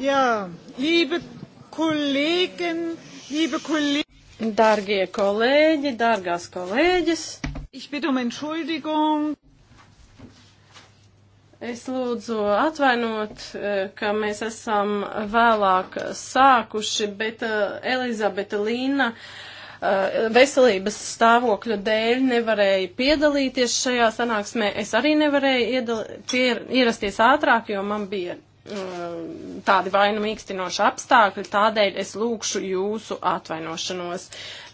Jā, liebe kolēģin, liebe kolēģi. Dargie kolēģi, dargās kolēģis. Ich bitte um Entschuldigung. Es lūdzu atvainot, eh, ka mēs esam vēlāk sākuši, bet eh, Elizabeta Līna eh, veselības stāvokļa dēļ nevarēja piedalīties šajā sanāksmē. Es arī nevarēju iedali, pier, ierasties ātrāk, jo man bija Eh, tādi vainu mīkstinoši apstākļi, tādēļ es lūkšu jūsu atvainošanos.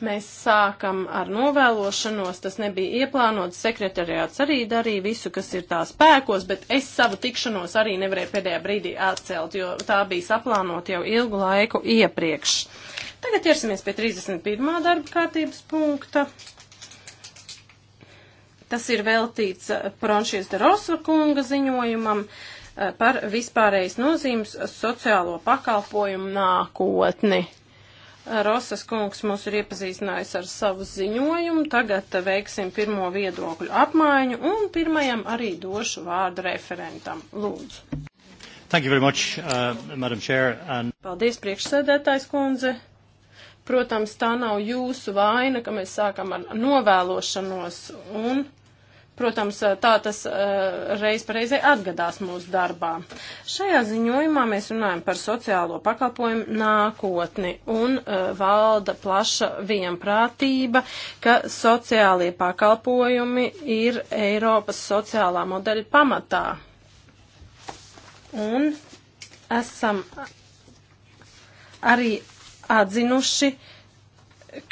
Mēs sākam ar novēlošanos, tas nebija ieplānots, sekretariāts arī darīja visu, kas ir tā spēkos, bet es savu tikšanos arī nevarēju pēdējā brīdī atcelt, jo tā bija saplānot jau ilgu laiku iepriekš. Tagad ķersimies pie 31. darba kārtības punkta. Tas ir veltīts Pronšies de Rosva kunga ziņojumam. Uh, Eh, par vispārējas nozīmes sociālo pakalpojumu nākotni. Eh, Rosas kungs mūs ir iepazīstinājis ar savu ziņojumu, tagad veiksim pirmo viedokļu apmaiņu un pirmajam arī došu vārdu referentam. Lūdzu. Thank you very much, uh, Madam Chair. And... Paldies, priekšsēdētājs kundze. Protams, tā nav jūsu vaina, ka mēs sākam ar novēlošanos un. Uh, Protams, tā tas reiz pareizai atgadās mūsu darbā. Šajā ziņojumā mēs runājam par sociālo pakalpojumu nākotni un valda plaša vienprātība, ka sociālie pakalpojumi ir Eiropas sociālā modeļa pamatā. Un esam arī atzinuši, uh,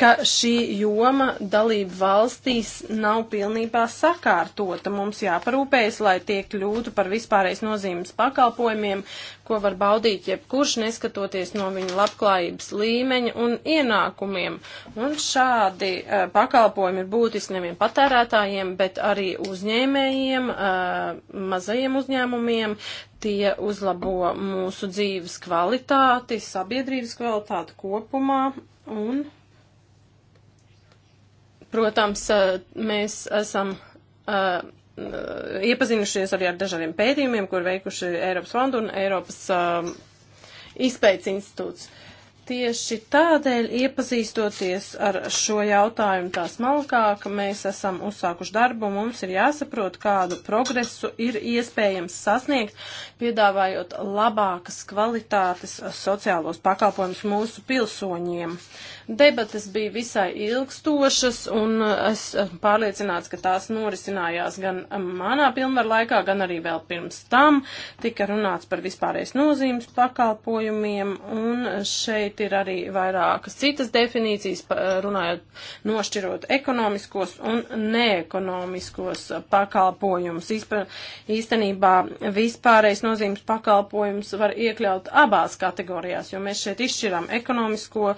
ka šī joma dalību valstīs nav pilnībā sakārtota. Mums jāparūpējas, lai tie kļūtu par vispārreiz nozīmes pakalpojumiem, ko var baudīt jebkurš, neskatoties no viņa labklājības līmeņa un ienākumiem. Un šādi uh, pakalpojumi ir būtiski nevien patērētājiem, bet arī uzņēmējiem, uh, mazajiem uzņēmumiem. Tie uzlabo mūsu dzīves kvalitāti, sabiedrības kvalitāti kopumā un Protams, mēs esam iepazinušies arī ar dažādiem pētījumiem, kur veikuši Eiropas fondu un Eiropas izpētes institūts. Tieši tādēļ, iepazīstoties ar šo jautājumu tā smalkāk, mēs esam uzsākuši darbu, mums ir jāsaprot, kādu progresu ir iespējams sasniegt, piedāvājot labākas kvalitātes sociālos pakalpojumus mūsu pilsoņiem. Debates bija visai ilgstošas, un es eh, pārliecināts, ka tās norisinājās gan eh, manā pilnvaru laikā, gan arī vēl pirms tam. Tika runāts par vispārējais nozīmes pakalpojumiem, un šeit ir arī vairākas citas definīcijas, eh, runājot nošķirot ekonomiskos un neekonomiskos pakalpojumus. Īstenībā vispārējais nozīmes pakalpojums var iekļaut abās kategorijās, jo mēs šeit izšķiram ekonomisko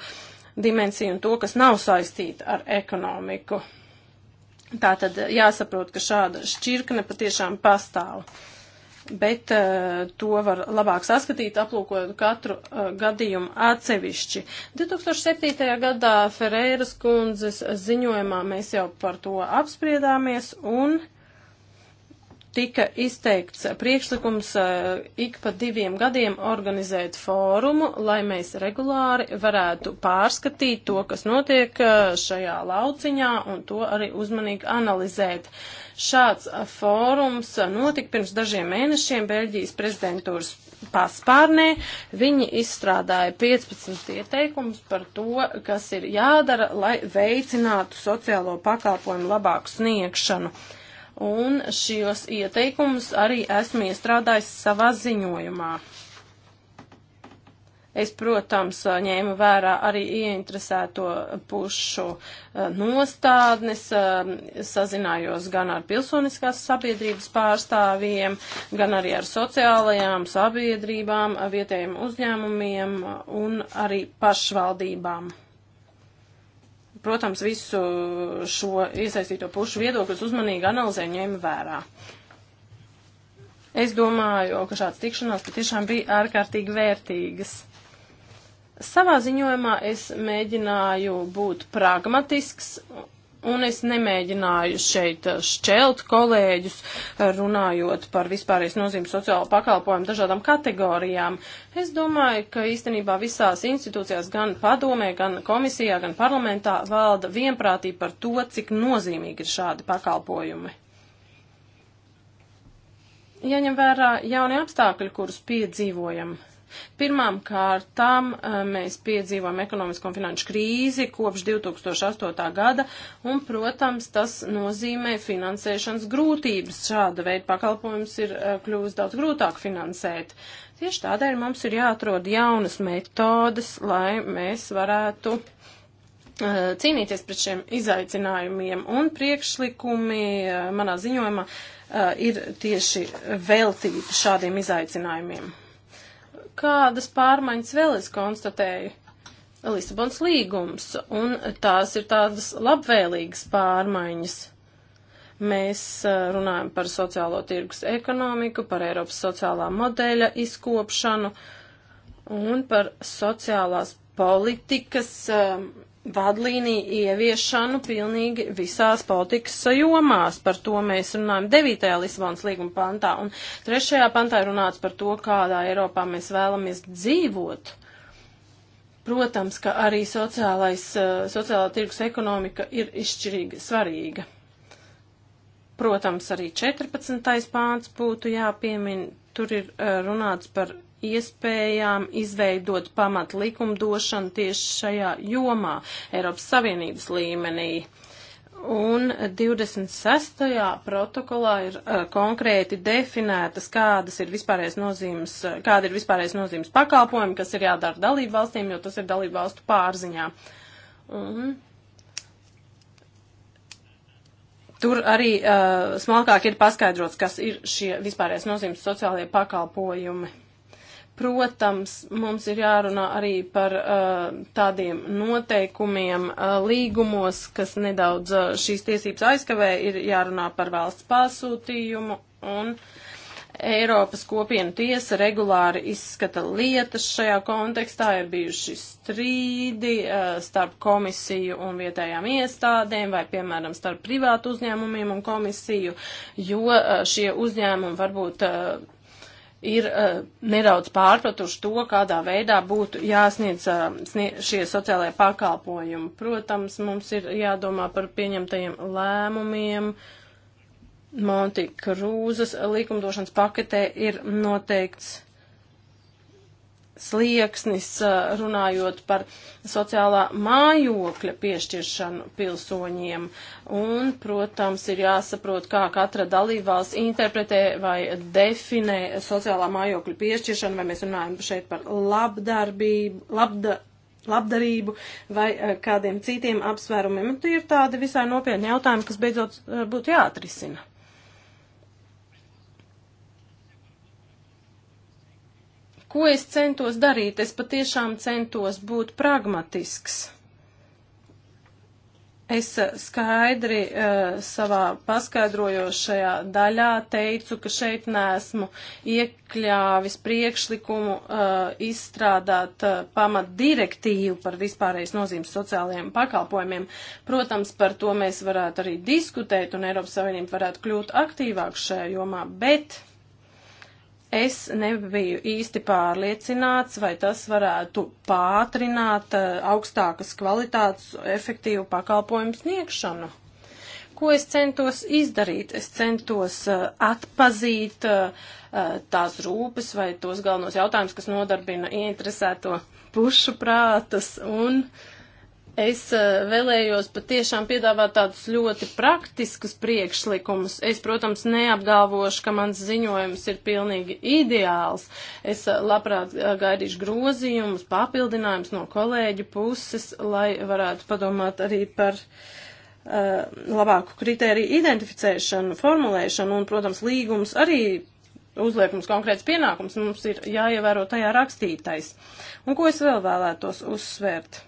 dimensiju un to, kas nav saistīta ar ekonomiku. Tā tad jāsaprot, ka šāda šķirkne patiešām pastāv. Bet uh, to var labāk saskatīt, aplūkojot katru uh, gadījumu atsevišķi. 2007. gadā Ferēras kundzes ziņojumā mēs jau par to apspriedāmies un uh, tika izteikts priekšlikums eh, ik pa diviem gadiem organizēt fórumu, lai mēs regulāri varētu pārskatīt to, kas notiek eh, šajā lauciņā un to arī uzmanīgi analizēt. Šāds eh, fórums notika pirms dažiem mēnešiem Beļģijas prezidentūras paspārnē. Viņi izstrādāja 15 ieteikumus par to, kas ir jādara, lai veicinātu sociālo pakalpojumu labāku sniegšanu. Uh, un šos ieteikumus arī esmu iestrādājis savā ziņojumā. Es, protams, ņēmu vērā arī ieinteresēto pušu eh, nostādnes, eh, sazinājos gan ar pilsoniskās sabiedrības pārstāvjiem, gan arī ar sociālajām sabiedrībām, vietējiem uzņēmumiem eh, un arī pašvaldībām protams, visu šo iesaistīto pušu viedokļus uzmanīgi analizēja un ņēma vērā. Es domāju, ka šāds tikšanās patiešām bija ārkārtīgi vērtīgas. Savā ziņojumā es mēģināju būt pragmatisks un es nemēģināju šeit eh, šķelt kolēģus, eh, runājot par vispārējais nozīmes sociālo pakalpojumu dažādām kategorijām. Es domāju, ka īstenībā visās institūcijās, gan padomē, gan komisijā, gan parlamentā valda vienprātība par to, cik nozīmīgi ir šādi pakalpojumi. Jaņem vērā jauni apstākļi, kurus piedzīvojam. Pirmām kārtām eh, mēs piedzīvojam ekonomisko un finanšu krīzi kopš 2008. gada, un, protams, tas nozīmē finansēšanas grūtības. Šāda veida pakalpojums ir eh, kļuvis daudz grūtāk finansēt. Tieši tādēļ mums ir jāatrod jaunas metodes, lai mēs varētu eh, cīnīties pret šiem izaicinājumiem, un priekšlikumi manā ziņojumā ir tieši veltīti šādiem izaicinājumiem kādas pārmaiņas vēl es konstatēju. Lisabons līgums, un tās ir tādas labvēlīgas pārmaiņas. Mēs runājam par sociālo tirgus ekonomiku, par Eiropas sociālā modeļa izkopšanu un par sociālās politikas vadlīniju ieviešanu pilnīgi visās politikas jomās. Par to mēs runājam 9. Lisbonas līguma pantā, un 3. pantā runāts par to, kādā Eiropā mēs vēlamies dzīvot. Protams, ka arī sociālais, eh, sociālā tirgus ekonomika ir izšķirīga, svarīga. Protams, arī 14. pāns būtu jāpiemin, tur ir eh, runāts par iespējām izveidot pamat likumdošanu tieši šajā jomā Eiropas Savienības līmenī. Un 26. protokolā ir uh, konkrēti definētas, kādas ir vispārējais nozīmes, kāda ir vispārējais nozīmes pakalpojumi, kas ir jādara dalību valstīm, jo tas ir dalību valstu pārziņā. Un tur arī uh, smalkāk ir paskaidrots, kas ir šie vispārējais nozīmes sociālajie pakalpojumi. Protams, mums ir jārunā arī par uh, tādiem noteikumiem uh, līgumos, kas nedaudz uh, šīs tiesības aizkavē, ir jārunā par valsts pasūtījumu un Eiropas kopienu tiesa regulāri izskata lietas šajā kontekstā, ir bijuši strīdi uh, starp komisiju un vietējām iestādēm vai, piemēram, starp privātu uzņēmumiem un komisiju, jo uh, šie uzņēmumi varbūt uh, ir uh, nedaudz pārpratuši to, kādā veidā būtu jāsniedz uh, eh, sniedz šie sociālajie pakalpojumi. Protams, mums ir jādomā par pieņemtajiem lēmumiem. Monti Krūzas likumdošanas paketē ir noteikts slieksnis, runājot par sociālā mājokļa piešķiršanu pilsoņiem. Un, protams, ir jāsaprot, kā katra dalībvalsts interpretē vai definē sociālā mājokļa piešķiršanu, vai mēs runājam šeit par labdarbību, labda, labdarību vai kādiem citiem apsvērumiem. Un nu, tie ir tādi visai nopietni jautājumi, kas beidzot būtu jāatrisina. Ko es centos darīt? Es patiešām centos būt pragmatisks. Es eh, skaidri uh, savā paskaidrojošajā daļā teicu, ka šeit nesmu iekļāvis priekšlikumu uh, izstrādāt uh, pamat direktīvu par vispārējais nozīmes sociālajiem pakalpojumiem. Protams, par to mēs varētu arī diskutēt un Eiropas Savienība varētu kļūt aktīvāk šajā jomā, bet Es nebiju īsti pārliecināts, vai tas varētu pātrināt eh, augstākas kvalitātes efektīvu pakalpojumu sniegšanu. Ko es centos izdarīt? Es centos eh, atpazīt eh, tās rūpes vai tos galvenos jautājumus, kas nodarbina ieinteresēto pušu prātas un uh, Es eh, vēlējos patiešām piedāvāt tādus ļoti praktiskus priekšlikumus. Es, protams, neapgalvošu, ka mans ziņojums ir pilnīgi ideāls. Es eh, labprāt eh, gaidīšu grozījumus, papildinājumus no kolēģu puses, lai varētu padomāt arī par uh, labāku kritēriju identificēšanu, formulēšanu un, protams, līgums arī uzliek mums konkrēts pienākums, mums ir jāievēro tajā rakstītais. Un ko es vēl vēlētos uzsvērt?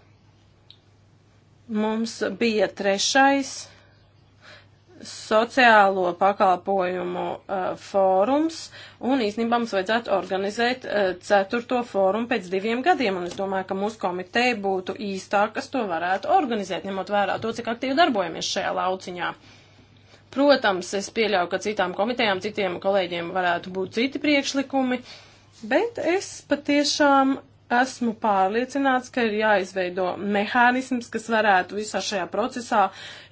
Mums bija trešais sociālo pakalpojumu uh, fórums, un īstenībā mums vajadzētu organizēt uh, ceturto fórumu pēc diviem gadiem, un es domāju, ka mūsu komiteja būtu īstā, kas to varētu organizēt, ņemot vērā to, cik aktīvi darbojamies šajā lauciņā. Protams, es pieļauju, ka citām komitejām, citiem kolēģiem varētu būt citi priekšlikumi, bet es patiešām esmu pārliecināts, ka ir jāizveido mehānisms, kas varētu visā šajā procesā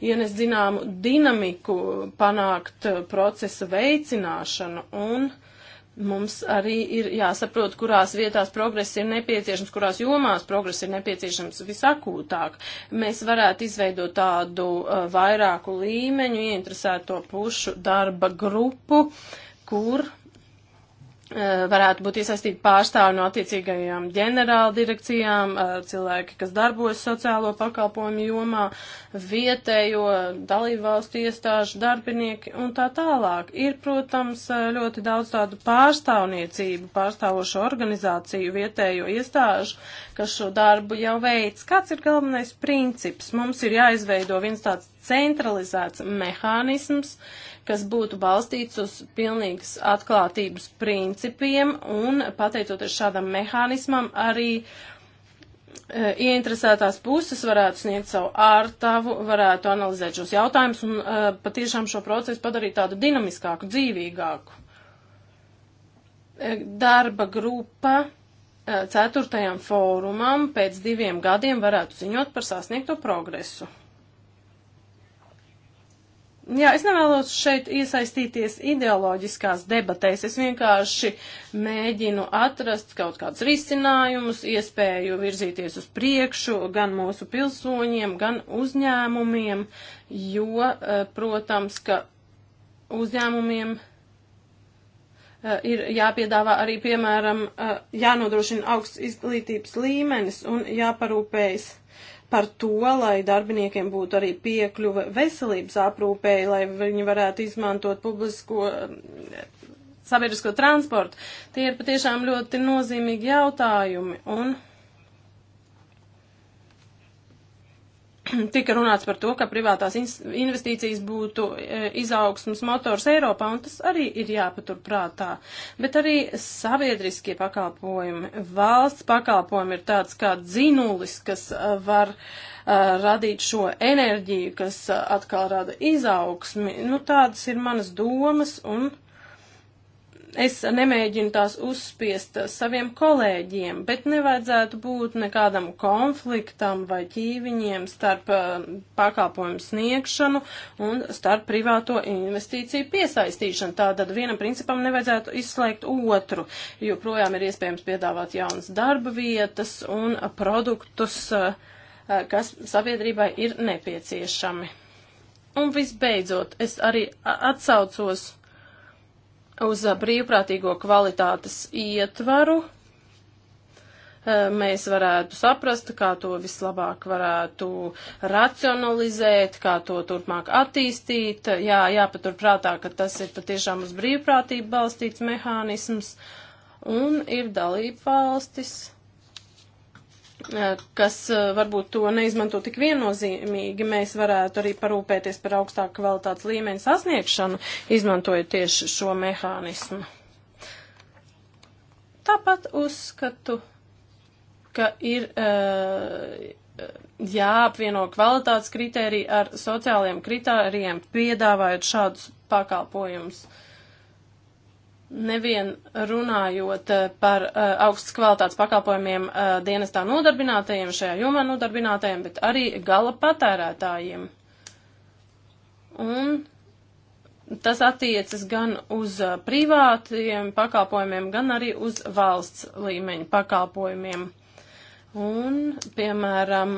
ienest ja zināmu dinamiku, panākt eh, procesa veicināšanu un mums arī ir jāsaprot, kurās vietās progress ir nepieciešams, kurās jomās progress ir nepieciešams visakūtāk. Mēs varētu izveidot tādu uh, vairāku līmeņu ieinteresēto pušu darba grupu, kur Eh, varētu būt iesaistīti pārstāvi no attiecīgajām ģenerāla direkcijām, eh, cilvēki, kas darbojas sociālo pakalpojumu jomā, vietējo dalībvalstu iestāžu darbinieki un tā tālāk. Ir, protams, eh, ļoti daudz tādu pārstāvniecību, pārstāvošu organizāciju, vietējo iestāžu, kas šo darbu jau veids. Kāds ir galvenais princips? Mums ir jāizveido viens tāds centralizēts mehānisms, kas būtu balstīts uz pilnīgas atklātības principiem un pateicoties šādam mehānismam arī e, ieinteresētās puses varētu sniegt savu ārtavu, varētu analizēt šos jautājumus un uh, patiešām šo procesu padarīt tādu dinamiskāku, dzīvīgāku. E, darba grupa ceturtajam fórumam pēc diviem gadiem varētu ziņot par sasniegto progresu. Jā, es nevēlos šeit iesaistīties ideoloģiskās debatēs. Es vienkārši mēģinu atrast kaut kādus risinājumus, iespēju virzīties uz priekšu gan mūsu pilsoņiem, gan uzņēmumiem, jo, eh, protams, ka uzņēmumiem eh, ir jāpiedāvā arī, piemēram, eh, jānodrošina augsts izglītības līmenis un jāparūpējas par to, lai darbiniekiem būtu arī piekļuva veselības aprūpēji, lai viņi varētu izmantot publisko sabiedrisko transportu. Tie ir patiešām ļoti nozīmīgi jautājumi. Un tika runāts par to, ka privātās investīcijas būtu e, izaugsmas motors Eiropā, un tas arī ir jāpatur prātā. Bet arī sabiedriskie pakalpojumi, valsts pakalpojumi ir tāds kā dzinulis, kas e, var uh, radīt šo enerģiju, kas atkal rada izaugsmi. Nu, tādas ir manas domas, un Es nemēģinu tās uzspiest saviem kolēģiem, bet nevajadzētu būt nekādam konfliktam vai ķīviņiem starp eh, pakalpojumu sniegšanu un starp privāto investīciju piesaistīšanu. Tātad vienam principam nevajadzētu izslēgt otru, jo projām ir iespējams piedāvāt jaunas darba vietas un produktus, eh, kas sabiedrībai ir nepieciešami. Un visbeidzot, es arī atsaucos uz uh, brīvprātīgo kvalitātes ietvaru uh, mēs varētu saprast, kā to vislabāk varētu racionalizēt, kā to turpmāk attīstīt. Jā, jāpaturprātā, ka tas ir patiešām uz brīvprātību balstīts mehānisms un ir dalība valstis Eh, kas eh, varbūt to neizmanto tik viennozīmīgi, mēs varētu arī parūpēties par augstāku kvalitātes līmeņu sasniegšanu, izmantojot tieši šo mehānismu. Tāpat uzskatu, ka ir eh, jāapvieno kvalitātes kritērija ar sociālajiem kritērijiem, piedāvājot šādus pakalpojumus. Uh, nevien runājot eh, par uh, augstas kvalitātes pakalpojumiem uh, dienestā nodarbinātajiem, šajā jomā nodarbinātajiem, bet arī gala patērētājiem. Un tas attiecas gan uz privātiem pakalpojumiem, gan arī uz valsts līmeņa pakalpojumiem. Uh, Un, piemēram,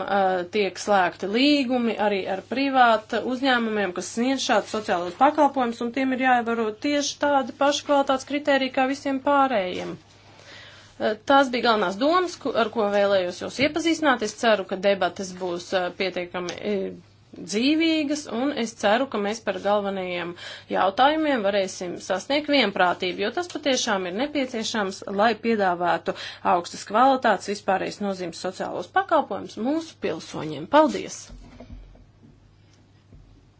tiek slēgti līgumi arī ar privāta uzņēmumiem, kas sniedz šādus sociālos pakalpojumus, un tiem ir jāievaro tieši tādi paši kvalitātes kriteriji kā visiem pārējiem. Tās bija galvenās domas, ar ko vēlējos jūs iepazīstināt. Es ceru, ka debates būs pietiekami dzīvīgas, un es ceru, ka mēs par galvenajiem jautājumiem varēsim sasniegt vienprātību, jo tas patiešām ir nepieciešams, lai piedāvātu augstas kvalitātes vispārējais nozīmes sociālos pakalpojumus mūsu pilsoņiem. Paldies!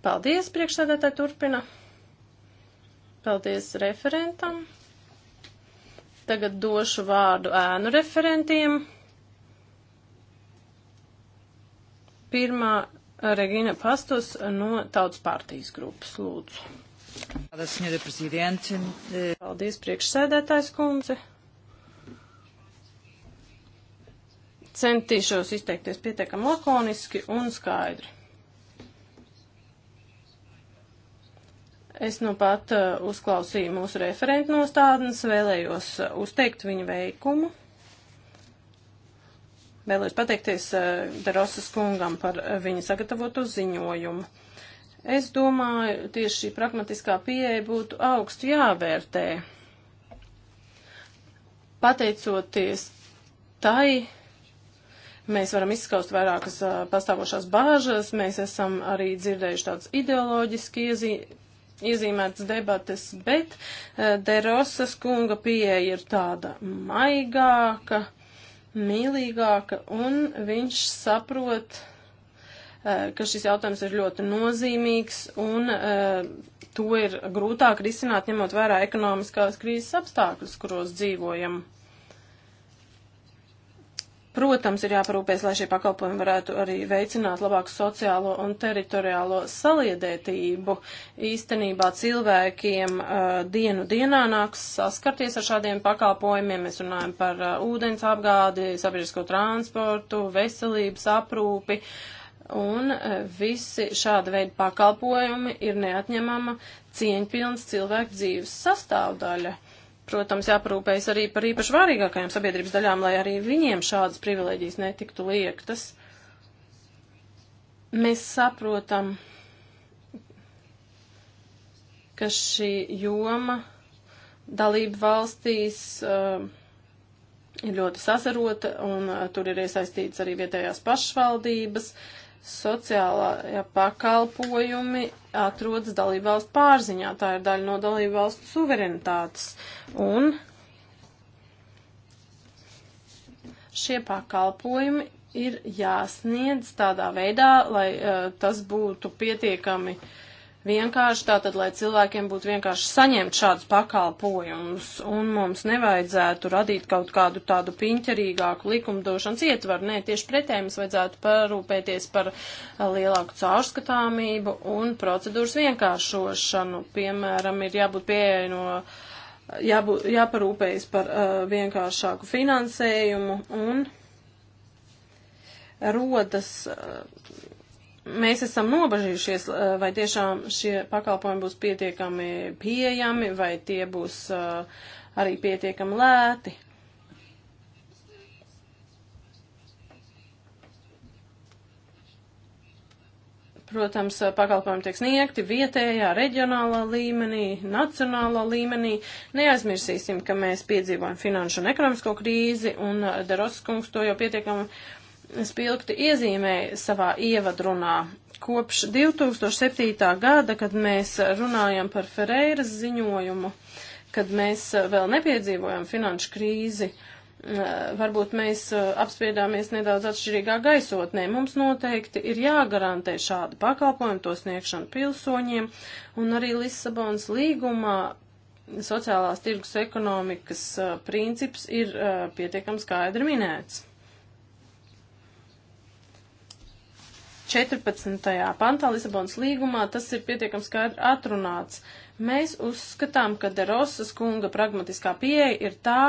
Paldies, priekšsēdētāji turpina. Paldies referentam. Tagad došu vārdu ēnu referentiem. Pirmā Regina Pastus no Tautas partijas grupas. Lūdzu. Paldies, priekšsēdētājs kundze. Centīšos izteikties pietiekami lakoniski un skaidri. Es nu pat uh, uzklausīju mūsu referentu nostādnes, vēlējos uh, uzteikt viņa veikumu. Vēlos pateikties eh, Derosas kungam par eh, viņa sagatavotu ziņojumu. Es domāju, tieši šī pragmatiskā pieeja būtu augstu jāvērtē. Pateicoties tai, mēs varam izskaust vairākas uh, pastāvošās bāžas, mēs esam arī dzirdējuši tādas ideoloģiski iezī, iezīmētas debates, bet uh, Derosas kunga pieeja ir tāda maigāka, mīlīgāka, un viņš saprot, eh, ka šis jautājums ir ļoti nozīmīgs, un eh, to ir grūtāk risināt, ņemot vērā ekonomiskās krīzes apstākļus, kuros dzīvojam. Protams, ir jāparūpēs, lai šie pakalpojumi varētu arī veicināt labāku sociālo un teritoriālo saliedētību. Īstenībā cilvēkiem uh, dienu dienā nāks saskarties ar šādiem pakalpojumiem. Mēs runājam par uh, ūdens apgādi, sabiedrisko transportu, veselības aprūpi. Un uh, visi šāda veida pakalpojumi ir neatņemama cieņpilns cilvēku dzīves sastāvdaļa protams, jāparūpējas arī par īpaši vārīgākajām sabiedrības daļām, lai arī viņiem šādas privilēģijas netiktu liektas. Mēs saprotam, ka šī joma dalība valstīs uh, ir ļoti sasarota, un uh, tur ir iesaistīts arī vietējās pašvaldības, uh, Sociālā pakalpojumi atrodas dalībvalstu pārziņā, tā ir daļa no dalībvalstu suverenitātes. Un šie pakalpojumi ir jāsniedz tādā veidā, lai uh, tas būtu pietiekami uh, vienkārši tātad, lai cilvēkiem būtu vienkārši saņemt šādus pakalpojumus, un mums nevajadzētu radīt kaut kādu tādu piņķerīgāku likumdošanas ietvaru. Nē, tieši pretēji mums vajadzētu parūpēties par eh, lielāku caurskatāmību un procedūras vienkāršošanu. Piemēram, ir jābūt pieeja no. Jābū, jāparūpējas par uh, vienkāršāku finansējumu un rodas uh, mēs esam nobažījušies, eh, vai tiešām šie pakalpojumi būs pietiekami pieejami, vai tie būs eh, arī pietiekami lēti. Protams, eh, pakalpojumi tiek sniegti vietējā, reģionālā līmenī, nacionālā līmenī. Neaizmirsīsim, ka mēs piedzīvojam finanšu un ekonomisko krīzi, un Derosas kungs to jau pietiekami spilgti iezīmēja savā ievadrunā. Kopš 2007. gada, kad mēs runājam par Ferreiras ziņojumu, kad mēs vēl nepiedzīvojam finanšu krīzi, varbūt mēs uh, apspriedāmies nedaudz atšķirīgā gaisotnē. Mums noteikti ir jāgarantē šādu pakalpojumu, to sniegšanu pilsoņiem, un arī Lisabonas līgumā sociālās tirgus ekonomikas uh, princips ir uh, pietiekams skaidri minēts. 14. pantā Lisabonas līgumā tas ir pietiekami skaidri atrunāts. Mēs uzskatām, ka Derosas kunga pragmatiskā pieeja ir tā,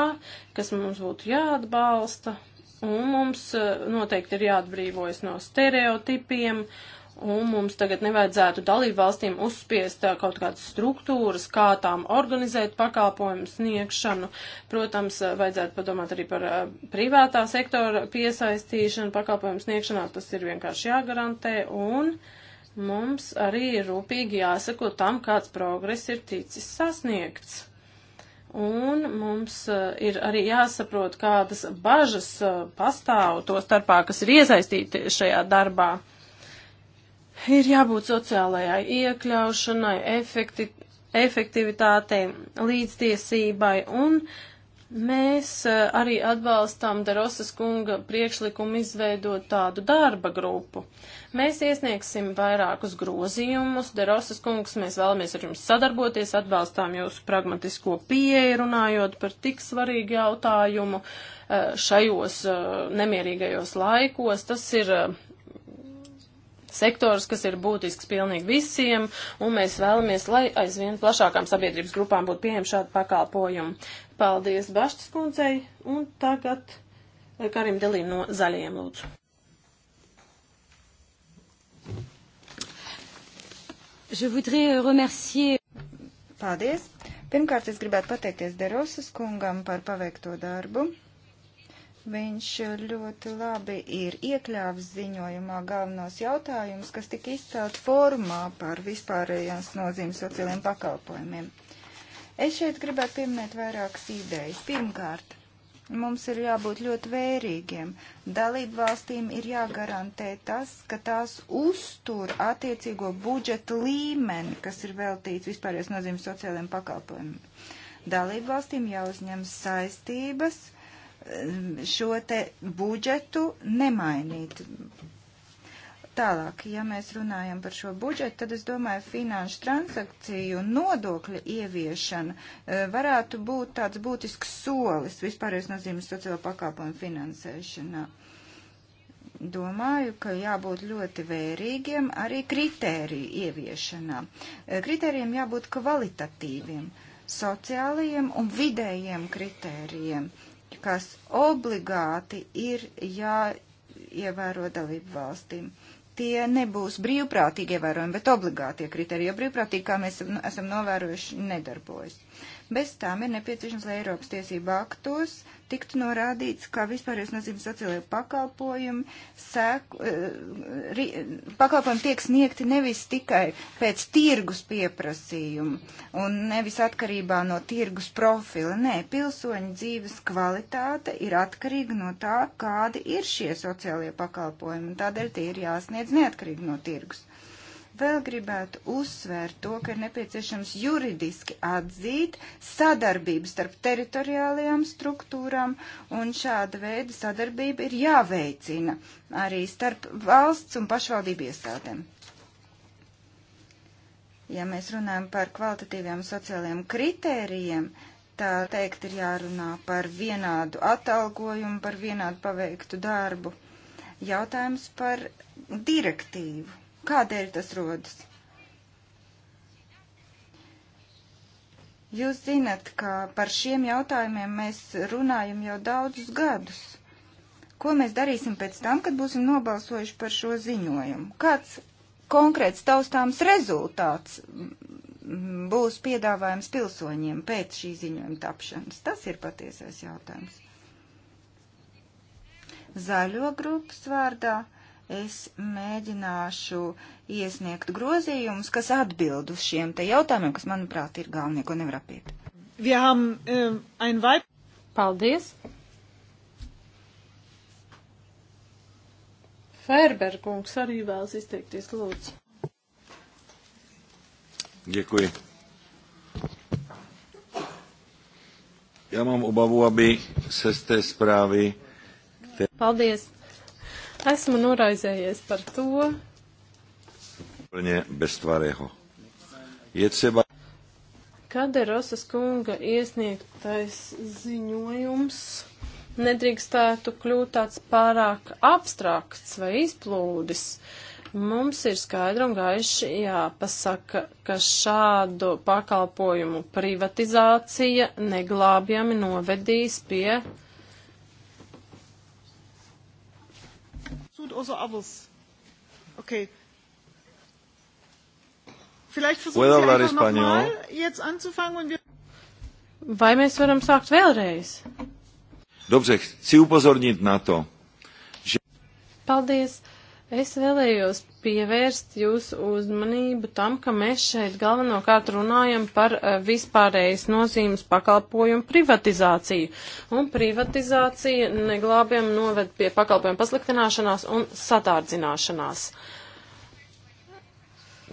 kas mums būtu jāatbalsta, un mums eh, noteikti ir jāatbrīvojas no stereotipiem, uh, un mums tagad nevajadzētu dalību valstīm uzspiest uh, kaut kādas struktūras, kā tām organizēt pakalpojumu sniegšanu. Protams, uh, vajadzētu padomāt arī par uh, privātā sektora piesaistīšanu pakalpojumu sniegšanā, tas ir vienkārši jāgarantē, un mums arī ir rūpīgi jāsako tam, kāds progress ir ticis sasniegts. Un mums uh, ir arī jāsaprot, kādas bažas uh, pastāv to starpā, kas ir iesaistīti šajā darbā. Uh, Ir jābūt sociālajai iekļaušanai, efekti, efektivitātei, līdztiesībai un mēs eh, arī atbalstām Darosas kunga priekšlikumu izveidot tādu darba grupu. Mēs iesniegsim vairākus grozījumus. Derosas kungs, mēs vēlamies ar jums sadarboties, atbalstām jūsu pragmatisko pieeju runājot par tik svarīgu jautājumu eh, šajos eh, nemierīgajos laikos. Tas ir sektors, kas ir būtisks pilnīgi visiem, un mēs vēlamies, lai aizvien plašākām sabiedrības grupām būtu pieejama šāda pakalpojuma. Paldies Baštas kundzei, un tagad eh, Karim Delī no Zaļajiem lūdzu. Je voudrais euh, remercier. Paldies. Pirmkārt, es gribētu pateikties Derosas kungam par paveikto darbu. Viņš ļoti labi ir iekļāvis ziņojumā galvenos jautājumus, kas tika izcelt formā par vispārējās nozīmes sociālajiem pakalpojumiem. Es šeit gribētu pieminēt vairākas idejas. Pirmkārt, mums ir jābūt ļoti vērīgiem. Dalību valstīm ir jāgarantē tas, ka tās uztur attiecīgo budžeta līmeni, kas ir veltīts vispārējās nozīmes sociālajiem pakalpojumiem. Dalību valstīm jāuzņem saistības šo te budžetu nemainīt. Tālāk, ja mēs runājam par šo budžetu, tad es domāju, finanšu transakciju nodokļa ieviešana e, varētu būt tāds būtisks solis vispārējais nozīmes sociālo pakāpojumu finansēšanā domāju, ka jābūt ļoti vērīgiem arī kritēriju ieviešanā. E, kritērijiem jābūt kvalitatīviem, sociālajiem un vidējiem kritērijiem kas obligāti ir jāievēro dalību valstīm. Tie nebūs brīvprātīgi ievērojami, bet obligātie kriteriji, jo brīvprātīgi, kā mēs esam nu, novērojuši, nedarbojas. Bez tām ir nepieciešams, lai Eiropas tiesība aktos tiktu norādīts, ka vispārējais nozīmes sociālajie pakalpojumi, sēku, eh, ri, pakalpojumi tiek sniegti nevis tikai pēc tirgus pieprasījumu un nevis atkarībā no tirgus profila. Nē, pilsoņu dzīves kvalitāte ir atkarīga no tā, kādi ir šie sociālie pakalpojumi, un tādēļ tie ir jāsniedz neatkarīgi no tirgus. Vēl gribētu uzsvērt to, ka ir nepieciešams juridiski atzīt sadarbību starp teritoriālajām struktūrām, un šāda veida sadarbība ir jāveicina arī starp valsts un pašvaldību iestādēm. Ja mēs runājam par kvalitatīviem sociālajiem kritērijiem, tā teikt, ir jārunā par vienādu atalgojumu, par vienādu paveiktu darbu. Jautājums par direktīvu. Kādēļ tas rodas? Jūs zinat, ka par šiem jautājumiem mēs runājam jau daudzus gadus. Ko mēs darīsim pēc tam, kad būsim nobalsojuši par šo ziņojumu? Kāds konkrēts taustāms rezultāts būs piedāvājums pilsoņiem pēc šī ziņojuma tapšanas? Tas ir patiesais jautājums. Zaļo grupas vārdā es mēģināšu iesniegt grozījumus, kas atbild uz šiem te jautājumiem, kas, manuprāt, ir galvenie, ko nevar apiet. Ähm, Paldies! Ferberkungs arī vēlas izteikties, lūdzu. Děkuji. Já mám obavu, aby se z té zprávy... Paldies. Esmu noraizējies par to. Kaderosas kunga iesniegtais ziņojums nedrīkstētu kļūt tāds pārāk abstrakts vai izplūdis. Mums ir skaidri un gaiši jāpasaka, ka šādu pakalpojumu privatizācija neglābjami novedīs pie and also others? Okay. Vielleicht versuchen Puedo Sie einfach nochmal jetzt anzufangen und wir... Vai mēs varam sākt vēlreiz? Dobře, chci upozornit na to, že... Paldies. Es vēlējos pievērst jūsu uzmanību tam, ka mēs šeit galvenokārt runājam par eh, vispārējas nozīmes pakalpojumu privatizāciju. Un privatizācija neglābjam noved pie pakalpojumu pasliktināšanās un satārdzināšanās.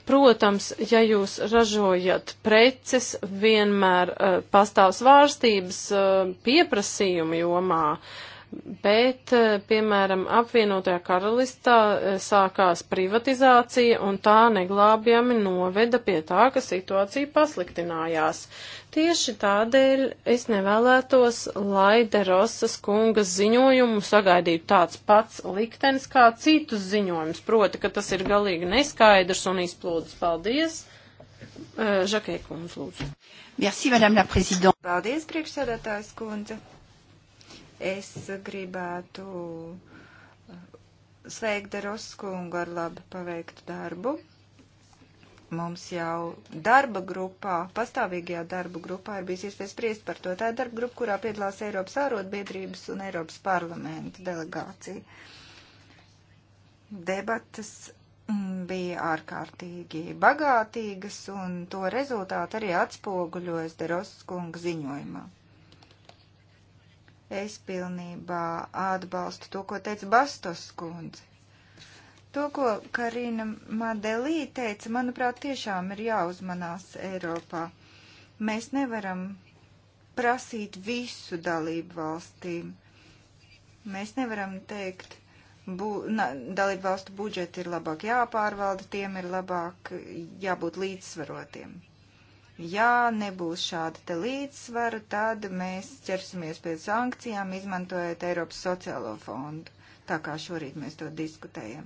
Protams, ja jūs ražojat preces, vienmēr uh, pastāv svārstības uh, eh, pieprasījumu jomā. Uh, bet, eh, piemēram, apvienotajā karalistā eh, sākās privatizācija un tā neglābjami noveda pie tā, ka situācija pasliktinājās. Tieši tādēļ es nevēlētos, lai Derosas kungas ziņojumu sagaidītu tāds pats liktenis kā citus ziņojumus, proti, ka tas ir galīgi neskaidrs un izplūdes. Paldies! Eh, Žakai kundze, lūdzu. Merci, madame la présidente. Paldies, priekšsēdētājs kundze. Es gribētu uh, sveikt Daroskungu ar labi paveiktu darbu. Mums jau darba grupā, pastāvīgajā darba grupā ir bijis iespējas spriest par to. Tā ir darba grupa, kurā piedalās Eiropas ārotbiedrības un Eiropas parlamenta delegācija. Debatas mm, bija ārkārtīgi bagātīgas, un to rezultātu arī atspoguļojas Deroskunga ziņojumā. Es pilnībā atbalstu to, ko teica Bastos kundze. To, ko Karina Madelī teica, manuprāt, tiešām ir jāuzmanās Eiropā. Mēs nevaram prasīt visu dalību valstīm. Mēs nevaram teikt, bu, na, dalību valstu budžeti ir labāk jāpārvalda, tiem ir labāk jābūt līdzsvarotiem. Ja nebūs šāda te līdzsvara, tad mēs ķersimies pie sankcijām, izmantojot Eiropas sociālo fondu, tā kā šorīt mēs to diskutējam.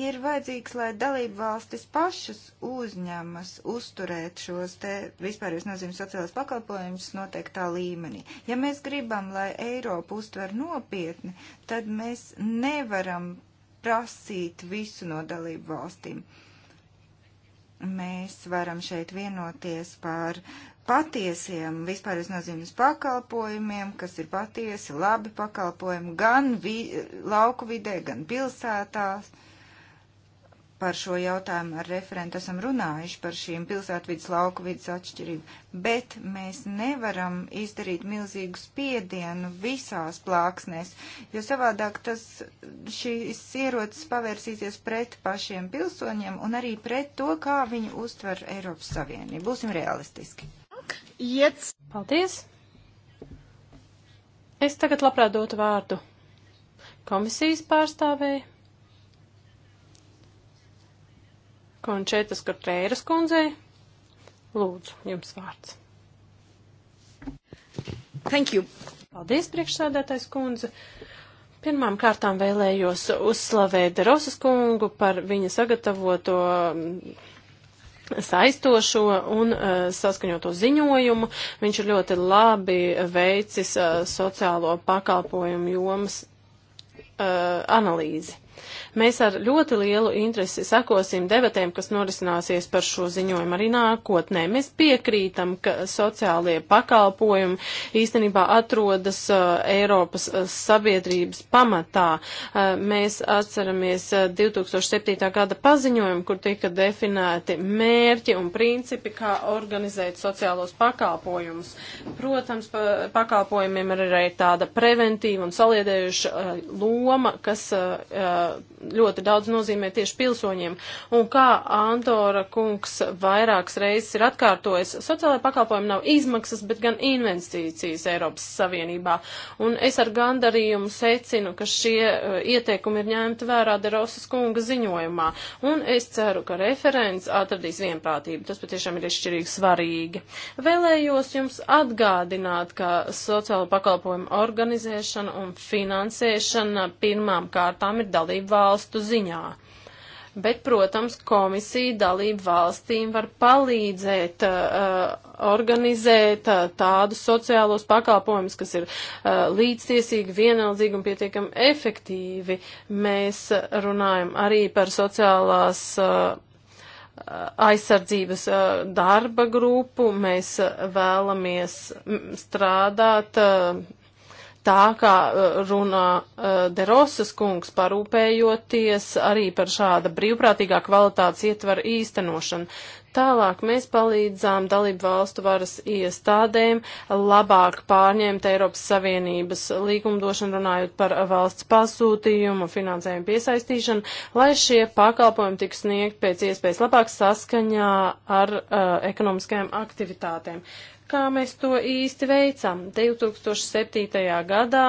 Ir vajadzīgs, lai dalību valstis pašas uzņemas uzturēt šos te vispārējais nozīmes sociālās pakalpojumus noteiktā līmenī. Ja mēs gribam, lai Eiropu uztver nopietni, tad mēs nevaram prasīt visu no dalību valstīm. Uh, mēs varam šeit vienoties par patiesiem vispārējais nozīmes pakalpojumiem, kas ir patiesi labi pakalpojumi gan vi, lauku vidē, gan pilsētās. Uh, par šo jautājumu ar referentu esam runājuši par šīm pilsētvidas lauku vidas atšķirību, bet mēs nevaram izdarīt milzīgu spiedienu visās plāksnēs, jo savādāk tas šīs ierocis pavērsīsies pret pašiem pilsoņiem un arī pret to, kā viņi uztver Eiropas Savienību. Būsim realistiski. Jets. Paldies! Es tagad labprāt dotu vārdu komisijas pārstāvēju. Končētas Kortēras kundzei. Lūdzu, jums vārds. Thank you. Paldies, priekšsādātais kundze. Pirmām kārtām vēlējos uzslavēt Rosas kungu par viņa sagatavoto mm, saistošo un uh, saskaņoto ziņojumu. Viņš ir ļoti labi veicis uh, sociālo pakalpojumu jomas uh, analīzi. Mēs ar ļoti lielu interesi sekosim debatēm, kas norisināsies par šo ziņojumu arī nākotnē. Mēs piekrītam, ka sociālie pakalpojumi īstenībā atrodas uh, Eiropas uh, sabiedrības pamatā. Uh, mēs atceramies uh, 2007. gada paziņojumu, kur tika definēti mērķi un principi, kā organizēt sociālos pakalpojumus. Protams, pa, pakalpojumiem ir arī tāda preventīva un saliedējuša uh, loma, kas uh, uh ļoti daudz nozīmē tieši pilsoņiem. Un kā Andora kungs vairākas reizes ir atkārtojis, sociālajā pakalpojumā nav izmaksas, bet gan investīcijas Eiropas Savienībā. Un es ar gandarījumu secinu, ka šie uh, ieteikumi ir ņemti vērā Derosas kunga ziņojumā. Un es ceru, ka referents atradīs vienprātību. Tas patiešām ir izšķirīgi svarīgi. Vēlējos jums atgādināt, ka sociāla pakalpojuma organizēšana un finansēšana pirmām kārtām ir dalība valsts valstu ziņā. Bet, protams, komisija dalību valstīm var palīdzēt uh, organizēt uh, tādus sociālos pakalpojumus, kas ir uh, līdztiesīgi, vienaldzīgi un pietiekami efektīvi. Mēs runājam arī par sociālās uh, aizsardzības uh, darba grupu, mēs uh, vēlamies strādāt uh, tā kā eh, runā eh, Derosas kungs parūpējoties arī par šāda brīvprātīgā kvalitātes ietvara īstenošanu. Tālāk mēs palīdzām dalību valstu varas iestādēm labāk pārņemt Eiropas Savienības līgumdošanu, runājot par valsts pasūtījumu, finansējumu piesaistīšanu, lai šie pakalpojumi tiks sniegt pēc iespējas labāk saskaņā ar uh, ekonomiskajām aktivitātēm. Uh, Kā mēs to īsti veicam? 2007. gadā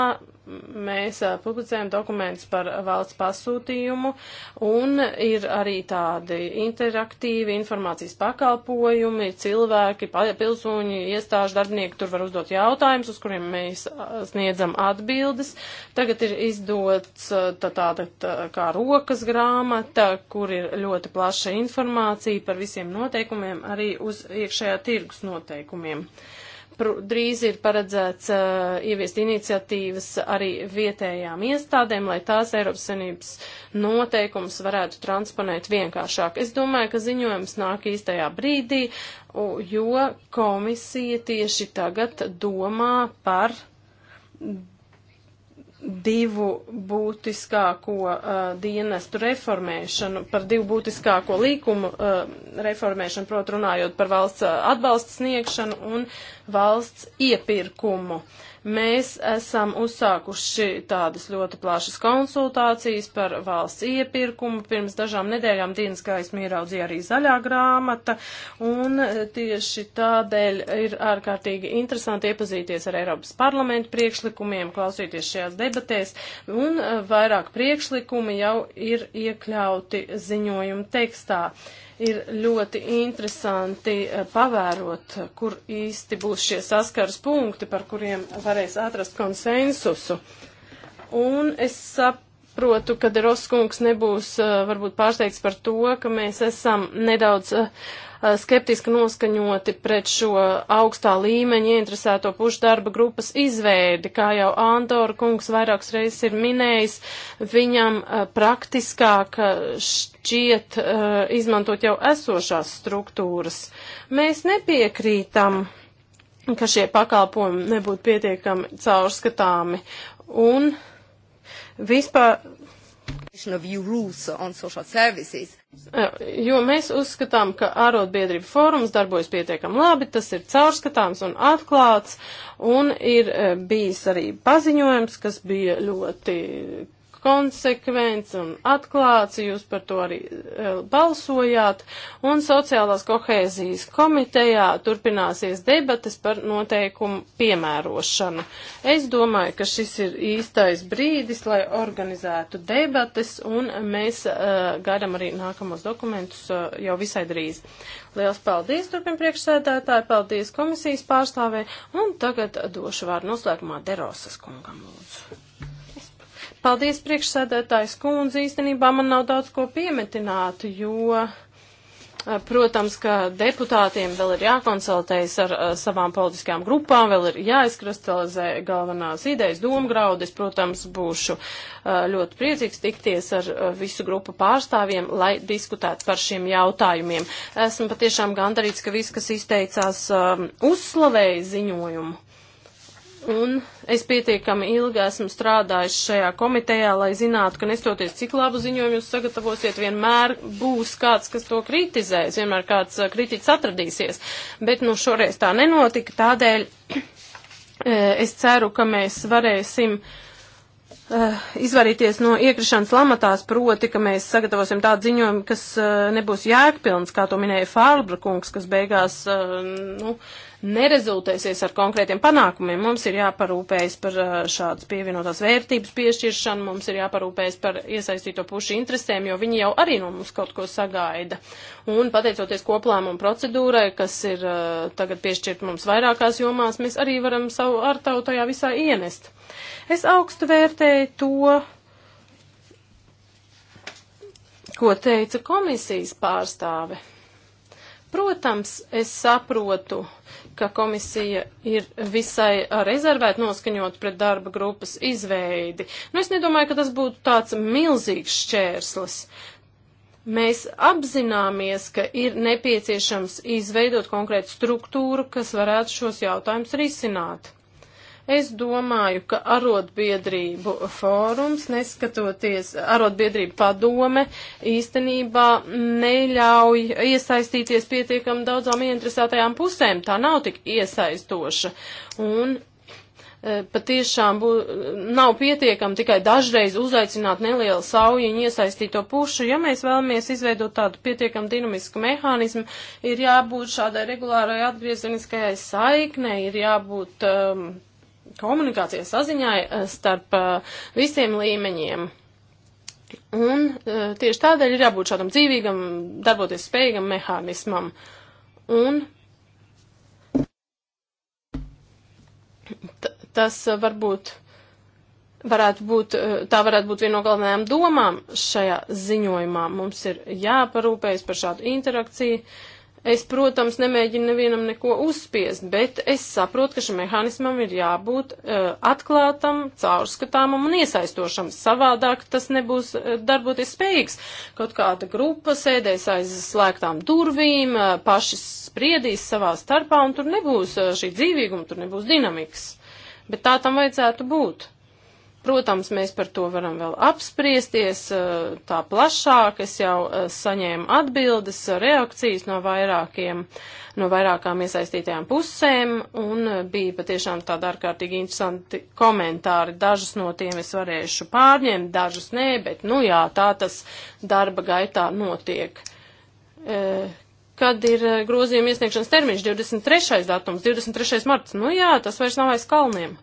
mēs a, publicējam dokumentus par valsts pasūtījumu, un ir arī tādi interaktīvi informācijas pakalpojumi, cilvēki, pilsoņi, iestāžu darbinieki, tur var uzdot jautājumus, uz kuriem mēs a, sniedzam atbildes. Tagad ir izdots a, tā, tāda tā, kā rokas grāmata, kur ir ļoti plaša informācija par visiem noteikumiem, arī uz iekšējā tirgus noteikumiem. Uh, drīz ir paredzēts uh, ieviest iniciatīvas arī vietējām iestādēm, lai tās Eiropas Savienības noteikums varētu transponēt vienkāršāk. Es domāju, ka ziņojums nāk īstajā brīdī, jo komisija tieši tagad domā par divu būtiskāko uh, dienestu reformēšanu, par divu būtiskāko līkumu uh, reformēšanu, proti runājot par valsts uh, atbalsta sniegšanu un valsts iepirkumu. Uh, Mēs esam uzsākuši tādas ļoti plašas konsultācijas par valsts iepirkumu. Pirms dažām nedēļām dienas gaismu ieraudzīja arī zaļā grāmata, un tieši tādēļ ir ārkārtīgi interesanti iepazīties ar Eiropas parlamentu priekšlikumiem, klausīties šajās debatēs, un vairāk priekšlikumi jau ir iekļauti ziņojuma tekstā. Uh, ir ļoti interesanti eh, pavērot, kur īsti būs šie saskars punkti, par kuriem varēs atrast konsensusu. Un es saprotu, ka Deroskungs nebūs eh, varbūt pārsteigts par to, ka mēs esam nedaudz eh, Eh, skeptiski noskaņoti pret šo augstā līmeņa ieinteresēto pušu darba grupas izveidi. Kā jau Andora kungs vairākas reizes ir minējis, viņam eh, praktiskāk eh, šķiet izmantot jau esošās struktūras. Mēs nepiekrītam ka šie pakalpojumi nebūtu pietiekami caurskatāmi un vispār. Of EU rules on social services Eh, jo mēs uzskatām, ka ārotbiedrība fórums darbojas pietiekam labi, tas ir caurskatāms un atklāts, un ir eh, bijis arī paziņojums, kas bija ļoti konsekvents un atklāts, jūs par to arī e, balsojāt, un sociālās kohēzijas komitejā turpināsies debates par noteikumu piemērošanu. Es domāju, ka šis ir īstais brīdis, lai organizētu debates, un mēs uh, gaidām arī nākamos dokumentus uh, jau visai drīz. Liels paldies, turpin priekšsēdētāji, paldies komisijas pārstāvē, un tagad došu vārdu noslēgumā Derosas kungam lūdzu. Paldies, priekšsēdētājs kundze. Īstenībā man nav daudz ko piemetināt, jo, protams, ka deputātiem vēl ir jākonsultējas ar savām politiskajām grupām, vēl ir jāizkristalizē galvenās idejas, domgraudis. Protams, būšu ļoti priecīgs tikties ar visu grupu pārstāvjiem, lai diskutētu par šiem jautājumiem. Esmu patiešām gandarīts, ka viss, kas izteicās, uzslavēja ziņojumu. Un es pietiekami ilgi esmu strādājis šajā komitejā, lai zinātu, ka nestoties cik labu ziņojumu jūs sagatavosiet, vienmēr būs kāds, kas to kritizēs, vienmēr kāds uh, kritiķis atradīsies. Bet nu šoreiz tā nenotika, tādēļ eh, es ceru, ka mēs varēsim eh, izvairīties no iekrišanas lamatās, proti, ka mēs sagatavosim tādu ziņojumu, kas eh, nebūs jēgpilns, kā to minēja Fārbra kungs, kas beigās, nu, uh, nerezultēsies ar konkrētiem panākumiem. Mums ir jāparūpējas par uh, šādas pievienotās vērtības piešķiršanu, mums ir jāparūpējas par iesaistīto pušu interesēm, jo viņi jau arī no mums kaut ko sagaida. Un pateicoties koplēmumu procedūrai, kas ir uh, tagad piešķirt mums vairākās jomās, mēs arī varam savu artavu tajā visā ienest. Es augstu vērtēju to, ko teica komisijas pārstāve. Protams, es saprotu ka komisija ir visai rezervēt noskaņot pret darba grupas izveidi. Nu, es nedomāju, ka tas būtu tāds milzīgs šķērslis. Mēs apzināmies, ka ir nepieciešams izveidot konkrētu struktūru, kas varētu šos jautājumus risināt. Es domāju, ka arotbiedrību fórums, neskatoties arotbiedrību padome, īstenībā neļauj iesaistīties pietiekam daudzām ieinteresētajām pusēm. Tā nav tik iesaistoša. Un e, patiešām bū, nav pietiekami tikai dažreiz uzaicināt nelielu saujiņu iesaistīto pušu. Ja mēs vēlamies izveidot tādu pietiekami dinamisku mehānismu, ir jābūt šādai regulārai atgriezeniskajai saiknei, ir jābūt um, komunikācijai, saziņai eh, starp eh, visiem līmeņiem. Un eh, tieši tādēļ ir jābūt šādam dzīvīgam, darboties spējīgam mehānismam. Un tas varbūt varētu būt, tā varētu būt viena no galvenajām domām šajā ziņojumā. Mums ir jāparūpējas par šādu interakciju, uh, Es, protams, nemēģinu nevienam neko uzspiest, bet es saprotu, ka šim mehānismam ir jābūt uh, atklātam, caurskatāmam un iesaistošam. Savādāk tas nebūs uh, darboties spējīgs. Kaut kāda grupa sēdēs aiz slēgtām durvīm, uh, paši spriedīs savā starpā un tur nebūs uh, šī dzīvīguma, tur nebūs dinamikas. Bet tā tam vajadzētu būt. Protams, mēs par to varam vēl apspriesties eh, tā plašāk. Es jau eh, saņēmu atbildes, eh, reakcijas no vairākiem, no vairākām iesaistītajām pusēm, un bija patiešām tādi ārkārtīgi interesanti komentāri. Dažus no tiem es varēšu pārņemt, dažus nē, bet, nu jā, tā tas darba gaitā notiek kad ir grozījuma iesniegšanas termiņš 23. datums, 23. marts. Nu jā, tas vairs nav aiz kalniem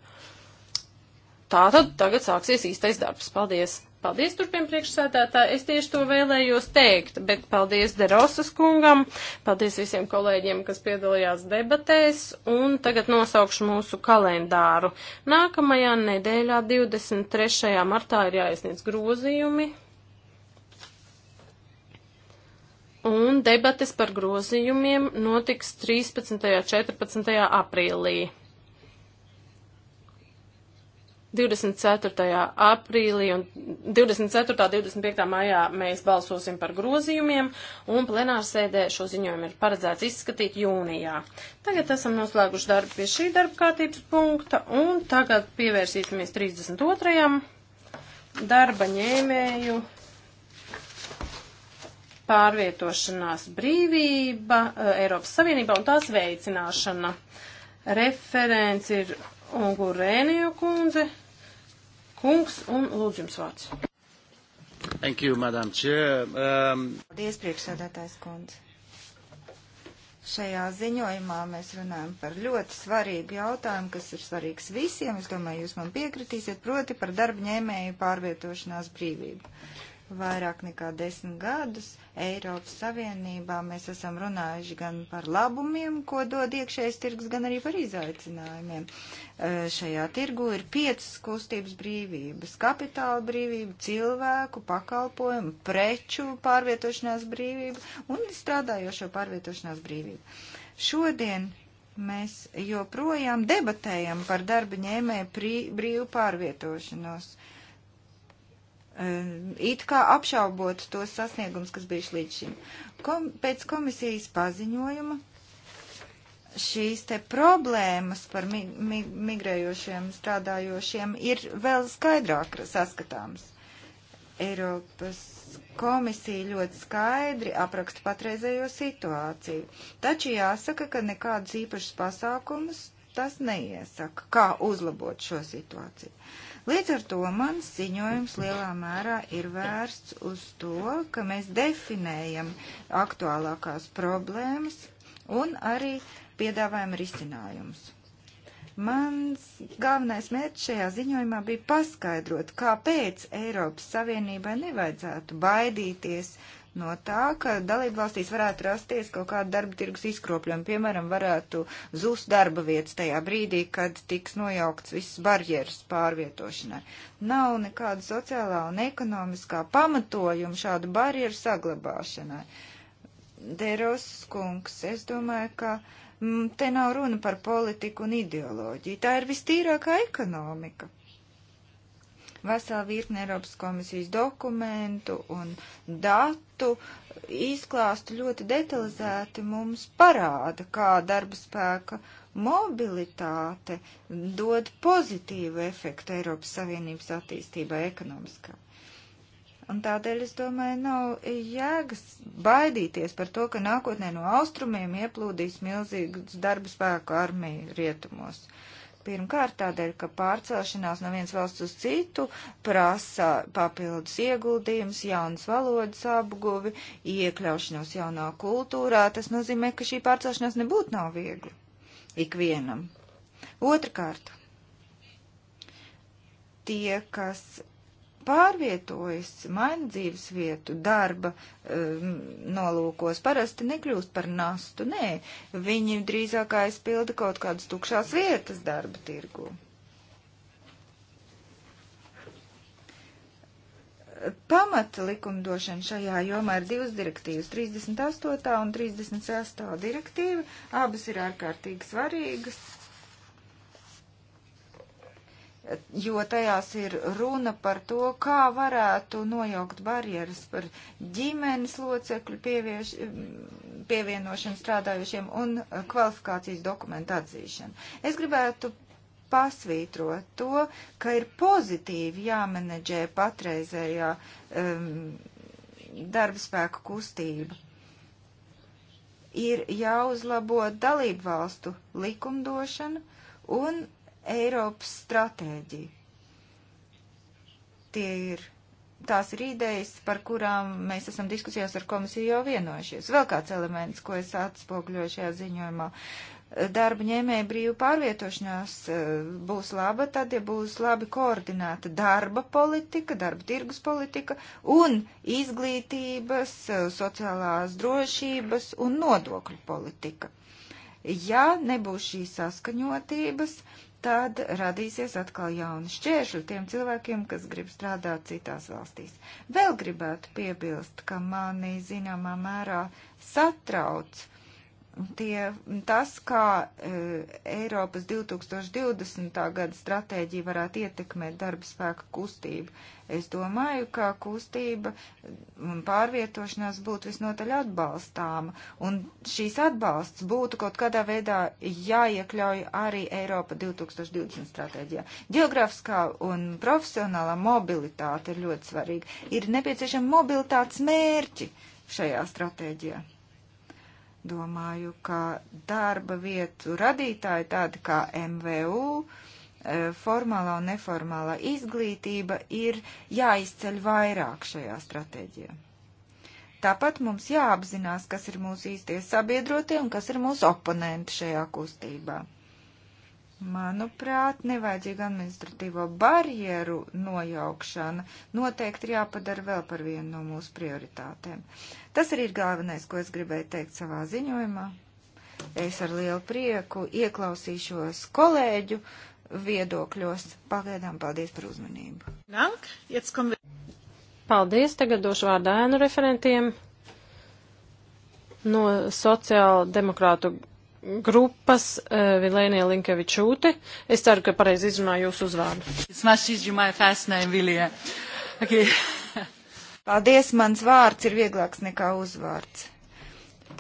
tā tad tagad sāksies īstais darbs. Paldies! Paldies, turpiem priekšsēdētāji. Es tieši to vēlējos teikt, bet paldies Derosas kungam, paldies visiem kolēģiem, kas piedalījās debatēs, un tagad nosaukšu mūsu kalendāru. Nākamajā nedēļā, 23. martā, ir jāiesniedz grozījumi, un debates par grozījumiem notiks 13. un 14. aprīlī. 24. aprīlī un 24. 25. maijā mēs balsosim par grozījumiem, un plenārsēdē šo ziņojumu ir paredzēts izskatīt jūnijā. Tagad esam noslēguši darbu pie šī darba kārtības punkta, un tagad pievērsīsimies 32. darba ņēmēju pārvietošanās brīvība eh, Eiropas Savienībā un tās veicināšana. Referents ir Ungurēnija kundze, kungs, un lūdzu jums vārds. Thank you, Madam Chair. Um... Paldies, priekšsēdētājs kundze. Šajā ziņojumā mēs runājam par ļoti svarīgu jautājumu, kas ir svarīgs visiem. Es domāju, jūs man piekritīsiet, proti par darba ņēmēju pārvietošanās brīvību vairāk nekā desmit gadus Eiropas Savienībā mēs esam runājuši gan par labumiem, ko dod iekšējais tirgs, gan arī par izaicinājumiem. Šajā tirgu ir piecas kustības brīvības - kapitāla brīvība, cilvēku, pakalpojumu, preču pārvietošanās brīvība un strādājošo pārvietošanās brīvība. Šodien mēs joprojām debatējam par darba ņēmēju brīvu pārvietošanos. Uh, Eh, it kā apšaubot tos sasniegums, kas bijuši līdz šim. Kom, pēc komisijas paziņojuma šīs te problēmas par mi mi migrējošiem strādājošiem ir vēl skaidrāk saskatāmas. Eiropas komisija ļoti skaidri apraksta patreizējo situāciju. Taču jāsaka, ka nekādus īpašus pasākumus tas neiesaka, kā uzlabot šo situāciju. Uh, Līdz ar to mans ziņojums lielā mērā ir vērsts uz to, ka mēs definējam aktuālākās problēmas un arī piedāvājam risinājumus. Mans galvenais mērķis šajā ziņojumā bija paskaidrot, kāpēc Eiropas Savienībai nevajadzētu baidīties no tā, ka dalību valstīs varētu rasties kaut kāda darba tirgus izkropļuma, piemēram, varētu zust darba vietas tajā brīdī, kad tiks nojaukts viss barjeras pārvietošanai. Nav nekāda sociālā un ekonomiskā pamatojuma šādu barjeru saglabāšanai. Deros kungs, es domāju, ka m, mm, te nav runa par politiku un ideoloģiju, tā ir vistīrākā ekonomika vesela virkne Eiropas komisijas dokumentu un datu izklāstu ļoti detalizēti mums parāda, kā darba spēka mobilitāte dod pozitīvu efektu Eiropas Savienības attīstībai ekonomiskā. Un tādēļ, es domāju, nav jēgas baidīties par to, ka nākotnē no austrumiem ieplūdīs milzīgas darba spēku armija rietumos. Uh, Pirmkārt, tādēļ, ka pārcelšanās no vienas valsts uz citu prasa papildus ieguldījums, jaunas valodas apguvi, iekļaušanos jaunā kultūrā. Tas nozīmē, ka šī pārcelšanās nebūtu nav viegli ikvienam. Otrakārt, tie, kas pārvietojas, maina dzīves vietu, darba um, nolūkos, parasti nekļūst par nastu, nē, viņi drīzāk aizpilda kaut kādas tukšās vietas darba tirgu. Pamata likumdošana šajā jomā ir divas direktīvas - 38. un 36. direktīva. Abas ir ārkārtīgi svarīgas jo tajās ir runa par to, kā varētu nojaukt barjeras par ģimenes locekļu pievieš, pievienošanu strādājušiem un kvalifikācijas dokumentu atzīšanu. Es gribētu pasvītrot to, ka ir pozitīvi jāmenedžē patreizējā um, darba spēka kustība ir jāuzlabo dalību valstu likumdošana un Eiropas stratēģiju. Tie ir, tās ir idejas, par kurām mēs esam diskusijās ar komisiju jau vienojušies. Vēl kāds elements, ko es atspogļoju šajā ziņojumā darba ņēmēja brīvu pārvietošanās eh, būs laba tad, ja būs labi koordinēta darba politika, darba tirgus politika un izglītības, eh, sociālās drošības un nodokļu politika. Ja nebūs šīs saskaņotības, tad radīsies atkal jauni šķēršļi tiem cilvēkiem, kas grib strādāt citās valstīs. Vēl gribētu piebilst, ka mani zināmā mērā satrauc tie, tas, kā e, Eiropas 2020. gada stratēģija varētu ietekmēt darba spēka kustību. Es domāju, ka kustība un pārvietošanās būtu visnotaļ atbalstāma, un šīs atbalsts būtu kaut kādā veidā jāiekļauj arī Eiropa 2020 stratēģijā. Geogrāfiskā un profesionālā mobilitāte ir ļoti svarīga. Ir nepieciešama mobilitātes mērķi šajā stratēģijā. Domāju, ka darba vietu radītāji tādi kā MVU, e, formālā un neformālā izglītība ir jāizceļ vairāk šajā stratēģijā. Tāpat mums jāapzinās, kas ir mūsu īstie sabiedrotie un kas ir mūsu oponenti šajā kustībā. Manuprāt, nevajadzīga administratīvo barjeru nojaukšana noteikti ir jāpadara vēl par vienu no mūsu prioritātēm. Tas arī ir galvenais, ko es gribēju teikt savā ziņojumā. Es ar lielu prieku ieklausīšos kolēģu viedokļos. Pagaidām paldies par uzmanību. Paldies, tagad došu vārdu ēnu referentiem no sociāla demokrātu grupas uh, Vilēnija Linkevičūte. Es ceru, ka pareizi izrunāju jūsu uzvārdu. Okay. Paldies, mans vārds ir vieglāks nekā uzvārds.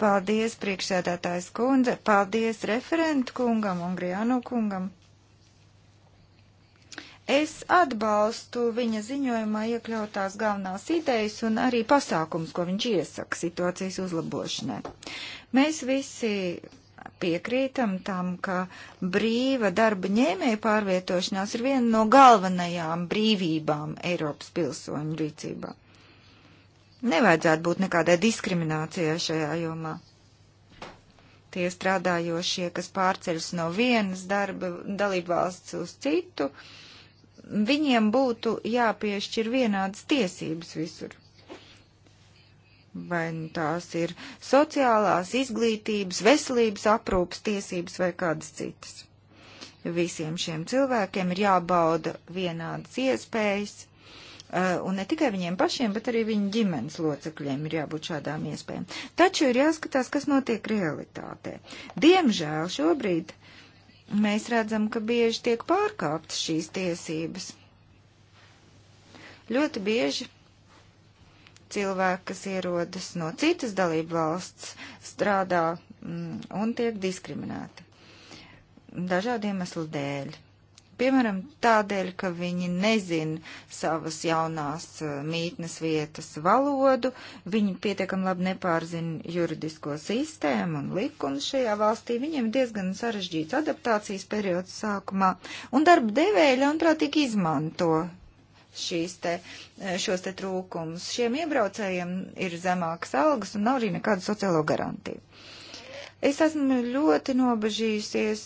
Paldies, priekšsēdētājs kundze, paldies referentu kungam un Grijānu kungam. Es atbalstu viņa ziņojumā iekļautās galvenās idejas un arī pasākums, ko viņš iesaka situācijas uzlabošanai. Mēs visi piekrītam tam, ka brīva darba ņēmēja pārvietošanās ir viena no galvenajām brīvībām Eiropas pilsoņu rīcībā. Nevajadzētu būt nekādai diskriminācijai šajā jomā. Tie strādājošie, kas pārceļas no vienas darba dalībvalsts uz citu, viņiem būtu jāpiešķir vienādas tiesības visur vai tās ir sociālās, izglītības, veselības aprūpas tiesības vai kādas citas. Visiem šiem cilvēkiem ir jābauda vienādas iespējas, eh, un ne tikai viņiem pašiem, bet arī viņu ģimenes locekļiem ir jābūt šādām iespējām. Taču ir jāskatās, kas notiek realitātē. Diemžēl šobrīd mēs redzam, ka bieži tiek pārkāptas šīs tiesības. Ļoti bieži cilvēki, kas ierodas no citas dalību valsts, strādā mm, un tiek diskriminēti dažādu iemeslu dēļ. Piemēram, tādēļ, ka viņi nezina savas jaunās eh, mītnes vietas valodu, viņi pietiekami labi nepārzina juridisko sistēmu un likumu šajā valstī, viņiem diezgan sarežģīts adaptācijas periods sākumā, un darba devēja ļaunprātīgi izmanto šīs te, eh, šos te trūkumus. Šiem iebraucējiem ir zemākas algas un nav arī nekādu sociālo garantiju. Es esmu ļoti nobežījusies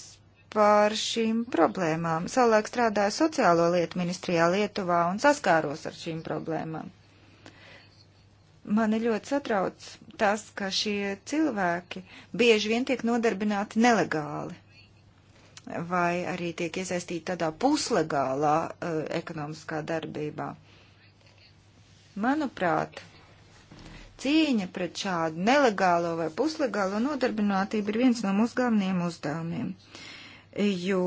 par šīm problēmām. Savulaik strādāju sociālo lietu ministrijā Lietuvā un saskāros ar šīm problēmām. Mani ļoti satrauc tas, ka šie cilvēki bieži vien tiek nodarbināti nelegāli vai arī tiek iesaistīti tādā puslegālā uh, ekonomiskā darbībā. Manuprāt, cīņa pret šādu nelegālo vai puslegālo nodarbinātību ir viens no mūsu galvenajiem uzdevumiem, jo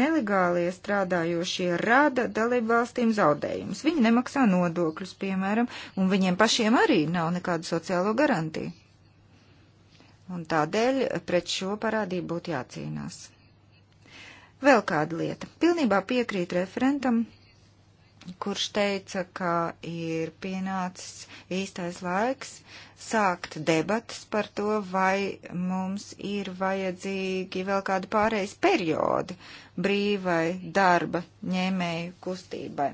nelegālie strādājošie rada dalībvalstīm zaudējumus. Viņi nemaksā nodokļus, piemēram, un viņiem pašiem arī nav nekādu sociālo garantiju. Un tādēļ pret šo parādību būtu jācīnās. Vēl kāda lieta. Pilnībā piekrīt referentam kurš teica, ka ir pienācis īstais laiks sākt debatas par to, vai mums ir vajadzīgi vēl kādu pārejas periodu brīvai darba ņēmēju kustībai.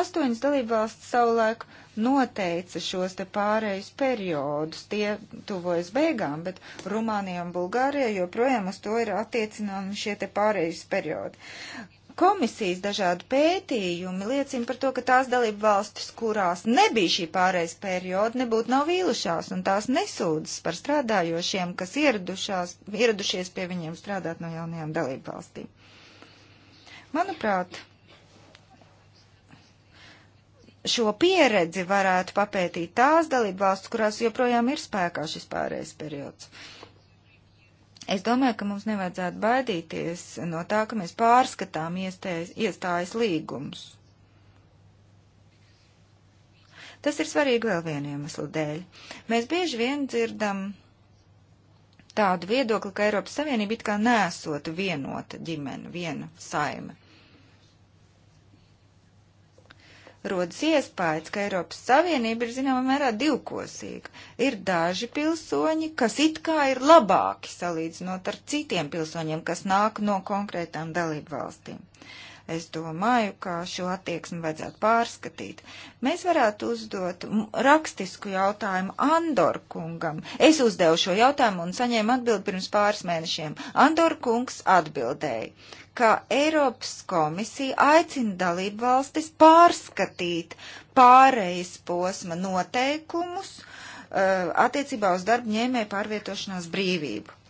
Astoņas dalībvalsts savulaik noteica šos te pārejas periodus, tie tuvojas beigām, bet Rumānija un Bulgārija joprojām uz to ir attiecināmi šie te pārejas periodi. Komisijas dažādi pētījumi liecina par to, ka tās dalību valstis, kurās nebija šī pārējais perioda, nebūtu nav vīlušās un tās nesūdzas par strādājošiem, kas ieradušies pie viņiem strādāt no jaunajām dalību valstīm. Manuprāt, šo pieredzi varētu papētīt tās dalību valsts, kurās joprojām ir spēkā šis pārējais periods. Es domāju, ka mums nevajadzētu baidīties no tā, ka mēs pārskatām iestājas, iestājas līgumus. Tas ir svarīgi vēl vienu iemeslu dēļ. Mēs bieži vien dzirdam tādu viedokli, ka Eiropas Savienība it kā nesot vienota ģimene, viena saime. rodas iespējas, ka Eiropas Savienība ir zināmā mērā divkosīga. Ir daži pilsoņi, kas it kā ir labāki salīdzinot ar citiem pilsoņiem, kas nāk no konkrētām dalību valstīm. Uh, Es domāju, ka šo attieksmi vajadzētu pārskatīt. Mēs varētu uzdot rakstisku jautājumu Andor kungam. Es uzdevu šo jautājumu un saņēmu atbildi pirms pāris mēnešiem. Andor kungs atbildēja ka Eiropas komisija aicina dalību valstis pārskatīt pārejas posma noteikumus uh, attiecībā uz darba ņēmēju pārvietošanās brīvību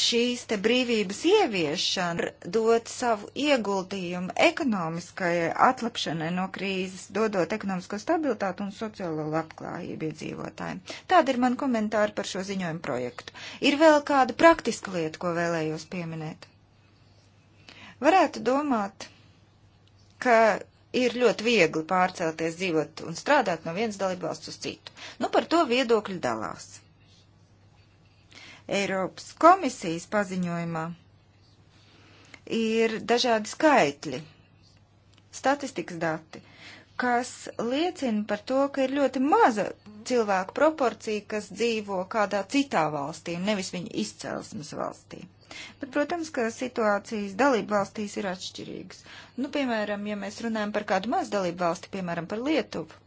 šīs te brīvības ieviešana dot savu ieguldījumu ekonomiskajai atlapšanai no krīzes, dodot ekonomisko stabilitātu un sociālo labklājību iedzīvotājiem. Tāda ir man komentāri par šo ziņojumu projektu. Ir vēl kāda praktiska lieta, ko vēlējos pieminēt. Varētu domāt, ka ir ļoti viegli pārcelties, dzīvot un strādāt no vienas dalībvalsts uz citu. Nu, par to viedokļi dalās. Eiropas komisijas paziņojumā ir dažādi skaitļi, statistikas dati, kas liecina par to, ka ir ļoti maza cilvēku proporcija, kas dzīvo kādā citā valstī, nevis viņa izcelsmes valstī. Bet, protams, ka situācijas dalību valstīs ir atšķirīgas. Nu, piemēram, ja mēs runājam par kādu mazu dalību valsti, piemēram, par Lietuvu,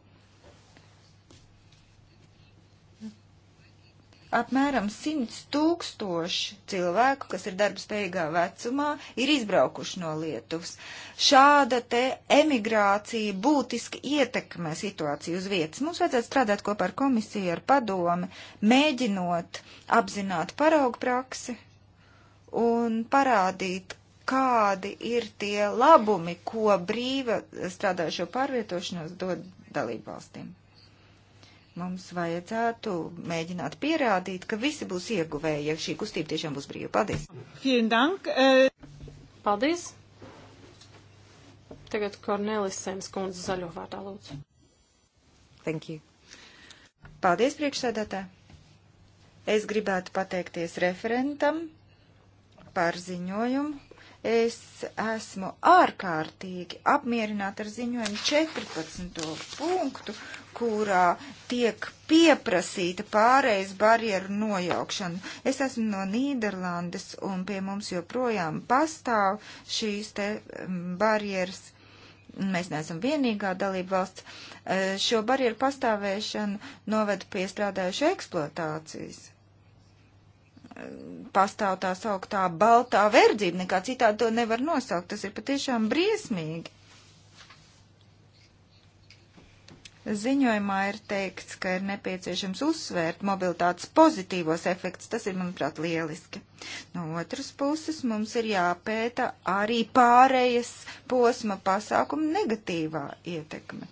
apmēram 100 tūkstoši cilvēku, kas ir darbspējīgā vecumā, ir izbraukuši no Lietuvas. Šāda te emigrācija būtiski ietekmē situāciju uz vietas. Mums vajadzētu strādāt kopā ar komisiju, ar padomi, mēģinot apzināt paraugu praksi un parādīt, kādi ir tie labumi, ko brīva strādājušo pārvietošanos dod dalību valstīm. Mums vajadzētu mēģināt pierādīt, ka visi būs ieguvēji, ja šī kustība tiešām būs brīva. Paldies! Eh. Paldies! Tagad Kornelis Sēms kundze zaļo vārdā lūdzu. Thank you. Paldies, priekšsēdētā. Es gribētu pateikties referentam par ziņojumu Es esmu ārkārtīgi apmierināta ar ziņojumu 14. punktu, kurā tiek pieprasīta pārējais barjeru nojaukšana. Es esmu no Nīderlandes, un pie mums joprojām pastāv šīs te barjeras. Mēs neesam vienīgā dalība valsts. Šo barjeru pastāvēšanu noved pie strādājušu eksploatācijas pastāv tā sauktā baltā verdzība, nekā citādi to nevar nosaukt. Tas ir patiešām briesmīgi. Ziņojumā ir teikts, ka ir nepieciešams uzsvērt mobilitātes pozitīvos efektus. Tas ir, manuprāt, lieliski. No otras puses, mums ir jāpēta arī pārējas posma pasākuma negatīvā ietekme.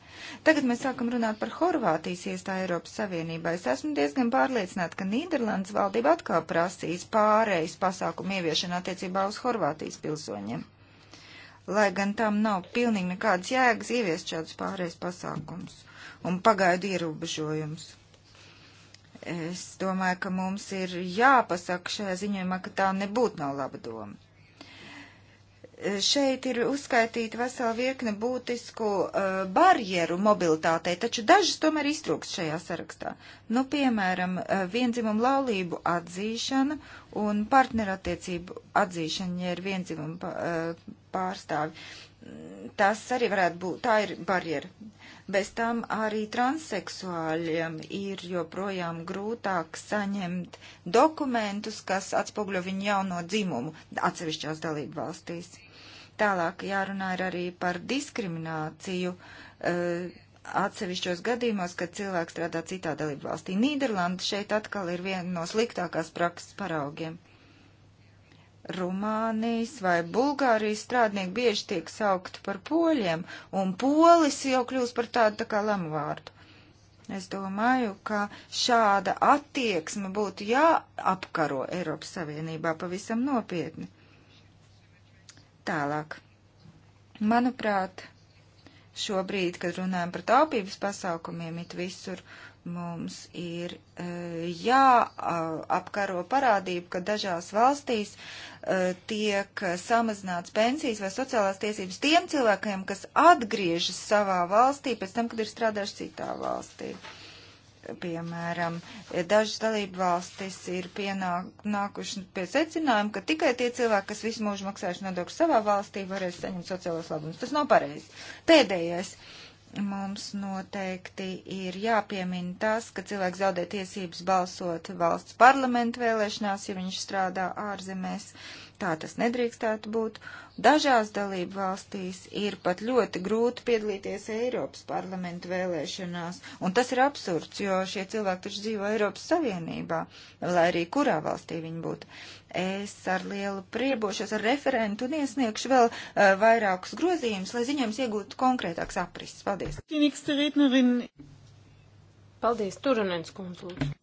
Tagad mēs sākam runāt par Horvātijas iestāju Eiropas Savienībā. Es esmu diezgan pārliecināta, ka Nīderlandes valdība atkal prasīs pārējas pasākumu ieviešanu attiecībā uz Horvātijas pilsoņiem. Lai gan tam nav pilnīgi nekādas jēgas ieviest šādus pārējais pasākums un pagaidu ierobežojumus. Es domāju, ka mums ir jāpasaka šajā ziņojumā, ka tā nebūtu nav laba doma. Šeit ir uzskaitīta vesela virkne būtisku uh, barjeru mobilitātei, taču dažas tomēr iztrūkst šajā sarakstā. Nu, piemēram, uh, viendzimumu laulību atzīšana un partnerattiecību atzīšana, ja ir viendzimumu uh, pārstāvi. Tas arī varētu būt, tā ir barjera. Bez tam arī transseksuāļiem ir joprojām grūtāk saņemt dokumentus, kas atspogļo viņu jauno dzimumu atsevišķās dalību valstīs. Tālāk jārunā ir arī par diskrimināciju uh, atsevišķos gadījumos, kad cilvēks strādā citā dalību valstī. Nīderlanda šeit atkal ir viena no sliktākās prakses paraugiem. Uh, Rumānijas vai Bulgārijas strādnieki bieži tiek saukti par poļiem, un polis jau kļūst par tādu tā kā lemvārdu. Es domāju, ka šāda attieksme būtu jāapkaro Eiropas Savienībā pavisam nopietni. Tālāk. Manuprāt, šobrīd, kad runājam par taupības pasākumiem, it visur mums ir e, jāapkaro parādība, ka dažās valstīs E, tiek samazināts pensijas vai sociālās tiesības tiem cilvēkiem, kas atgriežas savā valstī pēc tam, kad ir strādājuši citā valstī. Piemēram, dažas dalību valstis ir pienākuši pie secinājuma, ka tikai tie cilvēki, kas visu mūžu maksājuši nodokļus savā valstī, varēs saņemt sociālos labumus. Tas nav pareizi. Pēdējais. Uh, mums noteikti ir jāpiemina tas, ka cilvēks zaudē tiesības balsot valsts parlamentu vēlēšanās, ja viņš strādā ārzemēs. Tā tas nedrīkstētu būt. Dažās dalību valstīs ir pat ļoti grūti piedalīties Eiropas parlamentu vēlēšanās, un tas ir absurds, jo šie cilvēki taču dzīvo Eiropas Savienībā, lai arī kurā valstī viņi būtu. Es ar lielu priebošos ar referentu un iesniegšu vēl uh, vairākus grozījumus, lai ziņojums iegūtu konkrētāks aprises. Paldies. Paldies, Turunens kundze, lūdzu.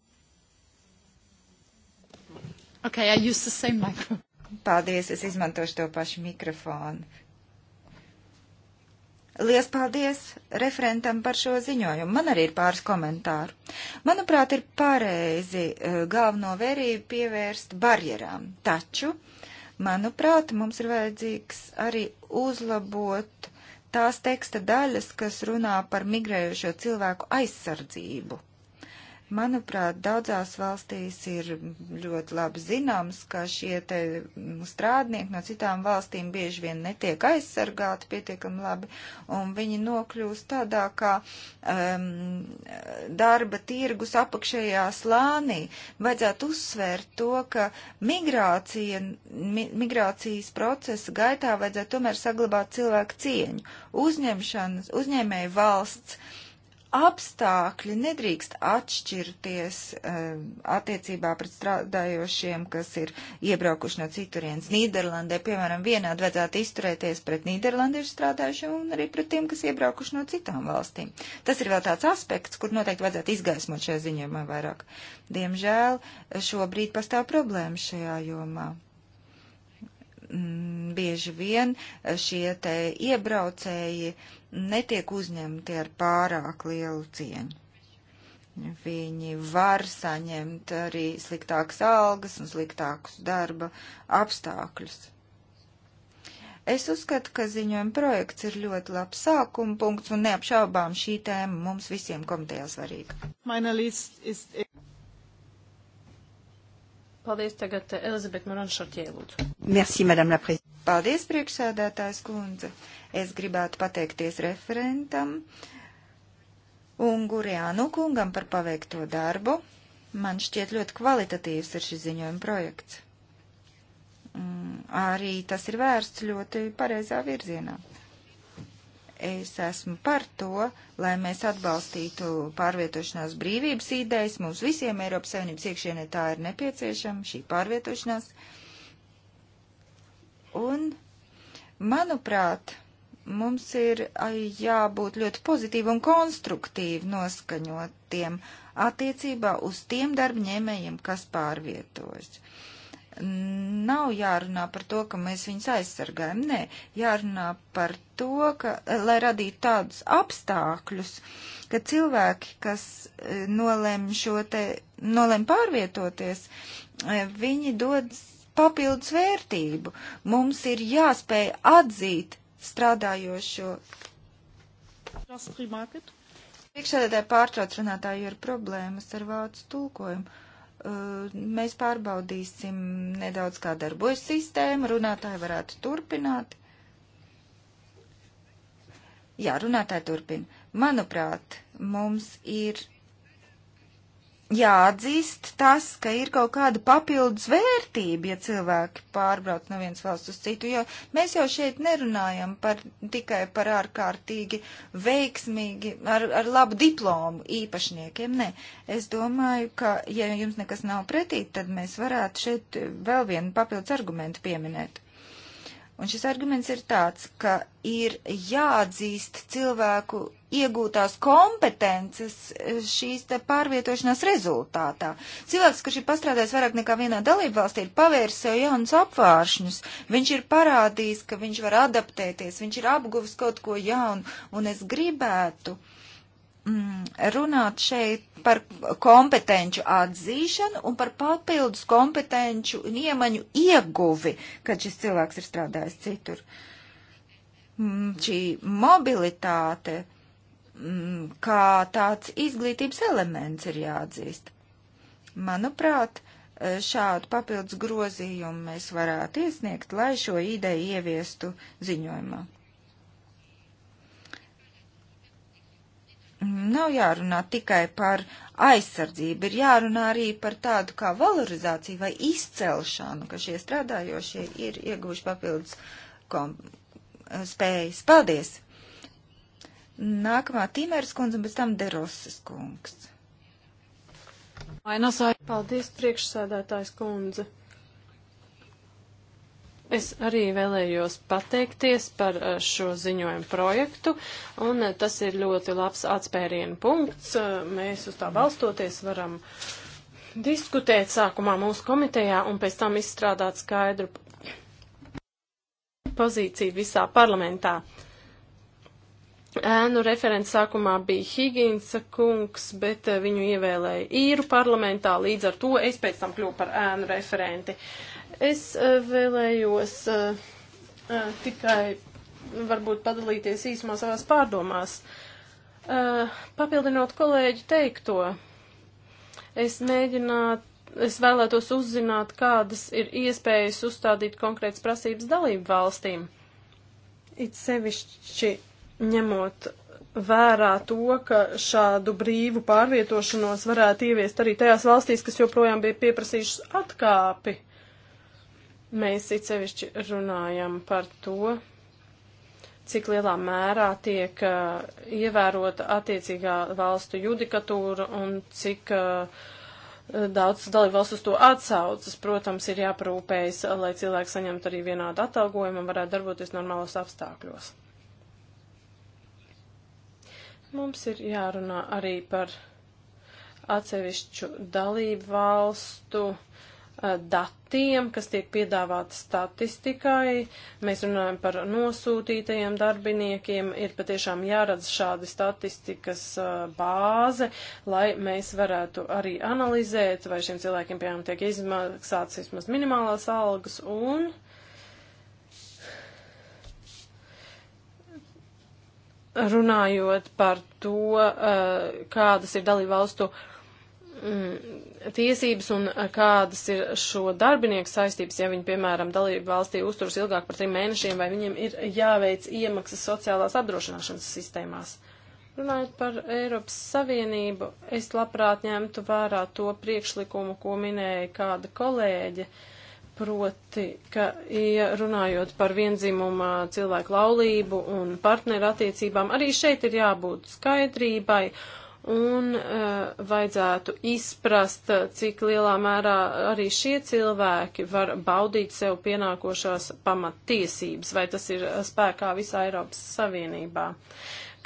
Okay, I use the same microphone. Paldies, es izmantošu to pašu mikrofonu. Lies paldies referentam par šo ziņojumu. Man arī ir pāris komentāru. Manuprāt, ir pareizi e, galveno vērību pievērst barjerām. Taču, manuprāt, mums ir vajadzīgs arī uzlabot tās teksta daļas, kas runā par migrējošo cilvēku aizsardzību Manuprāt, daudzās valstīs ir ļoti labi zināms, ka šie te strādnieki no citām valstīm bieži vien netiek aizsargāti pietiekami labi, un viņi nokļūst tādā kā um, darba tirgus apakšējā slānī. Vajadzētu uzsvērt to, ka migrācija, mi, migrācijas procesa gaitā vajadzētu tomēr saglabāt cilvēku cieņu. Uzņemšanas, uzņēmēju valsts apstākļi nedrīkst atšķirties um, attiecībā pret strādājošiem, kas ir iebraukuši no citurienes. Nīderlandē, piemēram, vienādi vajadzētu izturēties pret Nīderlandiešu strādājušiem un arī pret tiem, kas iebraukuši no citām valstīm. Tas ir vēl tāds aspekts, kur noteikti vajadzētu izgaismot šajā ziņojumā vairāk. Diemžēl šobrīd pastāv problēmas šajā jomā. Mm, bieži vien šie te iebraucēji netiek uzņemti ar pārāk lielu cieņu. Viņi var saņemt arī sliktākas algas un sliktākus darba apstākļus. Es uzskatu, ka ziņojuma projekts ir ļoti labs sākuma punkts un neapšaubām šī tēma mums visiem komitejā svarīga. Is... E- Paldies tagad Elizabet Moranšartie lūdzu. Merci, madame la prezidente. Paldies, priekšsēdētājs kundze. Es gribētu pateikties referentam Unguriānu kungam par paveikto darbu. Man šķiet ļoti kvalitatīvs ir šis ziņojuma projekts. Mm, arī tas ir vērsts ļoti pareizā virzienā es esmu par to, lai mēs atbalstītu pārvietošanās brīvības idejas. Mums visiem Eiropas Savienības iekšienē tā ir nepieciešama, šī pārvietošanās. Un, manuprāt, Mums ir jābūt ļoti pozitīvi un konstruktīvi noskaņotiem attiecībā uz tiem darbņēmējiem, kas pārvietojas nav jārunā par to, ka mēs viņus aizsargājam. Nē, jārunā par to, ka, lai radītu tādus apstākļus, ka cilvēki, kas e, nolem šo te, nolem pārvietoties, e, viņi dod papildus vērtību. Mums ir jāspēj atzīt strādājošo. Priekšsēdētāji pārtrauc runātāju ir problēmas ar vācu tulkojumu. Uh, mēs pārbaudīsim nedaudz, kā darbojas sistēma, runātāji varētu turpināt. Jā, runātāji turpina. Manuprāt, mums ir jāatzīst tas, ka ir kaut kāda papildus vērtība, ja cilvēki pārbrauc no vienas valsts uz citu, jo mēs jau šeit nerunājam par, tikai par ārkārtīgi veiksmīgi, ar, ar labu diplomu īpašniekiem, nē. Es domāju, ka, ja jums nekas nav pretī, tad mēs varētu šeit vēl vienu papildus argumentu pieminēt. Un šis arguments ir tāds, ka ir jāatzīst cilvēku iegūtās kompetences e, šīs te pārvietošanās rezultātā. Cilvēks, kurš ir pastrādājis vairāk nekā vienā dalībvalstī, ir pavērs sev jaunus apvāršņus, viņš ir parādījis, ka viņš var adaptēties, viņš ir apguvis kaut ko jaunu, un es gribētu uh, Mm, runāt šeit par kompetenču atzīšanu un par papildus kompetenču un iemaņu ieguvi, kad šis cilvēks ir strādājis citur. Mm, šī mobilitāte mm, kā tāds izglītības elements ir jāatzīst. Manuprāt, šādu papildus grozījumu mēs varētu iesniegt, lai šo ideju ieviestu ziņojumā. nav jārunā tikai par aizsardzību, ir jārunā arī par tādu kā valorizāciju vai izcelšanu, ka šie strādājošie ir ieguvuši papildus kom, spējas. Paldies! Nākamā Tīmērs kundze un pēc tam Derosas kungs. Ainas, paldies priekšsēdētājs kundze. Es arī vēlējos pateikties par eh, šo ziņojumu projektu, un eh, tas ir ļoti labs atspērienu punkts. Eh, mēs uz tā balstoties varam diskutēt sākumā mūsu komitejā un pēc tam izstrādāt skaidru pozīciju visā parlamentā. Ēnu referents sākumā bija Higinsa kungs, bet viņu ievēlēja īru parlamentā, līdz ar to es pēc tam kļuvu par ēnu referenti. Uh, Es eh, vēlējos eh, eh, tikai varbūt padalīties īsumā savās pārdomās. Papildinot kolēģi teikto, es mēģinātu es vēlētos uzzināt, kādas ir iespējas uzstādīt konkrētas prasības dalību valstīm. It sevišķi ņemot vērā to, ka šādu brīvu pārvietošanos varētu ieviest arī tajās valstīs, kas joprojām bija pieprasījušas atkāpi. Mēs it sevišķi runājam par to, cik lielā mērā tiek uh, ievērota attiecīgā valstu judikatūra un cik uh, daudz dalībvalsts uz to atsaucas. Protams, ir jāparūpējas, lai cilvēki saņemtu arī vienādu atalgojumu un varētu darboties normālos apstākļos. Mums ir jārunā arī par atsevišķu dalību valstu uh, Eh, datiem, kas tiek piedāvāti statistikai. Mēs runājam par nosūtītajiem darbiniekiem. Ir patiešām jāredz šādi statistikas eh, bāze, lai mēs varētu arī analizēt, vai šiem cilvēkiem, piemēram, tiek izmaksāts vismaz minimālās algas un. Runājot par to, eh, kādas ir dalībvalstu valstu Mm, tiesības un eh, kādas ir šo darbinieku saistības, ja viņi, piemēram, dalību valstī uzturas ilgāk par trim mēnešiem, vai viņiem ir jāveic iemaksas sociālās apdrošināšanas sistēmās. Runājot par Eiropas Savienību, es labprāt ņemtu vērā to priekšlikumu, ko minēja kāda kolēģe, proti, ka, ja runājot par vienzimumā cilvēku laulību un partneru attiecībām, arī šeit ir jābūt skaidrībai un uh, vajadzētu izprast, eh, cik lielā mērā arī šie cilvēki var baudīt sev pienākošās pamattiesības, vai tas ir eh, spēkā visā Eiropas Savienībā.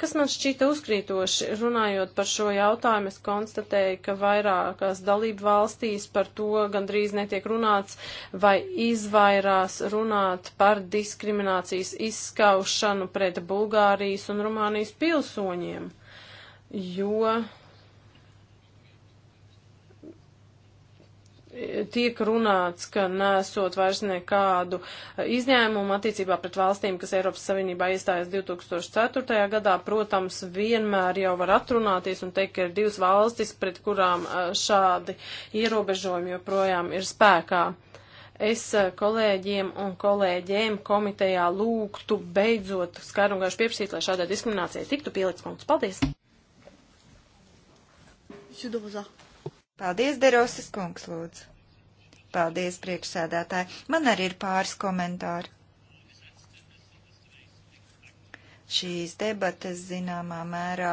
Kas man šķita uzkrītoši, runājot par šo jautājumu, es konstatēju, ka vairākās dalību valstīs par to gandrīz netiek runāts vai izvairās runāt par diskriminācijas izskaušanu pret Bulgārijas un Rumānijas pilsoņiem jo tiek runāts, ka nesot vairs nekādu izņēmumu attiecībā pret valstīm, kas Eiropas Savienībā iestājas 2004. gadā, protams, vienmēr jau var atrunāties un teikt, ka ir divas valstis, pret kurām eh, šādi ierobežojumi joprojām ir spēkā. Es eh, kolēģiem un kolēģiem komitejā lūgtu beidzot skaidru un gaišu pieprasīt, lai šādai diskriminācijai tiktu pielikts punkts. Paldies! Monsieur Drozā. Paldies, Derosas kungs, lūdzu. Paldies, priekšsēdētāji. Man arī ir pāris komentāri. Šīs debates zināmā mērā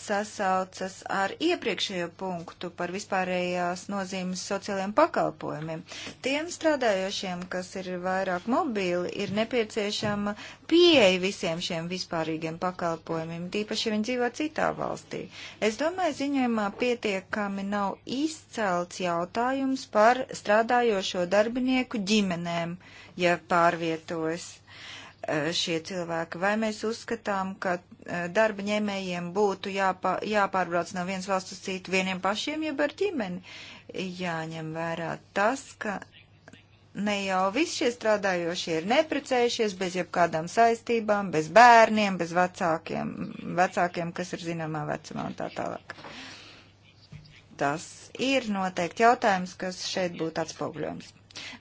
sasaucas ar iepriekšējo punktu par vispārējās nozīmes sociālajiem pakalpojumiem. Tiem strādājošiem, kas ir vairāk mobīli, ir nepieciešama pieeja visiem šiem vispārīgiem pakalpojumiem, tīpaši, ja viņi dzīvo citā valstī. Es domāju, ziņojumā pietiekami nav izcelts jautājums par strādājošo darbinieku ģimenēm, ja pārvietojas eh, šie cilvēki. Vai mēs uzskatām, ka Eh, darba ņēmējiem būtu jāpa, jāpārbrauc no vienas valsts uz citu vieniem pašiem, jeb ar ģimeni. Jāņem vērā tas, ka ne jau visi šie strādājošie ir neprecējušies bez jebkādām saistībām, bez bērniem, bez vecākiem, vecākiem, kas ir zināmā vecumā un tā tālāk. Tas ir noteikti jautājums, kas šeit būtu atspoguļojums.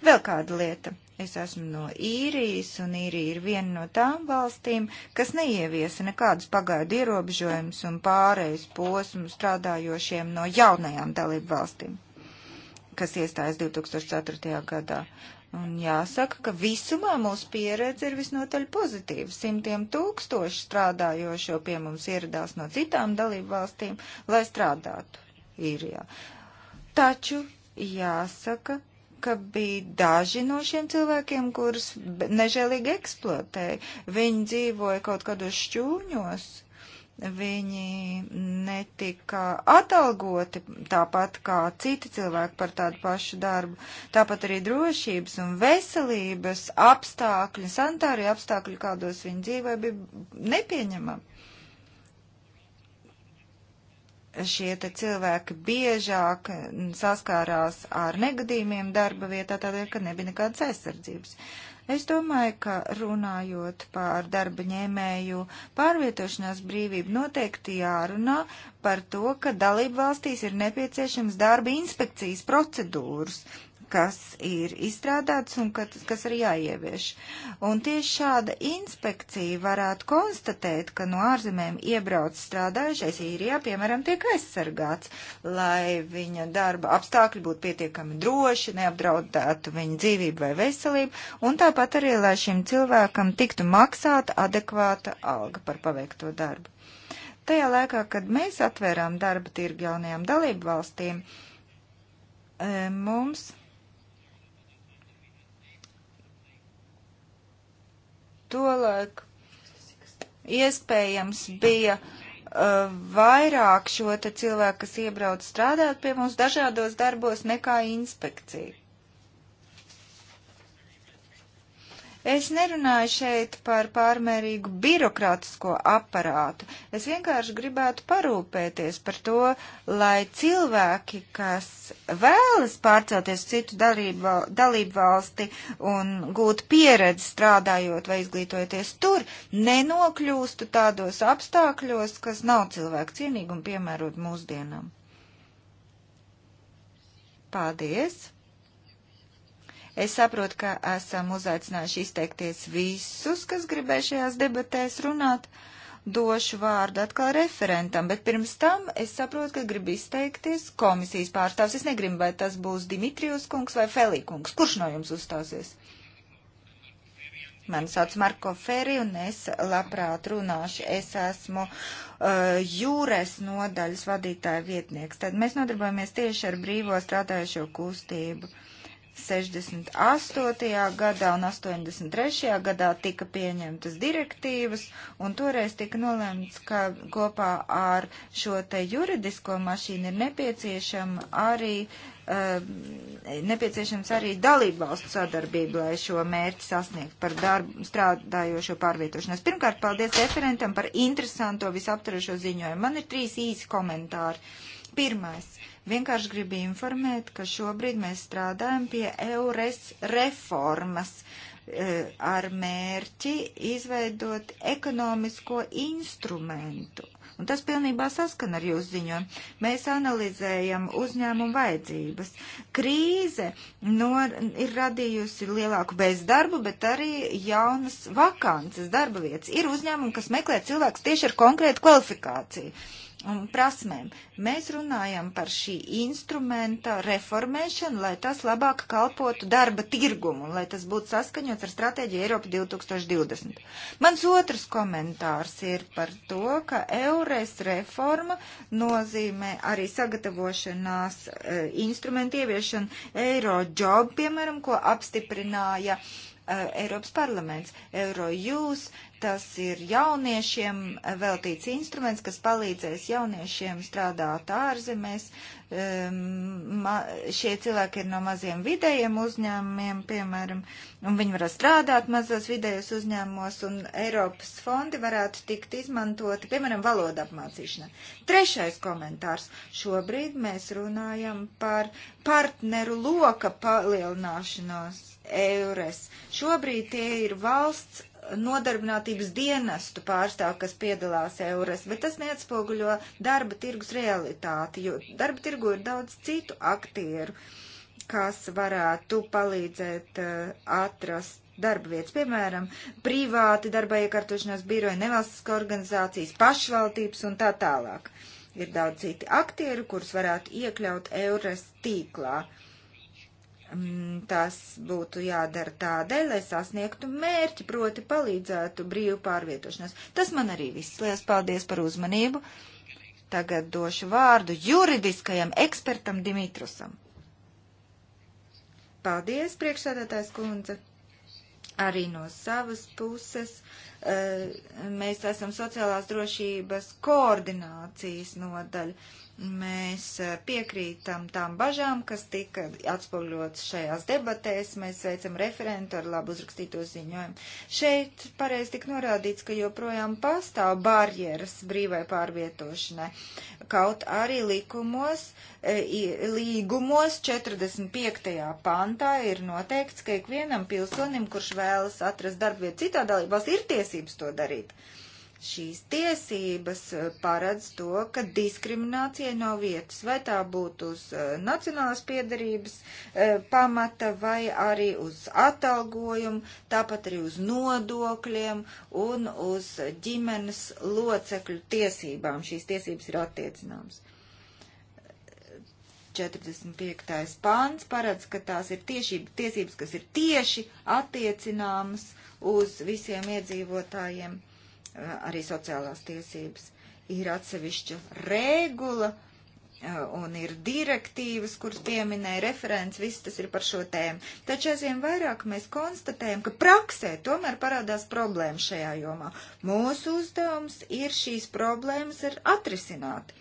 Vēl kāda lieta. Es esmu no īrijas, un īrija ir viena no tām valstīm, kas neieviesa nekādus pagaidu ierobežojumus un pārējais posmu strādājošiem no jaunajām dalību valstīm, kas iestājas 2004. gadā. Un jāsaka, ka visumā mūsu pieredze ir visnotaļ pozitīva. Simtiem tūkstoši strādājošo pie mums ieradās no citām dalību valstīm, lai strādātu īrijā. Taču jāsaka, ka bija daži no šiem cilvēkiem, kurus nežēlīgi eksploatēja. Viņi dzīvoja kaut kādos šķūņos, viņi netika atalgoti tāpat kā citi cilvēki par tādu pašu darbu. Tāpat arī drošības un veselības apstākļi, santāri apstākļi, kādos viņi dzīvoja, bija nepieņemami šie cilvēki biežāk saskārās ar negadījumiem darba vietā, tādēļ, ka nebija nekādas aizsardzības. Es domāju, ka runājot par darba ņēmēju pārvietošanās brīvību, noteikti jārunā par to, ka dalību valstīs ir nepieciešams darba inspekcijas procedūras, kas ir izstrādāts un kas, kas ir jāievieš. Un tieši šāda inspekcija varētu konstatēt, ka no ārzemēm iebrauc strādājušais īrijā, piemēram, tiek aizsargāts, lai viņa darba apstākļi būtu pietiekami droši, neapdraudētu viņa dzīvību vai veselību, un tāpat arī, lai šim cilvēkam tiktu maksāta adekvāta alga par paveikto darbu. Tajā laikā, kad mēs atvērām darba tirgu jaunajām dalību valstīm, e, mums Tolēk iespējams bija uh, vairāk šo te cilvēku, kas iebrauc strādāt pie mums dažādos darbos nekā inspekcija. Es nerunāju šeit par pārmērīgu birokrātisko aparātu. Es vienkārši gribētu parūpēties par to, lai cilvēki, kas vēlas pārcelties citu dalību, dalību valsti un gūt pieredzi strādājot vai izglītojoties tur, nenokļūstu tādos apstākļos, kas nav cilvēku cienīgi un piemērot mūsdienām. Paldies! Es saprotu, ka esam uzaicinājuši izteikties visus, kas gribēja šajās debatēs runāt. Došu vārdu atkal referentam, bet pirms tam es saprotu, ka grib izteikties komisijas pārstāvs. Es negribu, vai tas būs Dimitrijus kungs vai Felī kungs. Kurš no jums uzstāsies? Mani sauc Marko Feri un es labprāt runāšu. Es esmu uh, jūras nodaļas vadītāja vietnieks. Tad mēs nodarbojamies tieši ar brīvo strādājušo kustību. Uh, 68. gadā un 83. gadā tika pieņemtas direktīvas, un toreiz tika nolēmts, ka kopā ar šo te juridisko mašīnu ir nepieciešama arī Uh, nepieciešams arī dalībvalstu sadarbība, lai šo mērķi sasniegt par darbu strādājošo pārvietošanos. Pirmkārt, paldies referentam par interesanto visaptvarošo ziņojumu. Man ir trīs īsi komentāri. Pirmais. Uh, Vienkārši gribu informēt, ka šobrīd mēs strādājam pie EURES reformas e, ar mērķi izveidot ekonomisko instrumentu. Un tas pilnībā saskan ar jūsu ziņojumu. Mēs analizējam uzņēmumu vajadzības. Krīze no, ir radījusi lielāku bezdarbu, bet arī jaunas vakances darba vietas. Ir uzņēmumi, kas meklē cilvēkus tieši ar konkrētu kvalifikāciju un um, prasmēm. Mēs runājam par šī instrumenta reformēšanu, lai tas labāk kalpotu darba tirgumu un lai tas būtu saskaņots ar stratēģiju Eiropa 2020. Mans otrs komentārs ir par to, ka eures reforma nozīmē arī sagatavošanās e, instrumentu ieviešanu eiro job, piemēram, ko apstiprināja e, Eiropas parlaments, eiro jūs. E, Tas ir jauniešiem veltīts instruments, kas palīdzēs jauniešiem strādāt ārzemēs. Um, šie cilvēki ir no maziem vidējiem uzņēmumiem, piemēram, un viņi var strādāt mazos vidējos uzņēmumos, un Eiropas fondi varētu tikt izmantoti, piemēram, valoda apmācīšanā. Trešais komentārs. Šobrīd mēs runājam par partneru loka palielināšanos eures. Šobrīd tie ir valsts nodarbinātības dienestu pārstāv, kas piedalās eures, bet tas neatspoguļo darba tirgus realitāti, jo darba tirgu ir daudz citu aktieru, kas varētu palīdzēt uh, atrast darba vietas, piemēram, privāti darba iekārtošanās biroja, nevalstiskā organizācijas, pašvaldības un tā tālāk. Ir daudz citi aktieri, kurus varētu iekļaut eures tīklā. Uh, Mm, tas būtu jādara tādēļ, lai sasniegtu mērķi, proti palīdzētu brīvu pārvietošanos. Tas man arī viss. Lielas paldies par uzmanību. Tagad došu vārdu juridiskajam ekspertam Dimitrusam. Paldies, priekšsēdētājs kundze. Arī no savas puses eh, mēs esam sociālās drošības koordinācijas nodaļa Mēs e, piekrītam tām bažām, kas tika atspoguļotas šajās debatēs. Mēs veicam referentu ar labu uzrakstīto ziņojumu. Šeit pareizi tik norādīts, ka joprojām pastāv barjeras brīvai pārvietošanai. Kaut arī likumos, e, līgumos 45. pantā ir noteikts, ka ikvienam pilsonim, kurš vēlas atrast darbvietu citā dalībās, ir tiesības to darīt. Uh, Šīs tiesības eh, paredz to, ka diskriminācijai nav vietas, vai tā būtu uz eh, nacionālas piedarības eh, pamata, vai arī uz atalgojumu, tāpat arī uz nodokļiem un uz ģimenes locekļu tiesībām. Šīs tiesības ir attiecināmas. 45. pāns paredz, ka tās ir tiešība, tiesības, kas ir tieši attiecināmas uz visiem iedzīvotājiem. Eh, arī sociālās tiesības. Ir atsevišķa regula eh, un ir direktīvas, kuras pieminēja referents, viss tas ir par šo tēmu. Taču aizvien vairāk mēs konstatējam, ka praksē tomēr parādās problēmas šajā jomā. Mūsu uzdevums ir šīs problēmas ir atrisināt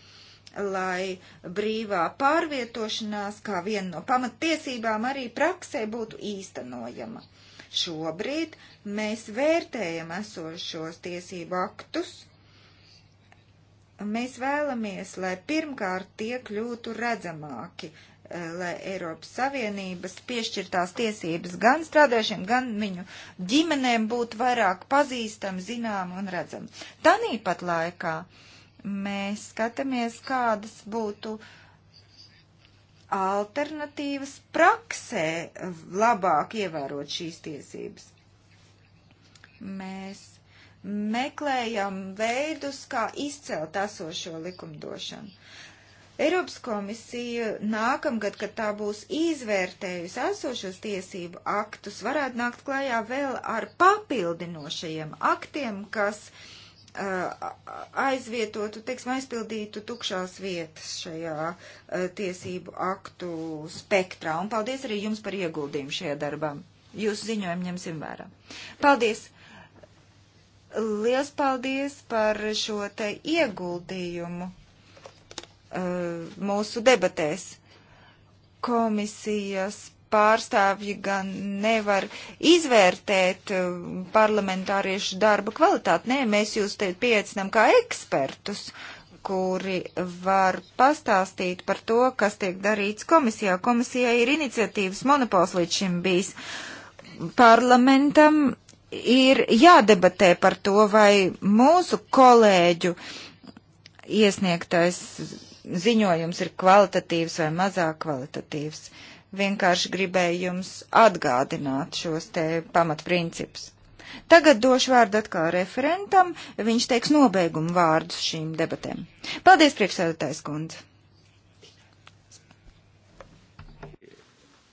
lai brīvā pārvietošanās kā viena no pamattiesībām arī praksē būtu īstenojama. Šobrīd mēs vērtējam esošos tiesību aktus. Mēs vēlamies, lai pirmkārt tie kļūtu redzamāki, eh, lai Eiropas Savienības piešķirtās tiesības gan strādājušiem, gan viņu ģimenēm būtu vairāk pazīstam, zinām un redzam. Tanīpat laikā mēs skatāmies, kādas būtu uh, alternatīvas praksē labāk ievērot šīs tiesības. Mēs meklējam veidus, kā izcelt esošo likumdošanu. Eiropas komisija nākamgad, kad tā būs izvērtējusi esošos tiesību aktus, varētu nākt klājā vēl ar papildinošajiem aktiem, kas uh, Uh, aizvietotu, teiksim, aizpildītu tukšās vietas šajā uh, tiesību aktu spektrā. Un paldies arī jums par ieguldījumu šajā darbā. Jūsu ziņojumu ņemsim vērā. Paldies! Liels paldies par šo te ieguldījumu uh, mūsu debatēs. Komisijas pārstāvji gan nevar izvērtēt uh, parlamentāriešu darba kvalitāti. Nē, mēs jūs te pieaicinām kā ekspertus kuri var pastāstīt par to, kas tiek darīts komisijā. Komisijai ir iniciatīvas monopols līdz šim bijis. Parlamentam ir jādebatē par to, vai mūsu kolēģu iesniegtais ziņojums ir kvalitatīvs vai mazāk kvalitatīvs. Uh, Vienkārši gribēju jums atgādināt šos te pamatprincipus. Tagad došu vārdu atkal referentam, viņš teiks nobeigumu vārdus šīm debatēm. Paldies, priekšsēdētājs kundze!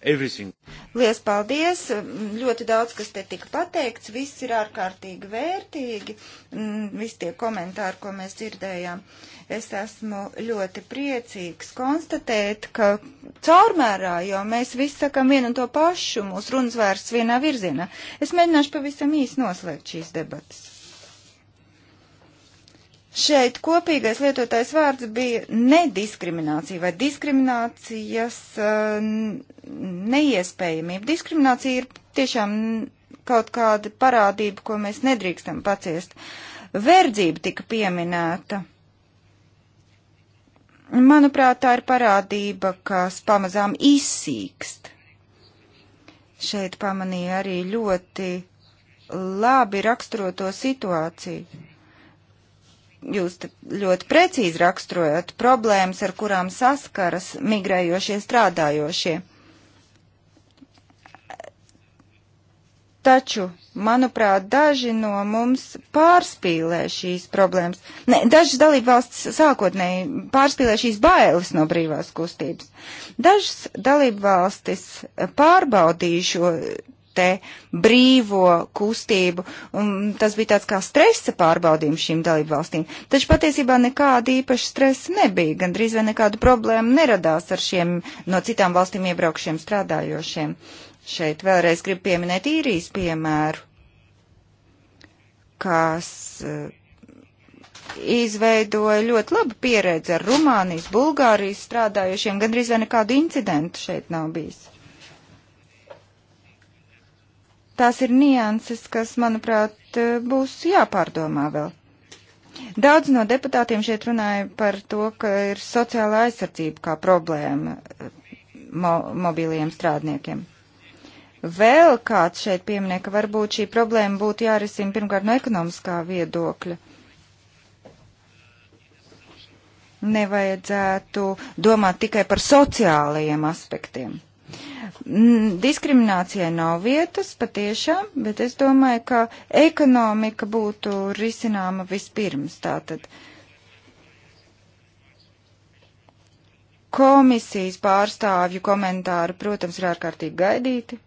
everything. Lies paldies! Ļoti daudz, kas te tika pateikts, viss ir ārkārtīgi vērtīgi, mm, visi tie komentāri, ko mēs dzirdējām. Es esmu ļoti priecīgs konstatēt, ka caurmērā jau mēs visi sakam vienu un to pašu, mūsu runas vērsts vienā virzienā. Es mēģināšu pavisam īsi noslēgt šīs debatas. Šeit kopīgais lietotais vārds bija nediskriminācija vai diskriminācijas eh, neiespējamība. Diskriminācija ir tiešām kaut kāda parādība, ko mēs nedrīkstam paciest. Verdzība tika pieminēta. Manuprāt, tā ir parādība, kas pamazām izsīkst. Šeit pamanīja arī ļoti labi raksturoto situāciju jūs ļoti precīzi raksturojat problēmas, ar kurām saskaras migrējošie strādājošie. Taču, manuprāt, daži no mums pārspīlē šīs problēmas. Ne, dažas dalībvalstis sākotnēji pārspīlē šīs bailes no brīvās kustības. Dažas dalībvalstis pārbaudīja šo te brīvo kustību. Un tas bija tāds kā stresa pārbaudījums šīm dalību valstīm. Taču patiesībā nekāda īpaša stresa nebija, gan drīz vai nekādu problēmu neradās ar šiem no citām valstīm iebraukšiem strādājošiem. Šeit vēlreiz gribu pieminēt īrijas piemēru, kas eh, izveidoja ļoti labu pieredzi ar Rumānijas, Bulgārijas strādājušiem, gandrīz vai nekādu incidentu šeit nav bijis. Tās ir nianses, kas, manuprāt, būs jāpārdomā vēl. Daudz no deputātiem šeit runāja par to, ka ir sociāla aizsardzība kā problēma eh, mo mobīliem strādniekiem. Vēl kāds šeit pieminē, ka varbūt šī problēma būtu jārisina pirmkārt no ekonomiskā viedokļa. nevajadzētu domāt tikai par sociālajiem aspektiem. Diskriminācijai nav vietas patiešām, bet es domāju, ka ekonomika būtu risināma vispirms. Tātad komisijas pārstāvju komentāri, protams, ir ārkārtīgi gaidīti.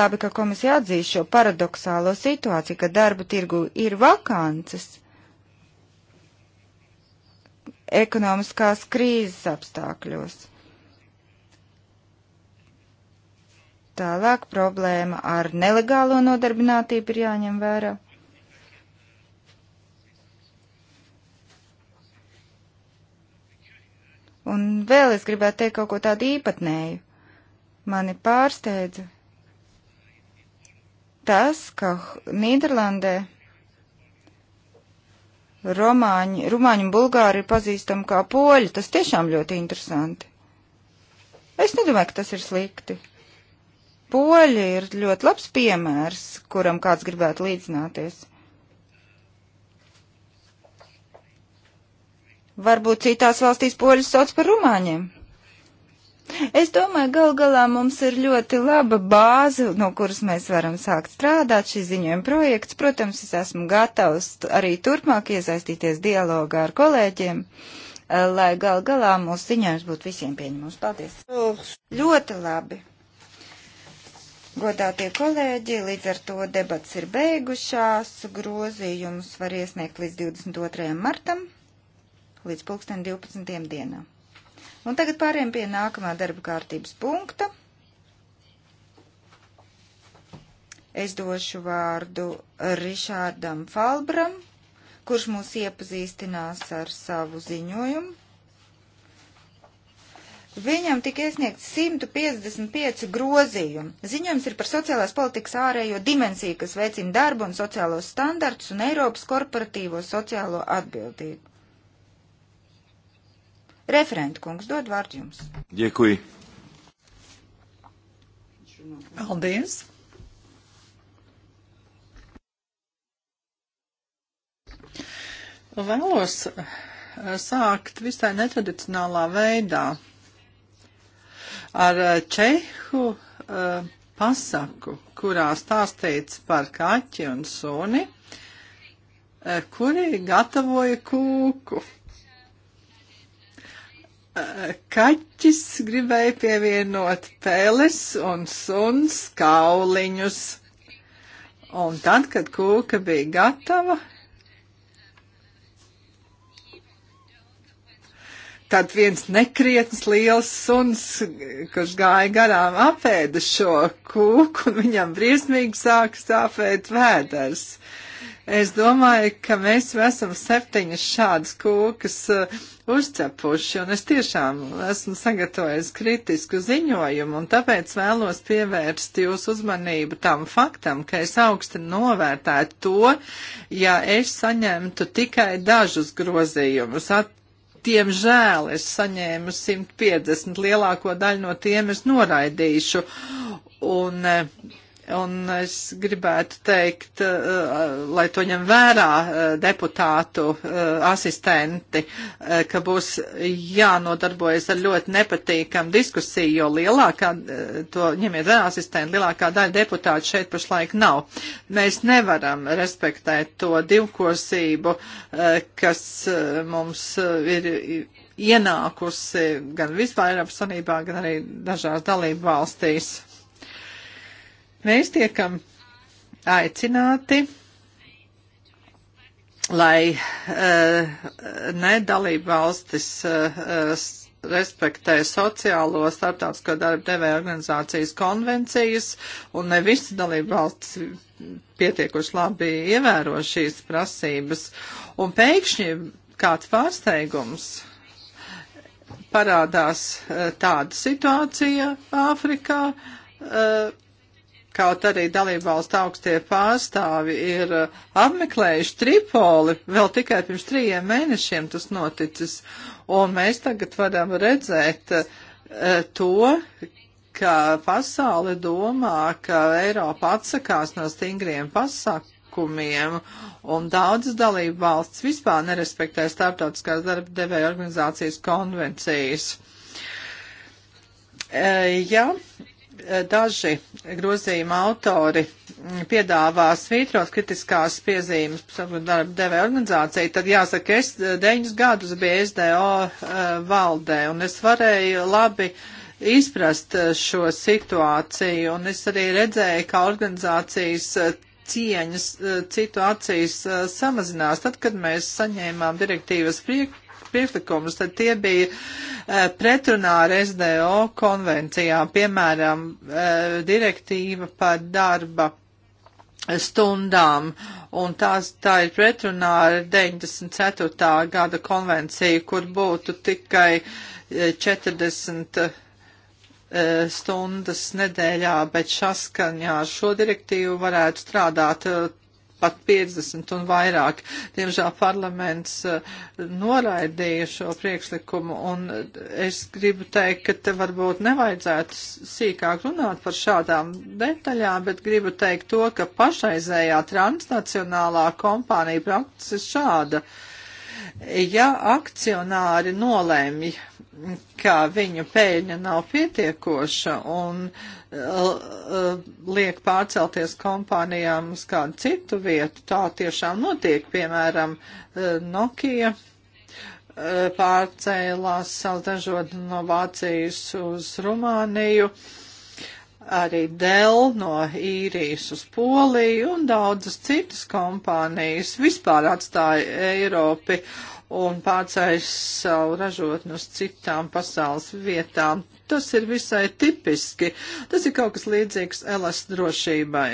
Labi, ka komisija atzīst šo paradoxālo situāciju, ka darba tirgu ir vakances ekonomiskās krīzes apstākļos. Tālāk problēma ar nelegālo nodarbinātību ir jāņem vērā. Un vēl es gribētu teikt kaut ko tādu īpatnēju. Mani pārsteidza tas, ka Nīderlandē Romāņi, Rumāņi un Bulgāri ir pazīstami kā poļi. Tas tiešām ļoti interesanti. Es nedomāju, ka tas ir slikti. Poļi ir ļoti labs piemērs, kuram kāds gribētu līdzināties. Varbūt citās valstīs poļus sauc par rumāņiem. Es domāju, gal galā mums ir ļoti laba bāze, no kuras mēs varam sākt strādāt šī ziņojuma projekts. Protams, es esmu gatavs arī turpmāk iesaistīties dialogā ar kolēģiem, eh, lai gal galā mūsu ziņojums būtu visiem pieņemams. Paldies! Uh. Ļoti labi! Godātie kolēģi, līdz ar to debats ir beigušās. Grozījumus var iesniegt līdz 22. martam, līdz pulksten 12. dienām. Un tagad pāriem pie nākamā darba kārtības punkta. Es došu vārdu Rišārdam Falbram, kurš mūs iepazīstinās ar savu ziņojumu. Viņam tika iesniegts 155 grozījumi. Ziņojums ir par sociālās politikas ārējo dimensiju, kas veicina darbu un sociālos standartus un Eiropas korporatīvo sociālo atbildību. Referenta kungs, dod vārdu jums. Dziekuji. Paldies. Vēlos eh, sākt visai netradicionālā veidā ar eh, čehu uh, pasaku, kurā stāstīts par kaķi un suni, uh, kuri gatavoja kūku. Kaķis gribēja pievienot peles un suns kauliņus. Un tad, kad kūka bija gatava, tad viens nekrietns liels suns, kurš gāja garām, apēda šo kūku un viņam briesmīgi sāk stāvēt vēders. Uh, Es domāju, ka mēs esam septiņas šādas kūkas uh, uzcepuši, un es tiešām esmu sagatavojis kritisku ziņojumu, un tāpēc vēlos pievērst jūsu uzmanību tam faktam, ka es augsti novērtētu to, ja es saņemtu tikai dažus grozījumus. At Tiemžēl es saņēmu 150, lielāko daļu no tiem es noraidīšu. Un, uh, Un es gribētu teikt, eh, lai to ņem vērā eh, deputātu eh, asistenti, ka būs jānodarbojas ar ļoti nepatīkamu diskusiju, jo lielākā, to ņemiet vērā asistenti, lielākā daļa deputātu šeit pašlaik nav. Mēs nevaram respektēt to divkosību, kas mums ir ienākusi gan vispār Eiropas Sanībā, gan arī dažās dalību valstīs. Mēs tiekam aicināti, lai uh, eh, nedalība valstis uh, respektē sociālo starptautisko darba devēja organizācijas konvencijas, un ne visas dalība valsts pietiekuši labi ievēro šīs prasības. Un pēkšņi kāds pārsteigums parādās eh, tāda situācija Āfrikā, kaut arī dalībvalstu augstie pārstāvi ir uh, apmeklējuši Tripoli, vēl tikai pirms trījiem mēnešiem tas noticis, un mēs tagad varam redzēt uh, to, ka pasaule domā, ka Eiropa atsakās no stingriem pasākumiem, un daudzas dalību valsts vispār nerespektē starptautiskās darba devēja organizācijas konvencijas. Uh, ja daži grozījuma autori piedāvā svītrot kritiskās piezīmes darba devē organizācija, tad jāsaka, es deviņus gadus biju SDO eh, valdē un es varēju labi izprast eh, šo situāciju un es arī redzēju, ka organizācijas eh, cieņas citu acīs samazinās. Tad, kad mēs saņēmām direktīvas priek, priekšlikumus, tad tie bija uh, pretrunā ar SDO konvencijām, piemēram, uh, direktīva par darba stundām, un tās, tā ir pretrunā ar 94. gada konvenciju, kur būtu tikai 40 eh, stundas nedēļā, bet saskaņā ar šo direktīvu varētu strādāt pat 50 un vairāk. Diemžēl parlaments eh, noraidīja šo priekšlikumu, un es gribu teikt, ka te varbūt nevajadzētu sīkāk runāt par šādām detaļām, bet gribu teikt to, ka pašreizējā transnacionālā kompānija praktiski šāda. Uh, Ja akcionāri nolēmj, ka viņu pēļņa nav pietiekoša un uh, uh, liek pārcelties kompānijām uz kādu citu vietu, tā tiešām notiek, piemēram, uh, Nokia pārcēlās savu dažodu no Vācijas uz Rumāniju. Uh, arī Dell no īrijas uz Poliju un daudzas citas kompānijas vispār atstāja Eiropi un pārcēja savu ražotni uz citām pasaules vietām. Tas ir visai tipiski. Tas ir kaut kas līdzīgs LS drošībai.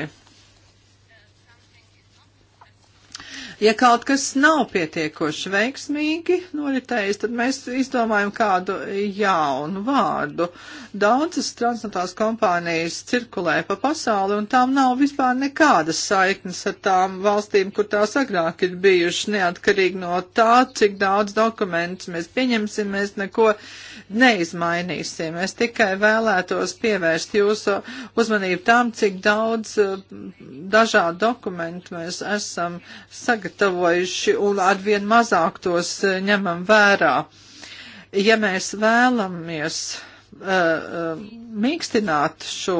Ja kaut kas nav pietiekoši veiksmīgi noritējis, tad mēs izdomājam kādu jaunu vārdu. Daudzas transnacionālās kompānijas cirkulē pa pasauli, un tām nav vispār nekādas saiknes ar tām valstīm, kur tās agrāk ir bijušas, neatkarīgi no tā, cik daudz dokumentus mēs pieņemsim, mēs neko neizmainīsim. Es tikai vēlētos pievērst jūsu uzmanību tam, cik daudz eh, dažādu dokumentu mēs esam sagatavojuši sagatavojuši un arvien mazāk tos eh, ņemam vērā. Ja mēs vēlamies Uh, uh, mīkstināt šo,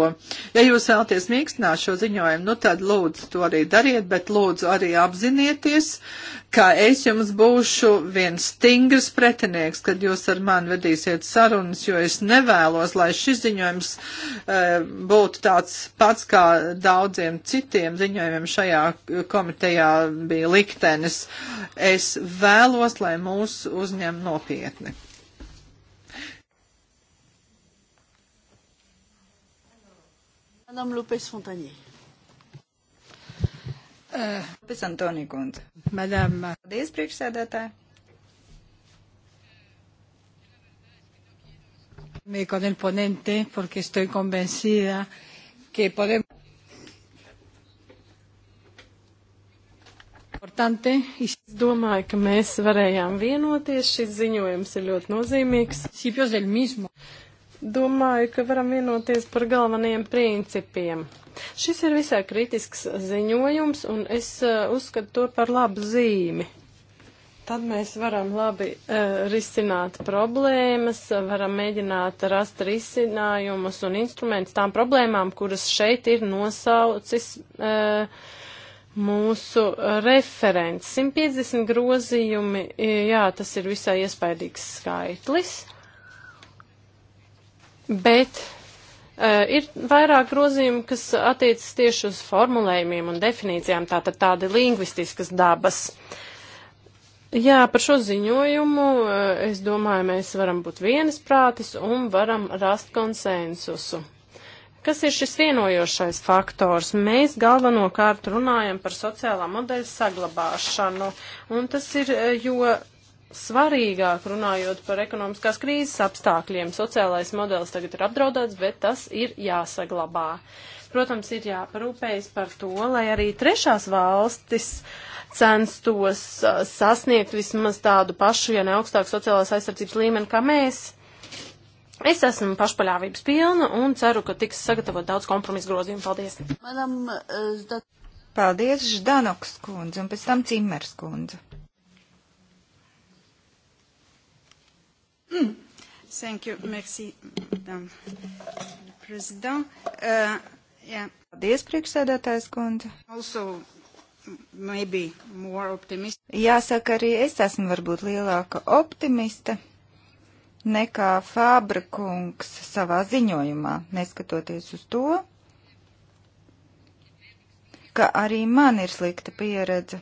ja jūs vēlaties mīkstināt šo ziņojumu, nu tad lūdzu to arī dariet, bet lūdzu arī apzinieties, ka es jums būšu viens stingrs pretinieks, kad jūs ar mani vedīsiet sarunas, jo es nevēlos, lai šis ziņojums uh, būtu tāds pats kā daudziem citiem ziņojumiem šajā komitejā bija liktenis. Es vēlos, lai mūs uzņem nopietni. Madame Lopes Fontaņē. Eh, Pēc Antonija kundze. Madam. Paldies, priekšsēdētāji. Me con el ponente porque estoy convencida que podemos. Importante. Es domāju, ka mēs varējām vienoties. Šis ziņojums ir ļoti nozīmīgs. Sīpjos del mismo. Uh, Domāju, ka varam vienoties par galvenajiem principiem. Šis ir visai kritisks ziņojums, un es uh, uzskatu to par labu zīmi. Tad mēs varam labi uh, risināt problēmas, varam mēģināt rast risinājumus un instrumentus tām problēmām, kuras šeit ir nosaucis. Uh, mūsu referents. 150 grozījumi, jā, tas ir visai iespaidīgs skaitlis. Uh, bet uh, ir vairāk grozījumi, kas attiecas tieši uz formulējumiem un definīcijām, tātad tādi lingvistiskas dabas. Jā, par šo ziņojumu uh, es domāju, mēs varam būt vienisprātis un varam rast konsensusu. Kas ir šis vienojošais faktors? Mēs galvenokārt runājam par sociālā modeļa saglabāšanu, un tas ir, e, jo svarīgāk runājot par ekonomiskās krīzes apstākļiem. Sociālais modelis tagad ir apdraudēts, bet tas ir jāsaglabā. Protams, ir jāparūpējas par to, lai arī trešās valstis censtos uh, sasniegt vismaz tādu pašu, ja ne augstāku sociālās aizsardzības līmeni kā mēs. Es esmu pašpaļāvības pilna un ceru, ka tiks sagatavot daudz kompromisu grozījumu. Paldies! Madam, uh, that... Paldies, Ždanoks kundze, un pēc tam Cimers kundze. Thank you. Merci, madame president. Uh, yeah. Paldies, priekšsēdētājs kundze. Also, maybe more optimist. Jāsaka, arī es esmu varbūt lielāka optimiste nekā Fābra kungs savā ziņojumā, neskatoties uz to, ka arī man ir slikta pieredze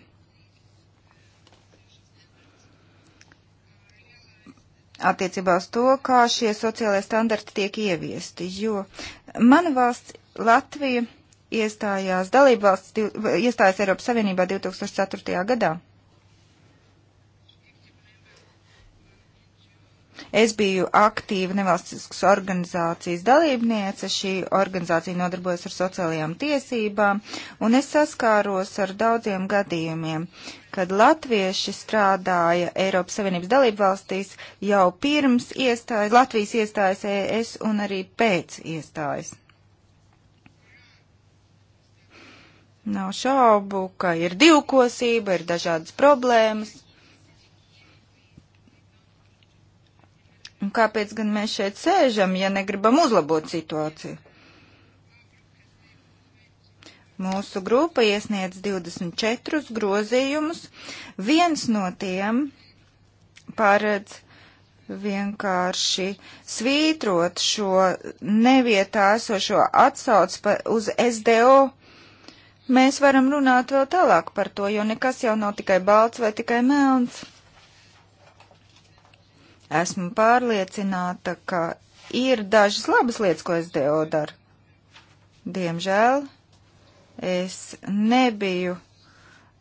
attiecībā uz to, kā šie sociālai standarti tiek ieviesti, jo mana valsts Latvija iestājās dalībvalsts, iestājās Eiropas Savienībā 2004. gadā. Es biju aktīva nevalstiskas organizācijas dalībniece, šī organizācija nodarbojas ar sociālajām tiesībām, un es saskāros ar daudziem gadījumiem, kad latvieši strādāja Eiropas Savienības dalību valstīs jau pirms iestājas, Latvijas iestājas ES un arī pēc iestājas. Nav šaubu, ka ir divkosība, ir dažādas problēmas. Un kāpēc gan mēs šeit sēžam, ja negribam uzlabot situāciju? Mūsu grupa iesniedz 24 grozījumus. Viens no tiem paredz vienkārši svītrot šo nevietā esošo atsauc uz SDO. Mēs varam runāt vēl tālāk par to, jo nekas jau nav tikai balts vai tikai melns. Esmu pārliecināta, ka ir dažas labas lietas, ko SDO dara. Diemžēl Es nebiju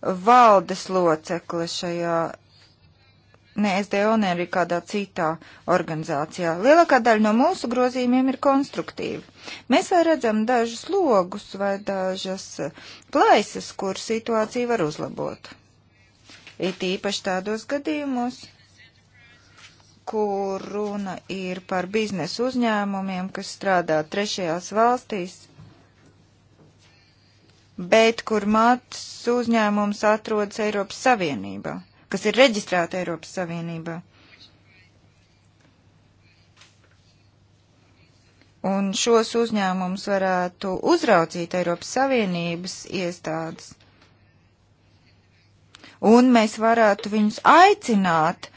valdes locekle šajā ne SDO, ne arī kādā citā organizācijā. Lielākā daļa no mūsu grozījumiem ir konstruktīvi. Mēs vēl redzam dažus logus vai dažas plaisas, kur situācija var uzlabot. It īpaši tādos gadījumos, kur runa ir par biznesu uzņēmumiem, kas strādā trešajās valstīs bet kur māts uzņēmums atrodas Eiropas Savienībā, kas ir reģistrēta Eiropas Savienībā. Un šos uzņēmumus varētu uzraudzīt Eiropas Savienības iestādes. Un mēs varētu viņus aicināt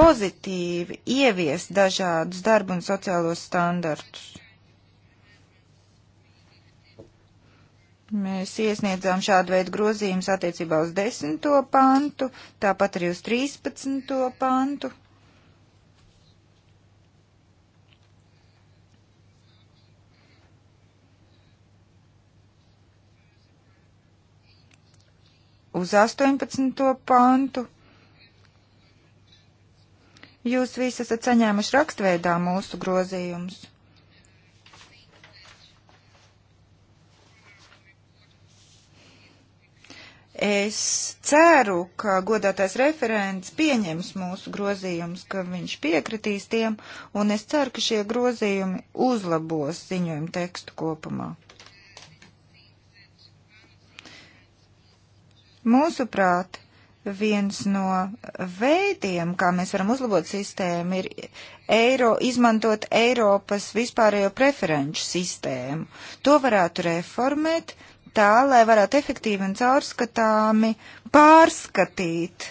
pozitīvi ieviest dažādus darbu un sociālos standartus. Mēs iesniedzām šādu veidu grozījumus attiecībā uz 10. pantu, tāpat arī uz 13. pantu. Uz 18. pantu. Jūs visi esat saņēmuši rakstveidā mūsu grozījumus. Es ceru, ka godātais referents pieņems mūsu grozījumus, ka viņš piekritīs tiem, un es ceru, ka šie grozījumi uzlabos ziņojumu tekstu kopumā. Mūsuprāt, viens no veidiem, kā mēs varam uzlabot sistēmu, ir eiro, izmantot Eiropas vispārējo preferenču sistēmu. To varētu reformēt, tā, lai varētu efektīvi un caurskatāmi pārskatīt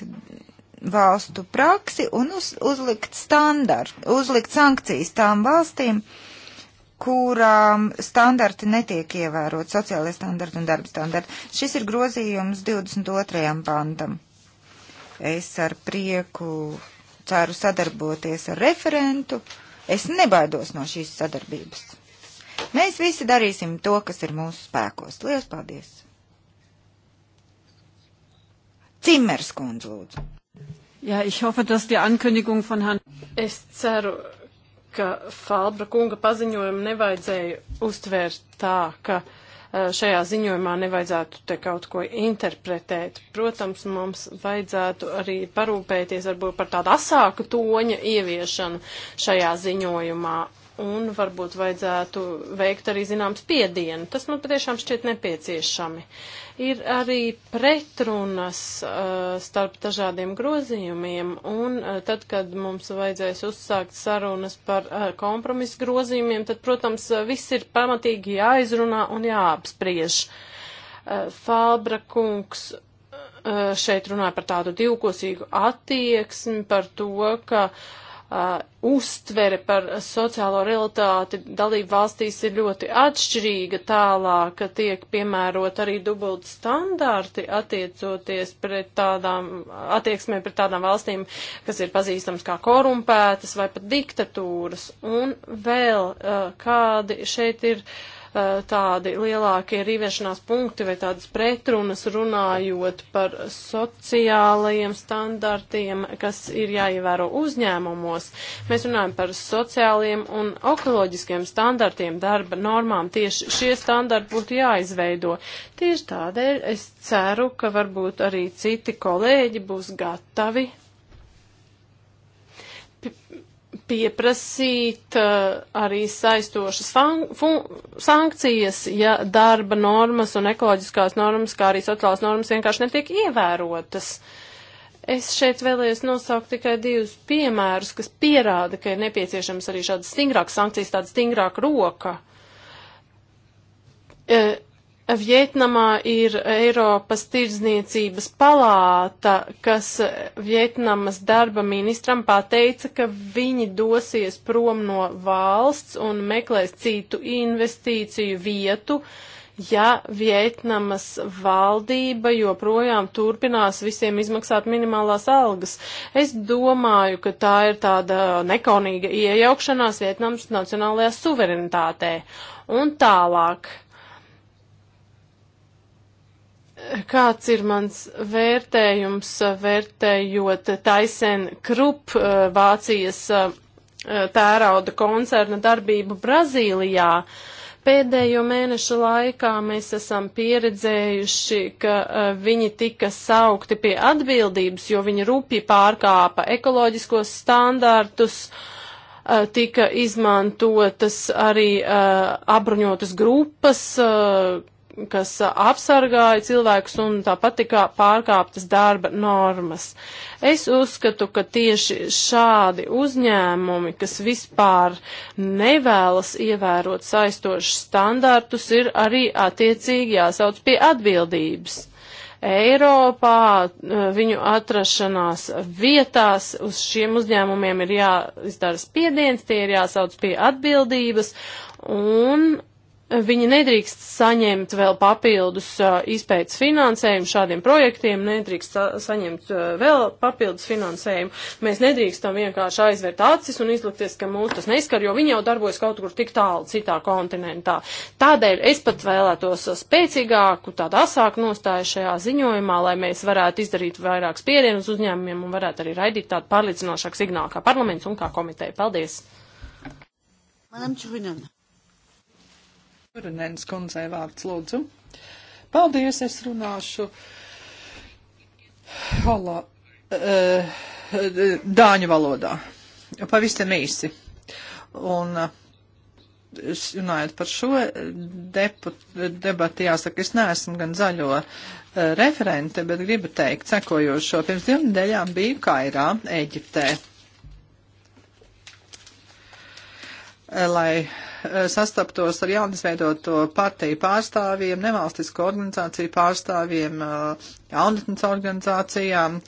valstu praksi un uz, uzlikt standartu, uzlikt sankcijas tām valstīm, kurām standarti netiek ievērot, sociālai standarti un darba standarti. Šis ir grozījums 22. pantam. Es ar prieku ceru sadarboties ar referentu. Es nebaidos no šīs sadarbības. Mēs visi darīsim to, kas ir mūsu spēkos. Lielas paldies! Cimers kundze, lūdzu. Jā, ja, ich hoffe, dass die Ankündigung von Herrn. Es ceru, ka Falbra kunga paziņojumu nevajadzēja uztvērt tā, ka e, šajā ziņojumā nevajadzētu te kaut ko interpretēt. Protams, mums vajadzētu arī parūpēties varbūt par tādu asāku toņa ieviešanu šajā ziņojumā un varbūt vajadzētu veikt arī zināms piedienu. Tas man patiešām šķiet nepieciešami. Ir arī pretrunas uh, starp dažādiem grozījumiem, un uh, tad, kad mums vajadzēs uzsākt sarunas par uh, kompromisu grozījumiem, tad, protams, uh, viss ir pamatīgi jāizrunā un jāapspriež. Uh, Fābra kungs uh, šeit runāja par tādu divkosīgu attieksmi, par to, ka uh, uh, uztvere par sociālo realitāti dalību valstīs ir ļoti atšķirīga tālā, ka tiek piemērot arī dubult standarti attiecoties pret tādām, attieksmē pret tādām valstīm, kas ir pazīstams kā korumpētas vai pat diktatūras. Un vēl uh, kādi šeit ir uh, Eh, tādi lielākie rīvēšanās punkti vai tādas pretrunas runājot par sociālajiem standartiem, kas ir jāievēro uzņēmumos. Mēs runājam par sociālajiem un ekoloģiskiem standartiem, darba normām. Tieši šie standarti būtu jāizveido. Tieši tādēļ es ceru, ka varbūt arī citi kolēģi būs gatavi pieprasīt uh, arī saistošas sankcijas, ja darba normas un ekoloģiskās normas, kā arī sociālās normas vienkārši netiek ievērotas. Es šeit vēlējos nosaukt tikai divus piemērus, kas pierāda, ka ir nepieciešams arī šāda stingrāka sankcijas, tāda stingrāka roka. E, Vietnamā ir Eiropas tirdzniecības palāta, kas Vietnamas darba ministram pateica, ka viņi dosies prom no valsts un meklēs citu investīciju vietu, ja Vietnamas valdība joprojām turpinās visiem izmaksāt minimālās algas. Es domāju, ka tā ir tāda nekaunīga iejaukšanās Vietnamas nacionālajā suverenitātē. Un tālāk Kāds ir mans vērtējums, vērtējot Taisen Krupp eh, Vācijas eh, tērauda koncerna darbību Brazīlijā? Pēdējo mēnešu laikā mēs esam pieredzējuši, ka eh, viņi tika saukti pie atbildības, jo viņi rupi pārkāpa ekoloģiskos standartus, tika izmantotas arī uh, apbruņotas grupas, uh, kas apsargāja cilvēkus un tāpat tika pārkāptas darba normas. Es uzskatu, ka tieši šādi uzņēmumi, kas vispār nevēlas ievērot saistošus standartus, ir arī attiecīgi jāsauc pie atbildības. Eiropā eh, viņu atrašanās vietās uz šiem uzņēmumiem ir jāizdara spiediens, tie ir jāsauc pie atbildības un viņi nedrīkst saņemt vēl papildus izpētes finansējumu šādiem projektiem, nedrīkst sa saņemt vēl papildus finansējumu. Mēs nedrīkstam vienkārši aizvērt acis un izlikties, ka mūs tas neskar, jo viņi jau darbojas kaut kur tik tālu citā kontinentā. Tādēļ es pat vēlētos spēcīgāku, tādu asāku nostāju šajā ziņojumā, lai mēs varētu izdarīt vairāk spiedienus uzņēmumiem un varētu arī raidīt tādu pārliecinošāku signālu kā parlaments un kā komiteja. Paldies! Madame Turunen. Turinens kundzei vārds lūdzu. Paldies, es runāšu. Holā, uh, eh, dāņu valodā. Pavisam īsi. Un uh, runājot par šo debatu, jāsaka, es neesmu gan zaļo uh, referente, bet gribu teikt sekojošo. Pirms divām nedēļām biju Kairā, Eģiptē Eh, lai eh, sastaptos ar jaunasveidoto partiju pārstāvjiem, nevalstisko organizāciju pārstāvjiem, eh, jaunatnes organizācijām.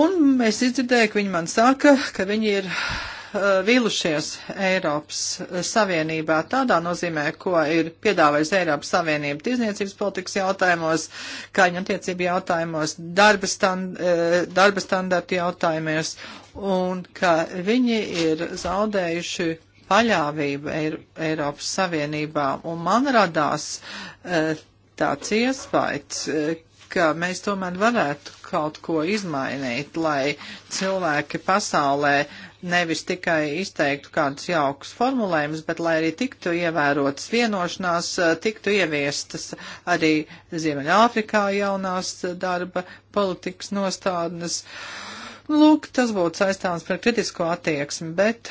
Un es izdzirdēju, ka viņi man saka, ka viņi ir vīlušies Eiropas Savienībā tādā nozīmē, ko ir piedāvājis Eiropas Savienība tirzniecības politikas jautājumos, kaņa attiecību jautājumos, darba, stand, darba standartu jautājumos un ka viņi ir zaudējuši paļāvību Eiropas Savienībā. Un man radās eh, tāds iespējas, eh, ka mēs tomēr varētu kaut ko izmainīt, lai cilvēki pasaulē nevis tikai izteiktu kādus jaukus formulējumus, bet lai arī tiktu ievērotas vienošanās, eh, tiktu ieviestas arī Ziemeļāfrikā jaunās darba politikas nostādnes. Uh, Nu, lūk, tas būtu saistāms par kritisko attieksmi, bet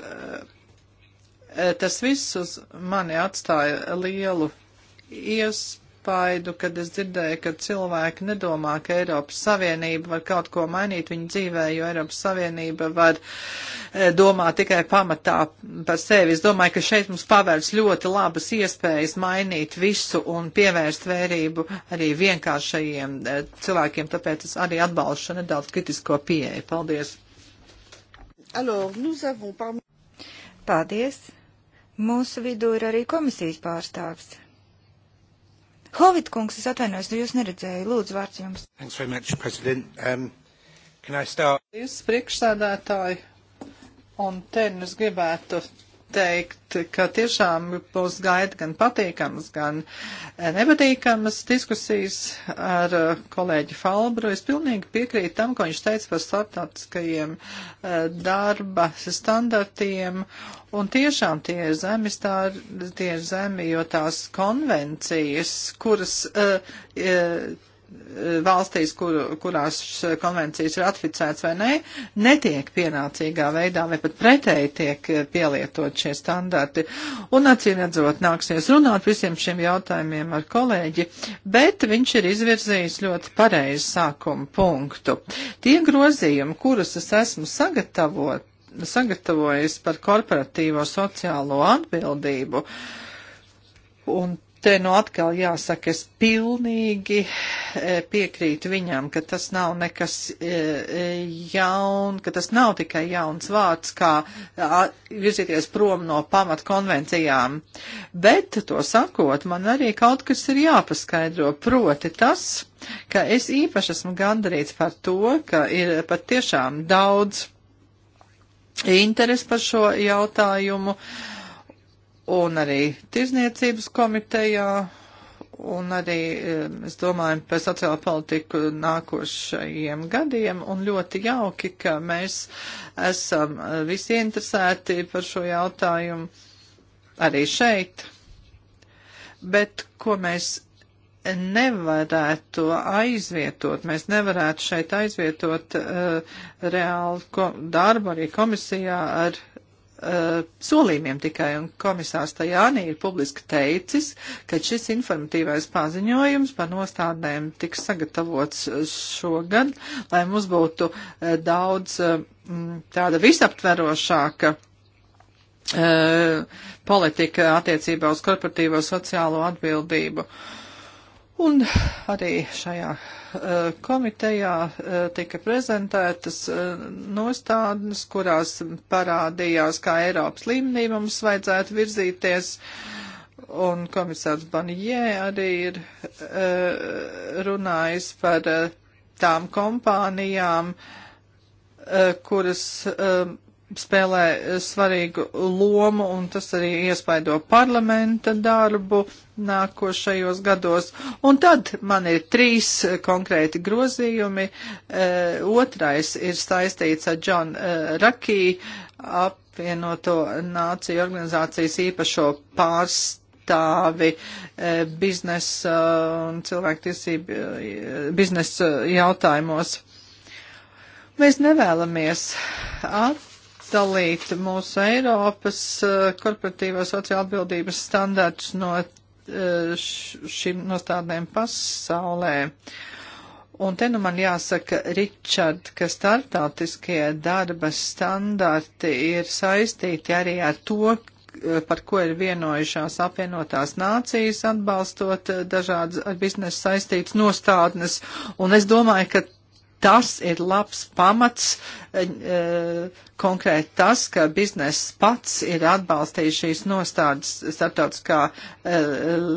eh, tas viss uz mani atstāja lielu iespēju iespaidu, kad es dzirdēju, ka cilvēki nedomā, ka Eiropas Savienība var kaut ko mainīt viņu dzīvē, jo Eiropas Savienība var eh, domāt tikai pamatā par sevi. Es domāju, ka šeit mums pavērs ļoti labas iespējas mainīt visu un pievērst vērību arī vienkāršajiem eh, cilvēkiem, tāpēc es arī atbalstu šo nedaudz kritisko pieeju. Paldies! Alors, nous avons parmi... Paldies! Mūsu vidū ir arī komisijas pārstāvs. Hovid kungs, es atvainojos, nu jūs neredzēju. Lūdzu, vārds jums. Thanks very much, President. Um, can I start? Jūs priekšsēdētāji, un te nu es gribētu teikt, ka tiešām būs gaida gan patīkamas, gan eh, nepatīkamas diskusijas ar eh, kolēģi Falbru. Es pilnīgi piekrītu tam, ko viņš teica par starptautiskajiem eh, darba standartiem. Un tiešām tie ir zemi, stār, tie ir zemi, jo tās konvencijas, kuras uh, valstīs, kur, kurās konvencijas ir ratificēts vai nē, netiek pienācīgā veidā vai pat pretēji tiek pielietot šie standarti. Un acīm redzot, nāksies runāt visiem šiem jautājumiem ar kolēģi, bet viņš ir izvirzījis ļoti pareizi sākumu punktu. Tie grozījumi, kurus es esmu sagatavot, sagatavojis par korporatīvo sociālo atbildību, un Te nu atkal jāsaka, es pilnīgi e, piekrītu viņam, ka tas nav nekas e, e, jaun, ka tas nav tikai jauns vārds, kā virzīties prom no pamat konvencijām. Bet, to sakot, man arī kaut kas ir jāpaskaidro, proti tas, ka es īpaši esmu gandarīts par to, ka ir pat tiešām daudz interesi par šo jautājumu. Uh, un arī tirzniecības komitejā, un arī, es domāju, par sociālo politiku nākošajiem gadiem, un ļoti jauki, ka mēs esam eh, visi interesēti par šo jautājumu arī šeit. Bet ko mēs nevarētu aizvietot, mēs nevarētu šeit aizvietot uh, eh, reālu darbu arī komisijā ar Uh, solījumiem tikai, un komisārs Tajāni ir publiski teicis, ka šis informatīvais paziņojums par nostādnēm tiks sagatavots šogad, lai mums būtu uh, daudz uh, tāda visaptverošāka politika attiecībā uz korporatīvo sociālo atbildību. Un arī šajā komitejā eh, tika prezentētas eh, nostādnes, kurās parādījās, kā Eiropas līmenī mums vajadzētu virzīties. Un komisārs Banijē arī ir eh, runājis par tām kompānijām, kuras spēlē svarīgu lomu, un tas arī iespaido parlamenta darbu, nākošajos gados. Un tad man ir trīs konkrēti grozījumi. E, otrais ir saistīts ar John e, Rakī, apvienoto nāciju organizācijas īpašo pārstāvu pārstāvi e, biznesa un cilvēktiesību biznesa jautājumos. Mēs nevēlamies atdalīt mūsu Eiropas korporatīvās sociāla atbildības standarts no Eh, šīm nostādnēm pasaulē. Un te nu man jāsaka, Ričard, ka startautiskie darba standarti ir saistīti arī ar to, eh, par ko ir vienojušās apvienotās nācijas, atbalstot eh, dažādas ar biznesu saistītas nostādnes. Un es domāju, ka tas ir labs pamats, eh, konkrēti tas, ka bizness pats ir atbalstījis šīs nostādes starptautiskā eh,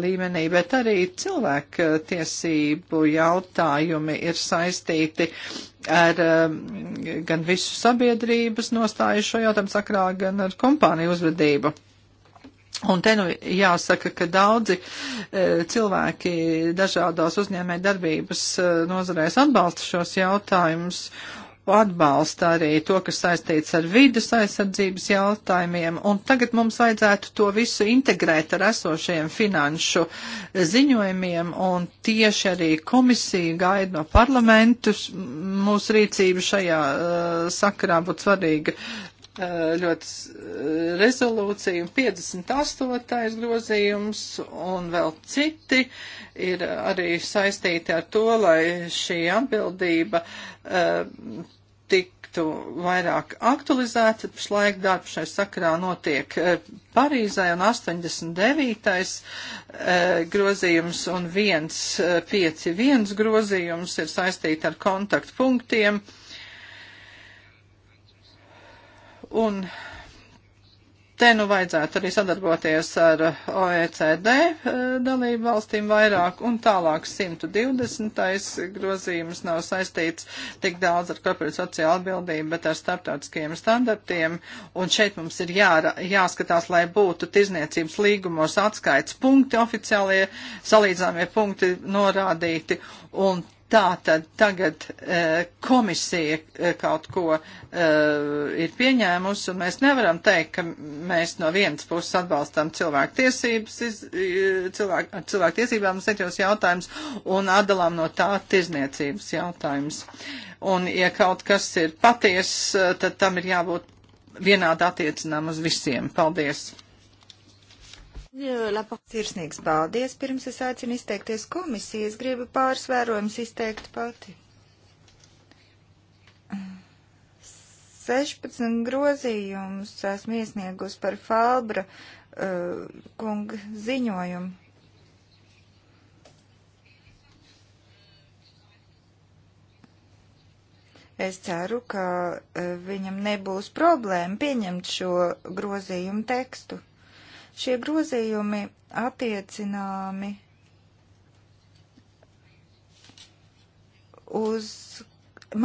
līmenī, bet arī cilvēku eh, tiesību jautājumi ir saistīti ar gan visu sabiedrības nostāju šo jautājumu sakrā, gan ar kompāniju uzvedību. Un te nu jāsaka, ka daudzi e, cilvēki dažādās uzņēmē darbības e, nozarēs atbalsta šos jautājumus, atbalsta arī to, kas saistīts ar vidas aizsardzības jautājumiem, un tagad mums vajadzētu to visu integrēt ar esošajiem finanšu ziņojumiem, un tieši arī komisija gaida no parlamentus mūsu rīcību šajā uh, sakarā būtu svarīga Eh, ļoti eh, rezolūcija un 58. grozījums un vēl citi ir arī saistīti ar to, lai šī atbildība uh, tiktu vairāk aktualizēta. Pašlaik darbs šai sakarā notiek Parīzē un 89. Uh, grozījums un 151 grozījums ir saistīti ar kontaktpunktiem. punktiem Un te nu vajadzētu arī sadarboties ar OECD eh, dalību valstīm vairāk, un tālāk 120. grozījums nav saistīts tik daudz ar korporatīvu sociālu atbildību, bet ar starptautiskiem standartiem, un šeit mums ir jā, jāskatās, lai būtu tirzniecības līgumos atskaits punkti oficiālie, salīdzāmie punkti norādīti, un Tā tad tagad e, komisija e, kaut ko e, ir pieņēmusi, un mēs nevaram teikt, ka mēs no vienas puses atbalstam cilvēku tiesības, iz, cilvēku, cilvēku tiesībām seķos jautājums un atdalām no tā tirzniecības jautājums. Un ja kaut kas ir paties, tad tam ir jābūt vienādi attiecinām uz visiem. Paldies! Sirsnīgs paldies. Pirms es aicinu izteikties komisijas, gribu pāris vērojumus izteikt pati. 16 grozījumus esmu iesniegus par Falbra uh, kunga ziņojumu. Es ceru, ka uh, viņam nebūs problēma pieņemt šo grozījumu tekstu. Šie grozījumi attiecināmi uz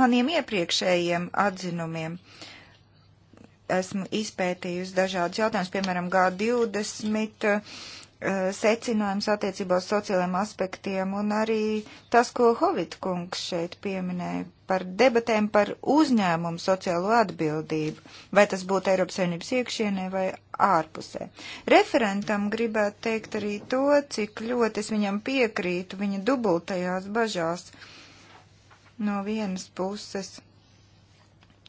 maniem iepriekšējiem atzinumiem. Esmu izpētījusi dažādus jautājumus, piemēram, G20 eh, secinājums attiecībā uz sociālajiem aspektiem un arī tas, ko Hovitkungs šeit pieminēja par debatēm par uzņēmumu sociālo atbildību, vai tas būtu Eiropas Savienības iekšienē vai ārpusē. Referentam gribētu teikt arī to, cik ļoti es viņam piekrītu viņa dubultajās bažās. No vienas puses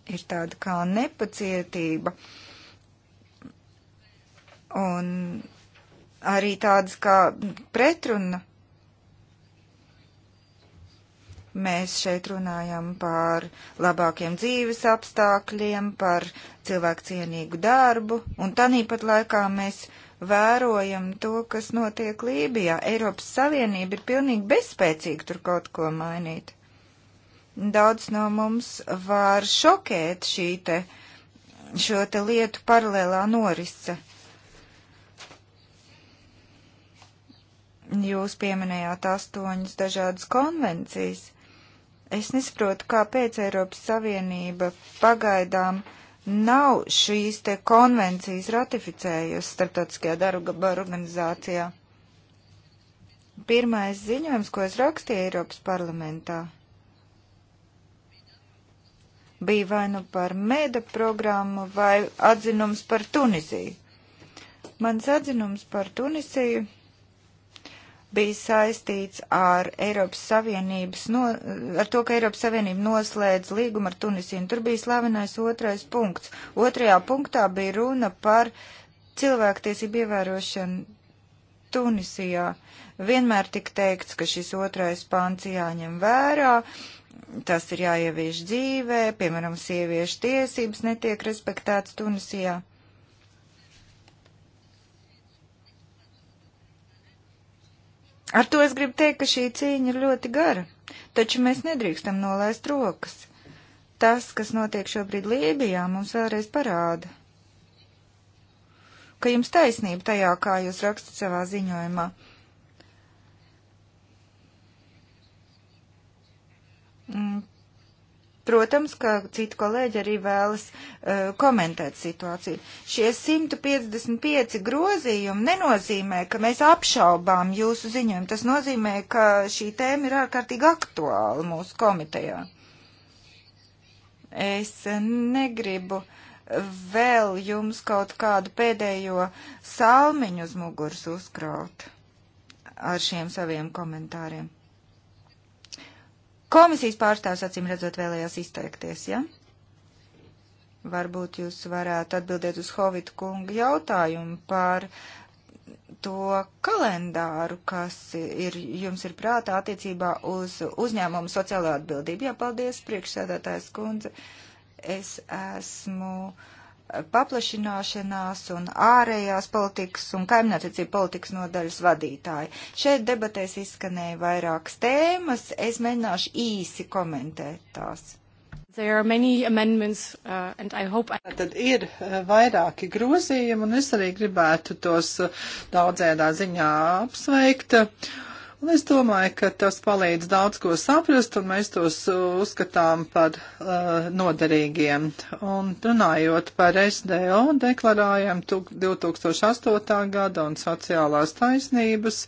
ir tāda kā nepacietība un arī tādas kā pretruna Mēs šeit runājam par labākiem dzīves apstākļiem, par cilvēku cienīgu darbu, un tanīpat laikā mēs vērojam to, kas notiek Lībijā. Eiropas Savienība ir pilnīgi bezspēcīga tur kaut ko mainīt. Daudz no mums var šokēt šī te, šo te lietu paralēlā norise. Jūs pieminējāt astoņas dažādas konvencijas. Es nesaprotu, kāpēc Eiropas Savienība pagaidām nav šīs te konvencijas ratificējusi starptautiskajā darba organizācijā. Pirmais ziņojums, ko es rakstīju Eiropas parlamentā, bija vai nu par meda programmu vai atzinums par Tuniziju. Mans atzinums par Tunisiju bija saistīts ar Eiropas Savienības, no, ar to, ka Eiropas Savienība noslēdz līgumu ar Tunisiju. Tur bija slavenais otrais punkts. Otrajā punktā bija runa par cilvēktiesību ievērošanu Tunisijā. Vienmēr tik teikts, ka šis otrais pants jāņem vērā. Tas ir jāievieš dzīvē, piemēram, sieviešu tiesības netiek respektētas Tunisijā. Ar to es gribu teikt, ka šī cīņa ir ļoti gara, taču mēs nedrīkstam nolaist rokas. Tas, kas notiek šobrīd Lībijā, mums vēlreiz parāda, ka jums taisnība tajā, kā jūs rakstat savā ziņojumā. Mm, Protams, ka citi kolēģi arī vēlas uh, komentēt situāciju. Šie 155 grozījumi nenozīmē, ka mēs apšaubām jūsu ziņojumu. Tas nozīmē, ka šī tēma ir ārkārtīgi aktuāla mūsu komitejā. Es negribu vēl jums kaut kādu pēdējo salmiņu uz muguras uzkraut ar šiem saviem komentāriem. Komisijas pārstāvs acīm redzot vēlējās izteikties, ja? Varbūt jūs varētu atbildēt uz Hovita kunga jautājumu par to kalendāru, kas ir, jums ir prātā attiecībā uz uzņēmumu sociālo atbildību. Jā, paldies, priekšsēdētājs kundze. Es esmu. Uh, paplašināšanās un ārējās politikas un kaimnācīcība politikas nodaļas vadītāji. Šeit debatēs izskanēja vairākas tēmas, es mēģināšu īsi komentēt tās. There are many amendments, uh, and I hope I... Tad ir uh, vairāki grozījumi, un es arī gribētu tos uh, daudzēdā ziņā apsveikt. Uh, Un es domāju, ka tas palīdz daudz ko saprast, un mēs tos uzskatām par uh, noderīgiem. Un runājot par SDO, deklarējam 2008. gada un sociālās taisnības.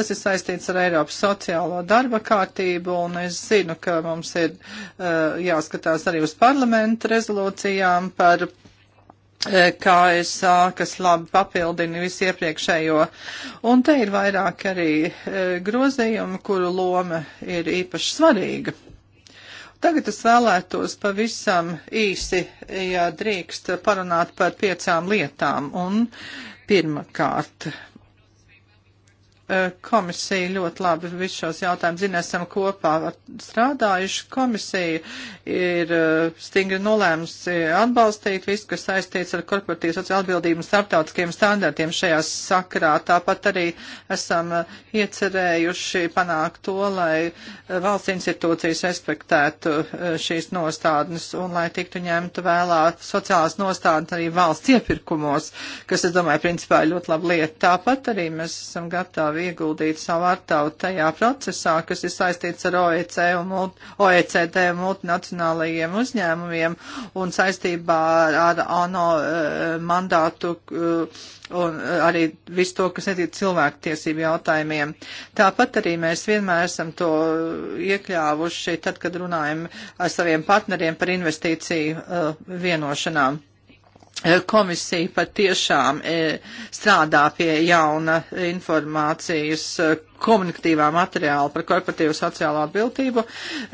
Tas ir saistīts ar Eiropas sociālo darba kārtību, un es zinu, ka mums ir uh, jāskatās arī uz parlamentu rezolūcijām par Eh, KSA, kas labi papildina visu iepriekšējo. Un te ir vairāk arī eh, grozījumi, kuru loma ir īpaši svarīga. Tagad es vēlētos pavisam īsi, ja drīkst, parunāt par piecām lietām. Un pirmkārt, Eh, komisija ļoti labi visu šos jautājumus zina, esam kopā strādājuši. Komisija ir eh, stingri nolēmusi atbalstīt visu, kas saistīts ar korporatīvu sociālo atbildību un starptautiskiem standartiem šajā sakarā. Tāpat arī esam eh, iecerējuši panākt to, lai valsts institūcijas respektētu šīs nostādnes un lai tiktu ņemta vēlā sociālās nostādnes arī valsts iepirkumos, kas, es domāju, principā ir ļoti laba lieta. Tāpat arī mēs esam gatavi nav ieguldīti savu artavu tajā procesā, kas ir saistīts ar OEC un mult, OECD multinacionālajiem uzņēmumiem un saistībā ar, ar ANO eh, mandātu eh, un arī visu to, kas netiek cilvēktiesību jautājumiem. Tāpat arī mēs vienmēr esam to iekļāvuši, tad, kad runājam ar saviem partneriem par investīciju eh, vienošanām. Eh, komisija patiešām eh, strādā pie jauna informācijas eh, komunikatīvā materiāla par korporatīvu sociālo atbildību.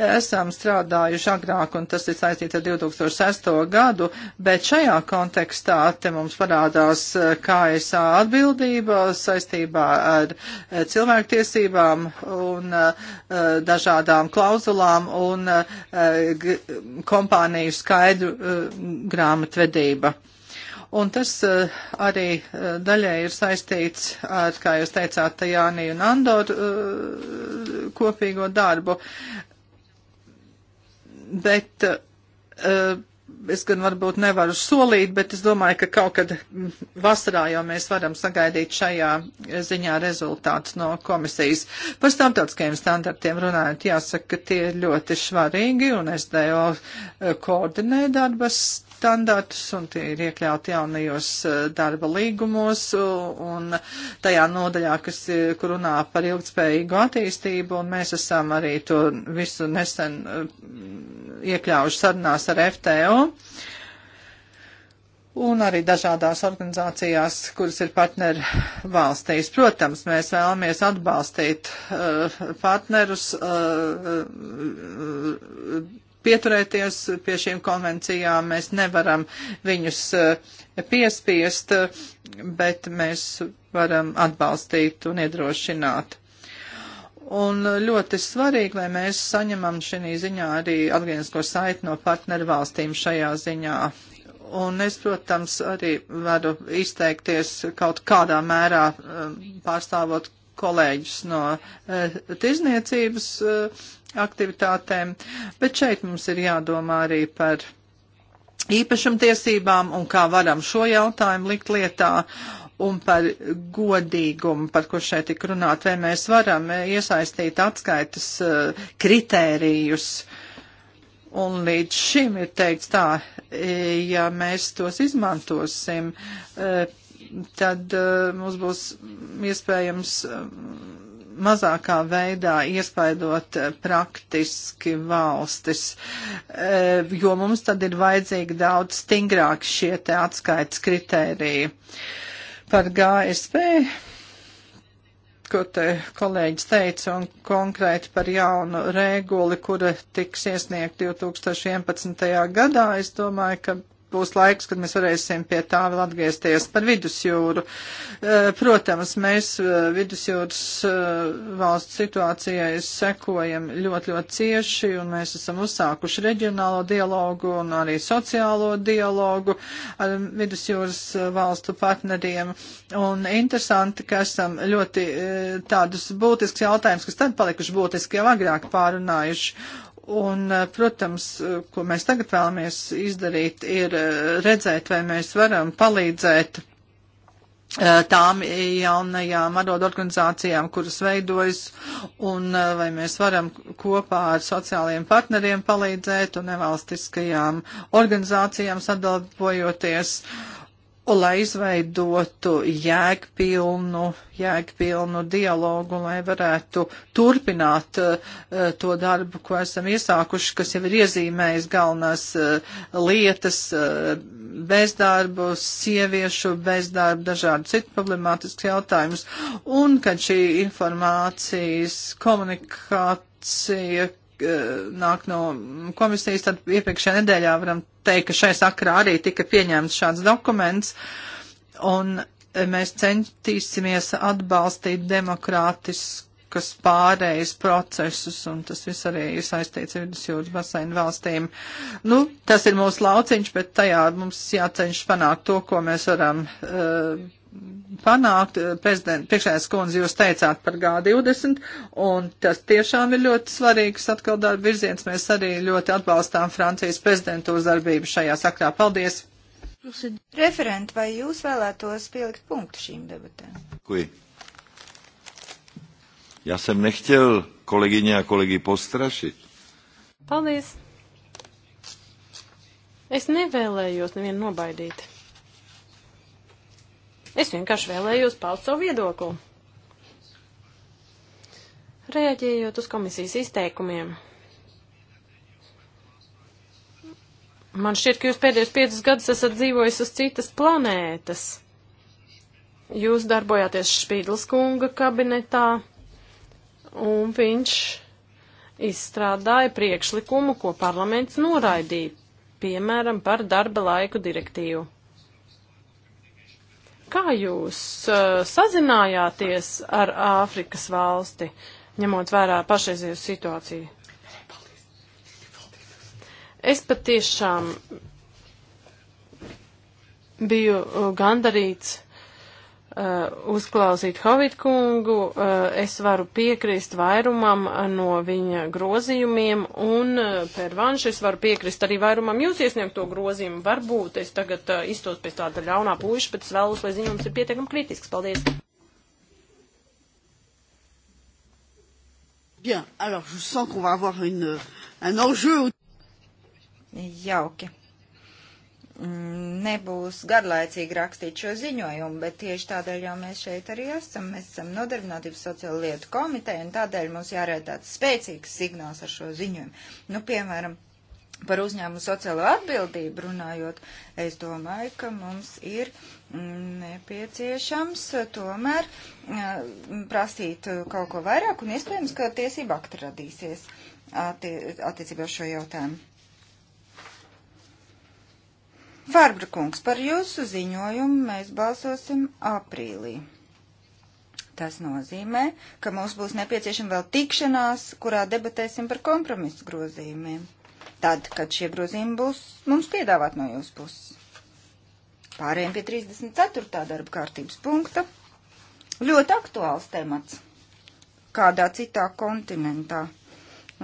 Esam strādājuši agrāk, un tas ir saistīts ar 2006. gadu, bet šajā kontekstā te mums parādās KSA atbildība saistībā ar cilvēktiesībām un dažādām klauzulām un kompāniju skaidru grāmatvedība. Un tas uh, arī uh, daļai ir saistīts ar, kā jūs teicāt, Jāni un Andoru uh, eh, kopīgo darbu. Bet uh, es gan varbūt nevaru solīt, bet es domāju, ka kaut kad mm, vasarā jau mēs varam sagaidīt šajā ziņā rezultātus no komisijas. Par starptautiskajiem standartiem runājot, jāsaka, ka tie ir ļoti svarīgi un SDO koordinē darbas standartus, un tie ir iekļauti jaunajos eh, darba līgumos, un tajā nodaļā, kas, eh, kur runā par ilgtspējīgu attīstību, un mēs esam arī to visu nesen eh, iekļaujuši sarunās ar FTO. Un arī dažādās organizācijās, kuras ir partneri valstīs. Protams, mēs vēlamies atbalstīt uh, partnerus uh, uh, pieturēties pie šīm konvencijām, mēs nevaram viņus eh, piespiest, bet mēs varam atbalstīt un iedrošināt. Un ļoti svarīgi, lai mēs saņemam šī ziņā arī atgriezko saiti no partneru valstīm šajā ziņā. Un es, protams, arī varu izteikties kaut kādā mērā eh, pārstāvot kolēģus no eh, tirzniecības uh, aktivitātēm, bet šeit mums ir jādomā arī par īpašumtiesībām un kā varam šo jautājumu likt lietā un par godīgumu, par ko šeit tik runāt, vai mēs varam iesaistīt atskaitas eh, kritērijus. Un līdz šim ir teikts tā, e, ja mēs tos izmantosim, e, tad e, mums būs iespējams mazākā veidā iespaidot eh, praktiski valstis, eh, jo mums tad ir vajadzīgi daudz stingrāk šie te atskaits kritēriji. Par GSP, ko te kolēģis teica, un konkrēti par jaunu reguli, kura tiks iesniegt 2011. gadā, es domāju, ka būs laiks, kad mēs varēsim pie tā vēl atgriezties par vidusjūru. Eh, protams, mēs eh, vidusjūras eh, valsts situācijai sekojam ļoti, ļoti cieši, un mēs esam uzsākuši reģionālo dialogu un arī sociālo dialogu ar vidusjūras valstu partneriem. Un interesanti, ka esam ļoti tādus būtisks jautājumus, kas tad palikuši būtiski jau agrāk pārunājuši. Un, eh, protams, eh, ko mēs tagad vēlamies izdarīt, ir eh, redzēt, vai mēs varam palīdzēt tām jaunajām arodorganizācijām, kuras veidojas, un vai mēs varam kopā ar sociālajiem partneriem palīdzēt un nevalstiskajām organizācijām sadarbojoties. Uh, lai izveidotu jēgpilnu, jēgpilnu dialogu, lai varētu turpināt uh, to darbu, ko esam iesākuši, kas jau ir iezīmējis galvenās uh, lietas uh, - bezdarbu, sieviešu bezdarbu, dažādu citu problemātisku jautājumus, un kad šī informācijas komunikācija nāk no komisijas, tad iepriekšējā nedēļā varam teikt, ka šai sakrā arī tika pieņemts šāds dokuments, un mēs centīsimies atbalstīt demokrātiskas pārējas procesus, un tas viss arī ir saistīts ar vidusjūras basēnu valstīm. Nu, tas ir mūsu lauciņš, bet tajā mums jāceņš panākt to, ko mēs varam. Uh, panākt. Priekšējais kundze jūs teicāt par G20, un tas tiešām ir ļoti svarīgs atkal darba virziens. Mēs arī ļoti atbalstām Francijas prezidentu uzdarbību šajā sakrā. Paldies! Referent, vai jūs vēlētos pielikt punktu šīm debatēm? Kui. Já jsem nechtěl kolegyně a kolegy postrašit. Paldies. Es nevēlējos nevienu nobaidīt. Es vienkārši vēlējos paust savu viedokli. Reaģējot uz komisijas izteikumiem. Man šķiet, ka jūs pēdējos piecus gadus esat dzīvojis uz citas planētas. Jūs darbojāties Špīdlis kunga kabinetā, un viņš izstrādāja priekšlikumu, ko parlaments noraidīja, piemēram, par darba laiku direktīvu. Kā jūs uh, sazinājāties ar Āfrikas valsti, ņemot vērā pašreizēju situāciju? Es patiešām biju uh, gandarīts Uh, uzklausīt Hovitkungu, uh, es varu piekrist vairumam no viņa grozījumiem, un uh, per vanš es varu piekrist arī vairumam jūs iesniegto grozījumu. Varbūt es tagad iztos pēc tāda ļaunā puiša, bet es vēlos, lai ziņums ir pietiekami kritisks. Paldies! Bien, alors je sens qu'on va avoir une, un enjeu. Jauki. Okay. Mm, nebūs garlaicīgi rakstīt šo ziņojumu, bet tieši tādēļ jau mēs šeit arī esam. Mēs esam Nodarbinātības sociāla lietu komiteja, un tādēļ mums jārēd tāds spēcīgs signāls ar šo ziņojumu. Nu, piemēram, par uzņēmumu sociālo atbildību runājot, es domāju, ka mums ir mm, nepieciešams tomēr mm, prasīt kaut ko vairāk, un iespējams, ka tiesība akta radīsies attiecībā uz šo jautājumu. Vārbra kungs, par jūsu ziņojumu mēs balsosim aprīlī. Tas nozīmē, ka mums būs nepieciešama vēl tikšanās, kurā debatēsim par kompromisu grozījumiem. Tad, kad šie grozījumi būs mums piedāvāt no jūsu puses. Pārējiem pie 34. darba kārtības punkta. Ļoti aktuāls temats kādā citā kontinentā.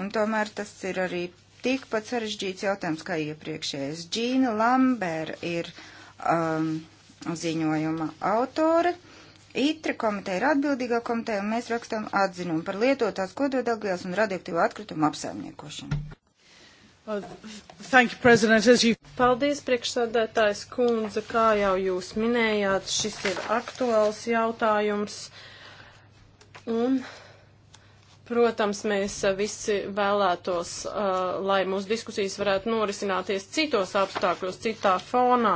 Un tomēr tas ir arī tikpat sarežģīts jautājums kā iepriekšējais. Džīna Lambera ir um, ziņojuma autore. ITRA komiteja ir atbildīgā komiteja, un mēs rakstām atzinumu par lietotās kododagvielas un radioaktīvo atkritumu apsaimniekošanu. Well, thank you, President. As you... Paldies, priekšsādētājs kundze, kā jau jūs minējāt, šis ir aktuāls jautājums. Un Protams, mēs eh, visi vēlētos, eh, lai mūsu diskusijas varētu norisināties citos apstākļos, citā fonā,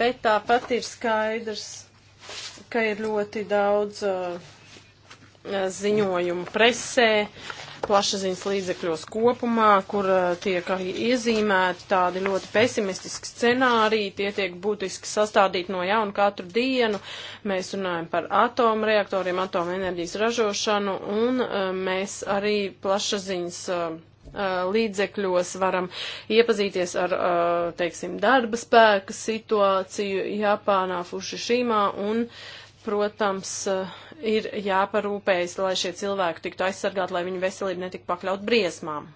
bet tāpat ir skaidrs, ka ir ļoti daudz eh, ziņojumu presē, uh, plašsaziņas līdzekļos kopumā, kur eh, tiek arī iezīmēti tādi ļoti pesimistiski scenāriji, tie tiek būtiski sastādīti no jauna katru dienu. Mēs runājam par atomreaktoriem, atomenerģijas ražošanu, un eh, mēs arī plašsaziņas eh, līdzekļos varam iepazīties ar, teiksim, darba spēka situāciju Japānā, Fušishimā un uh, protams, eh, ir jāparūpējas, lai šie cilvēki tiktu aizsargāti, lai viņu veselība netiktu pakļaut briesmām,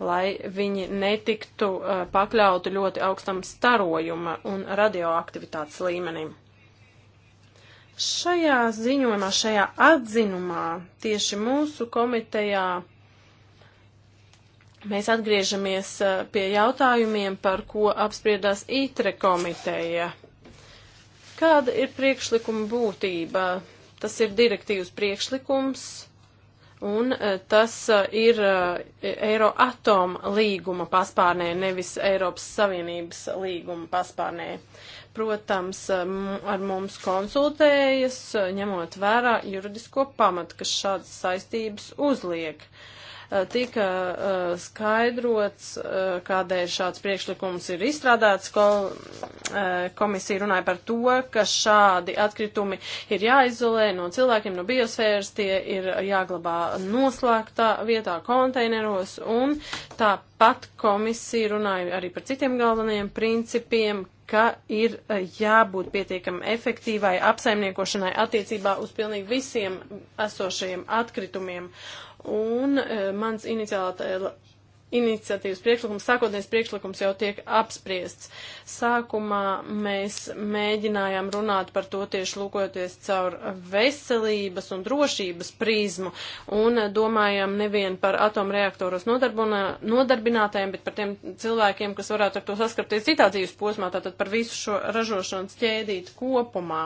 lai viņi netiktu eh, pakļauti ļoti augstam starojuma un radioaktivitātes līmenim. Šajā ziņojumā, šajā atzinumā tieši mūsu komitejā mēs atgriežamies eh, pie jautājumiem, par ko apspriedās ITRE komiteja Kāda ir priekšlikuma būtība? Tas ir direktīvas priekšlikums, un e, tas e, ir e, Eiroatom līguma paspārnē, nevis Eiropas Savienības līguma paspārnē. Protams, ar mums konsultējas, ņemot vērā juridisko pamatu, kas šādas saistības uzliek. Uh, Eh, tika eh, skaidrots, eh, kādēļ šāds priekšlikums ir izstrādāts. Ko, komisija runāja par to, ka šādi atkritumi ir jāizolē no cilvēkiem, no biosfēras, tie ir jāglabā noslēgtā vietā konteineros un tāpat komisija runāja arī par citiem galvenajiem principiem, ka ir jābūt pietiekami efektīvai apsaimniekošanai attiecībā uz pilnīgi visiem esošajiem atkritumiem. Uh, Un uh, mans iniciatīvas priekšlikums, sākotnējs priekšlikums jau tiek apspriests. Sākumā mēs mēģinājām runāt par to tieši lūkojoties caur veselības un drošības prizmu un domājām nevien par atomreaktoros nodarbinātajiem, bet par tiem cilvēkiem, kas varētu ar to saskarties citā dzīves posmā, tātad par visu šo ražošanas ķēdīti kopumā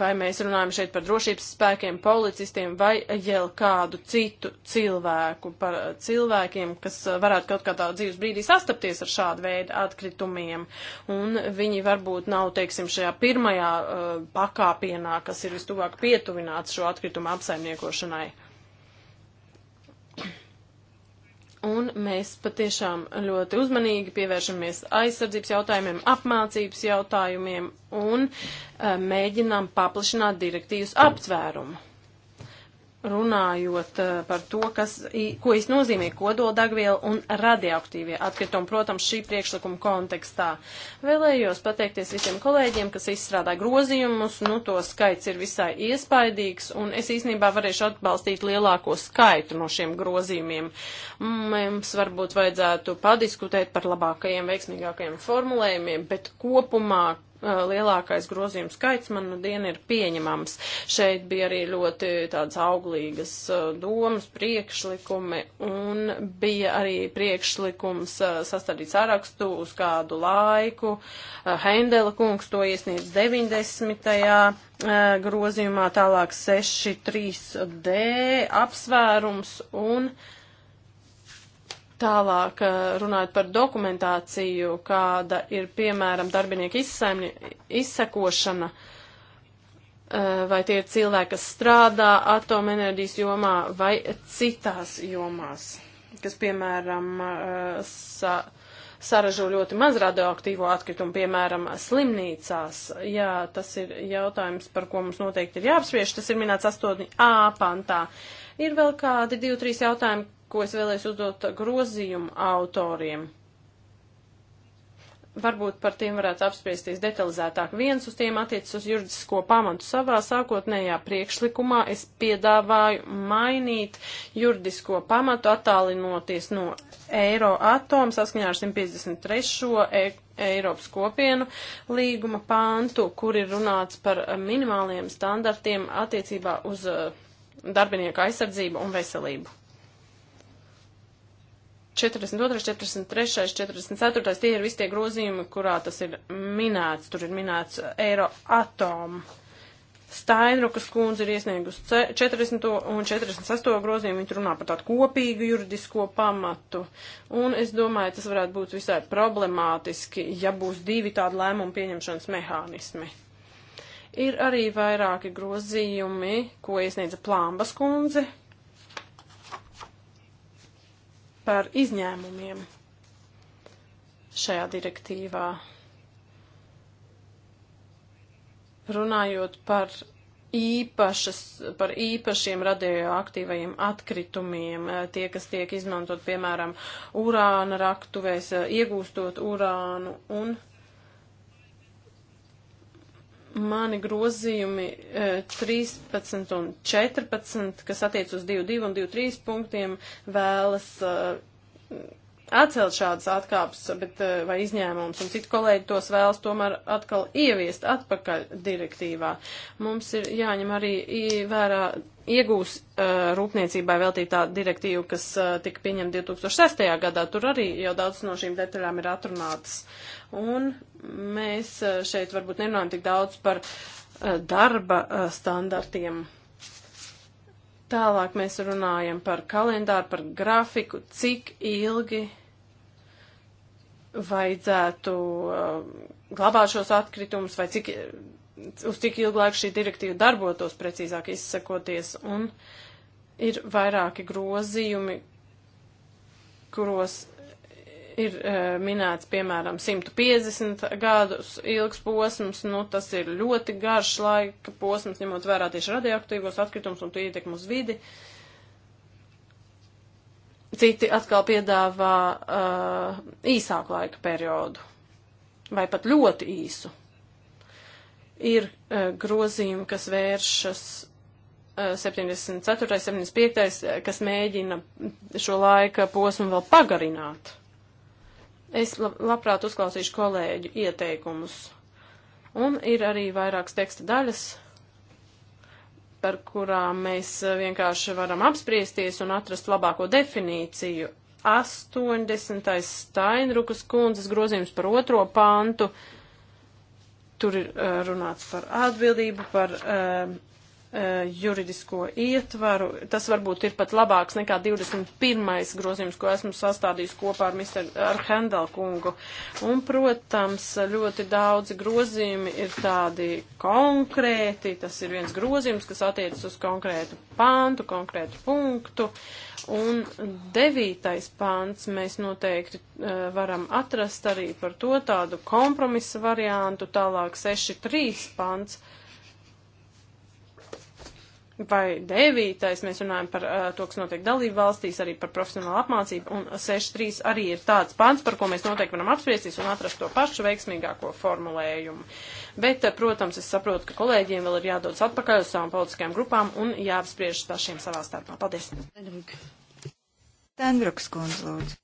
vai mēs runājam šeit par drošības spēkiem, policistiem vai jau kādu citu cilvēku, par cilvēkiem, kas varētu kaut kādā dzīves brīdī sastapties ar šādu veidu atkritumiem, un viņi varbūt nav, teiksim, šajā pirmajā uh, pakāpienā, kas ir vistuvāk pietuvināts šo atkritumu apsaimniekošanai. un mēs patiešām ļoti uzmanīgi pievēršamies aizsardzības jautājumiem, apmācības jautājumiem un eh, mēģinām paplašināt direktīvas aptvērumu runājot eh, par to, kas, ko es nozīmē kodoldagviela un radioaktīvie atkritumi, protams, šī priekšlikuma kontekstā. Vēlējos pateikties visiem kolēģiem, kas izstrādā grozījumus, nu to skaits ir visai iespaidīgs, un es īstenībā varēšu atbalstīt lielāko skaitu no šiem grozījumiem. Mums varbūt vajadzētu padiskutēt par labākajiem, veiksmīgākajiem formulējumiem, bet kopumā lielākais grozījums skaits man nu dienu ir pieņemams. Šeit bija arī ļoti tādas auglīgas domas, priekšlikumi un bija arī priekšlikums sastādīt sarakstu uz kādu laiku. Hendela kungs to iesniedz 90. grozījumā, tālāk 6.3d apsvērums un. Uh, Tālāk eh, runājot par dokumentāciju, kāda ir piemēram darbinieku izsaimni, izsekošana, eh, vai tie ir cilvēki, kas strādā atomenerģijas jomā vai citās jomās, kas piemēram eh, sa, saražo ļoti maz radioaktīvo atkritumu, piemēram, slimnīcās. Jā, tas ir jautājums, par ko mums noteikti ir jāapspriež. Tas ir minēts 8a pantā. Ir vēl kādi divi, trīs jautājumi, ko es vēlēs uzdot grozījumu autoriem. Varbūt par tiem varētu apspriesties detalizētāk. Viens uz tiem attiecas uz juridisko pamatu. Savā sākotnējā priekšlikumā es piedāvāju mainīt juridisko pamatu attālinoties no eiro atomu saskaņā ar 153. E Eiropas kopienu līguma pāntu, kur ir runāts par minimāliem standartiem attiecībā uz uh, darbinieku aizsardzību un veselību. 42, 43, 44, tie ir visi tie grozījumi, kurā tas ir minēts. Tur ir minēts eiro atomu. Steinrukas kundze ir iesniegusi 40. un 46. grozījumu, viņi runā par tādu kopīgu juridisko pamatu, un es domāju, tas varētu būt visai problemātiski, ja būs divi tādi lēmumu pieņemšanas mehānismi. Ir arī vairāki grozījumi, ko iesniedza Plāmbas kundze, par izņēmumiem šajā direktīvā. Runājot par īpašas, par īpašiem radioaktīvajiem atkritumiem, eh, tie, kas tiek izmantot, piemēram, urāna raktuvēs, eh, iegūstot urānu un mani grozījumi 13 e, un 14, kas attiec uz 2.2 un 2.3 punktiem, vēlas e, atcelt šādas atkāpes, bet, e, vai izņēmums, un citi kolēģi tos vēlas tomēr atkal ieviest atpakaļ direktīvā. Mums ir jāņem arī vērā iegūs uh, rūpniecībai veltītā direktīva, kas uh, tika pieņemta 2006. gadā. Tur arī jau daudz no šīm detaļām ir atrunātas. Un mēs uh, šeit varbūt nerunājam tik daudz par uh, darba uh, standartiem. Tālāk mēs runājam par kalendāru, par grafiku, cik ilgi vajadzētu uh, glabāt šos atkritumus vai cik uz cik ilgu laiku šī direktīva darbotos, precīzāk izsakoties, un ir vairāki grozījumi, kuros ir e, minēts, piemēram, 150 gadus ilgs posms, nu tas ir ļoti garš laika posms, ņemot vērā tieši radioaktīvos atkritumus un to ietekmu uz vidi. Citi atkal piedāvā uh, īsāku laika periodu vai pat ļoti īsu. Ir uh, grozījumi, kas vēršas 74. Eh, 75. Eh, kas mēģina šo laika posmu vēl pagarināt. Es labprāt uzklausīšu kolēģu ieteikumus. Un ir arī vairākas teksta daļas, par kurām mēs vienkārši varam apspriesties un atrast labāko definīciju. 80. Steinrukas kundzes grozījums par otro pantu. Uh, Tur ir eh, runāts par atbildību, par eh, E, juridisko ietvaru. Tas varbūt ir pat labāks nekā 21. grozījums, ko esmu sastādījis kopā ar, Mr. ar Hendel kungu. Un, protams, ļoti daudzi grozījumi ir tādi konkrēti. Tas ir viens grozījums, kas attiecas uz konkrētu pāntu, konkrētu punktu. Un devītais pāns mēs noteikti uh, varam atrast arī par to tādu kompromisu variantu, tālāk 6.3 pāns. Uh, vai devītais, mēs runājam par uh, to, kas notiek dalību valstīs, arī par profesionālu apmācību, un 6.3 arī ir tāds pants, par ko mēs noteikti varam apspriesties un atrast to pašu veiksmīgāko formulējumu. Bet, uh, protams, es saprotu, ka kolēģiem vēl ir jādodas atpakaļ uz savām politiskajām grupām un jāapspriež pašiem savā starpā. Paldies! Tendruks kundze, lūdzu.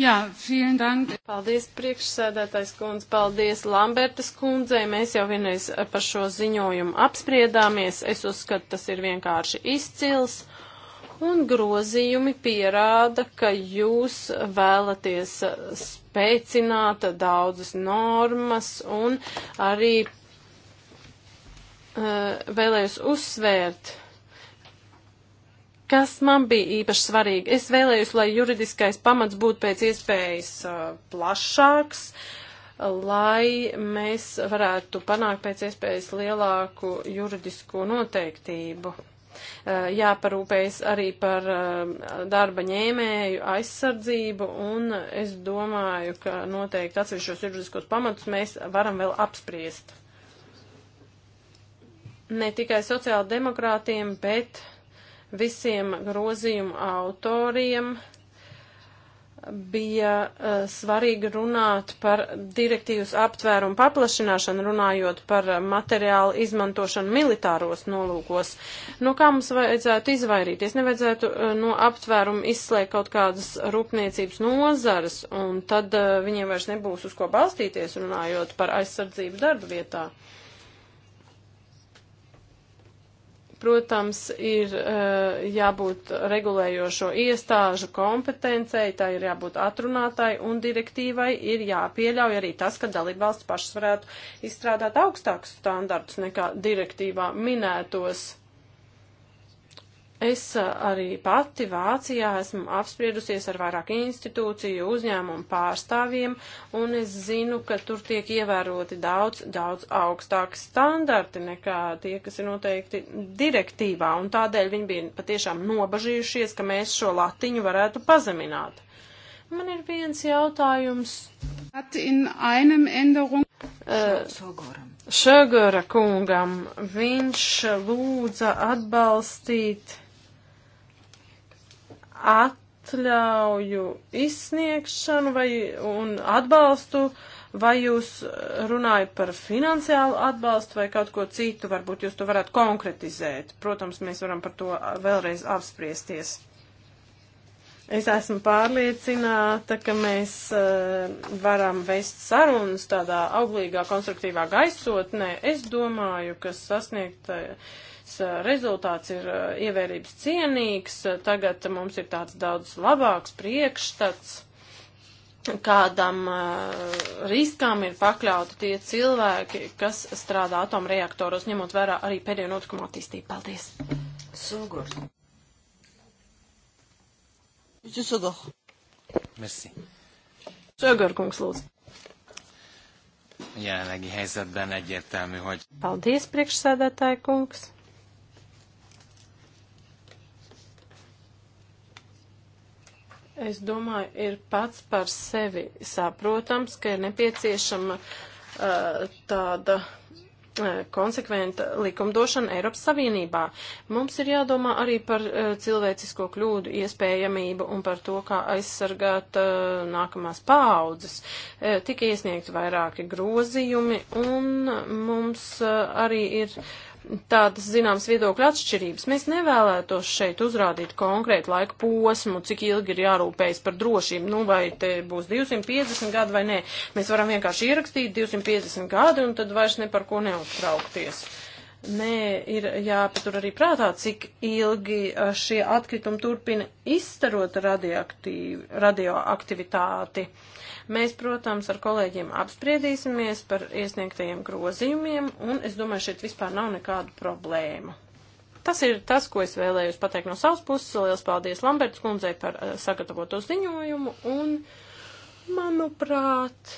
Jā, vielen dank. Paldies priekšsēdētājs kundze, paldies Lambertas kundzei. Mēs jau vienreiz par šo ziņojumu apspriedāmies. Es uzskatu, tas ir vienkārši izcils. Un grozījumi pierāda, ka jūs vēlaties spēcināt daudzas normas un arī uh, vēlējos uzsvērt Kas man bija īpaši svarīgi? Es vēlējos, lai juridiskais pamats būtu pēc iespējas uh, plašāks, lai mēs varētu panākt pēc iespējas lielāku juridisko noteiktību uh, jāparūpējas arī par uh, darba ņēmēju aizsardzību, un es domāju, ka noteikti atsevišķos juridiskos pamatus mēs varam vēl apspriest. Ne tikai sociāla demokrātiem, bet visiem grozījumu autoriem bija uh, svarīgi runāt par direktīvas aptvērumu paplašināšanu, runājot par eh, materiālu izmantošanu militāros nolūkos. No nu, kā mums vajadzētu izvairīties? Nevajadzētu uh, no aptvērumu izslēgt kaut kādas rūpniecības nozares, un tad uh, viņiem vairs nebūs uz ko balstīties, runājot par aizsardzību darba vietā. Uh, Protams, ir eh, jābūt regulējošo iestāžu kompetencei, tā ir jābūt atrunātai un direktīvai ir jāpieļauj arī tas, ka dalībvalsts pašas varētu izstrādāt augstākus standartus nekā direktīvā minētos. Es arī pati Vācijā esmu apspriedusies ar vairāk institūciju, uzņēmumu pārstāvjiem, un es zinu, ka tur tiek ievēroti daudz, daudz augstāki standarti nekā tie, kas ir noteikti direktīvā, un tādēļ viņi bija patiešām nobažījušies, ka mēs šo latiņu varētu pazemināt. Man ir viens jautājums. Uh, Šagara kungam viņš lūdza atbalstīt atļauju izsniegšanu vai, un atbalstu, vai jūs runājat par finansiālu atbalstu vai kaut ko citu, varbūt jūs to varētu konkretizēt. Protams, mēs varam par to vēlreiz apspriesties. Es esmu pārliecināta, ka mēs uh, varam veist sarunas tādā auglīgā, konstruktīvā gaisotnē. Es domāju, ka sasniegta. Uh, panākts rezultāts ir ievērības cienīgs, tagad mums ir tāds daudz labāks priekšstats, kādam riskām ir pakļauti tie cilvēki, kas strādā atomreaktoros, ņemot vērā arī pēdējo notikumu attīstību. Paldies! Sugor. Sugor. Merci. Sugor, kungs, lūdzu jelenlegi helyzetben egyértelmű, hogy... Paldies, priekšsēdētāji kungs! Es domāju, ir pats par sevi saprotams, ka ir nepieciešama uh, tāda eh, konsekventa likumdošana Eiropas Savienībā. Mums ir jādomā arī par uh, cilvēcisko kļūdu iespējamību un par to, kā aizsargāt uh, nākamās paaudzes. Uh, tika iesniegti vairāki grozījumi un mums arī ir tādas zināmas viedokļa atšķirības. Mēs nevēlētos šeit uzrādīt konkrētu laiku posmu, cik ilgi ir jārūpējas par drošību, nu vai te būs 250 gadi vai nē. Mēs varam vienkārši ierakstīt 250 gadi un tad vairs ne par ko neuztraukties. Nē, ir jāpatur arī prātā, cik ilgi uh, šie atkritumi turpina izstarot radioaktivitāti. Mēs, protams, ar kolēģiem apspriedīsimies par iesniegtajiem grozījumiem, un es domāju, šeit vispār nav nekādu problēmu. Tas ir tas, ko es vēlējos pateikt no savas puses. Lielas paldies Lamberts kundzei par uh, sagatavoto ziņojumu, un, manuprāt,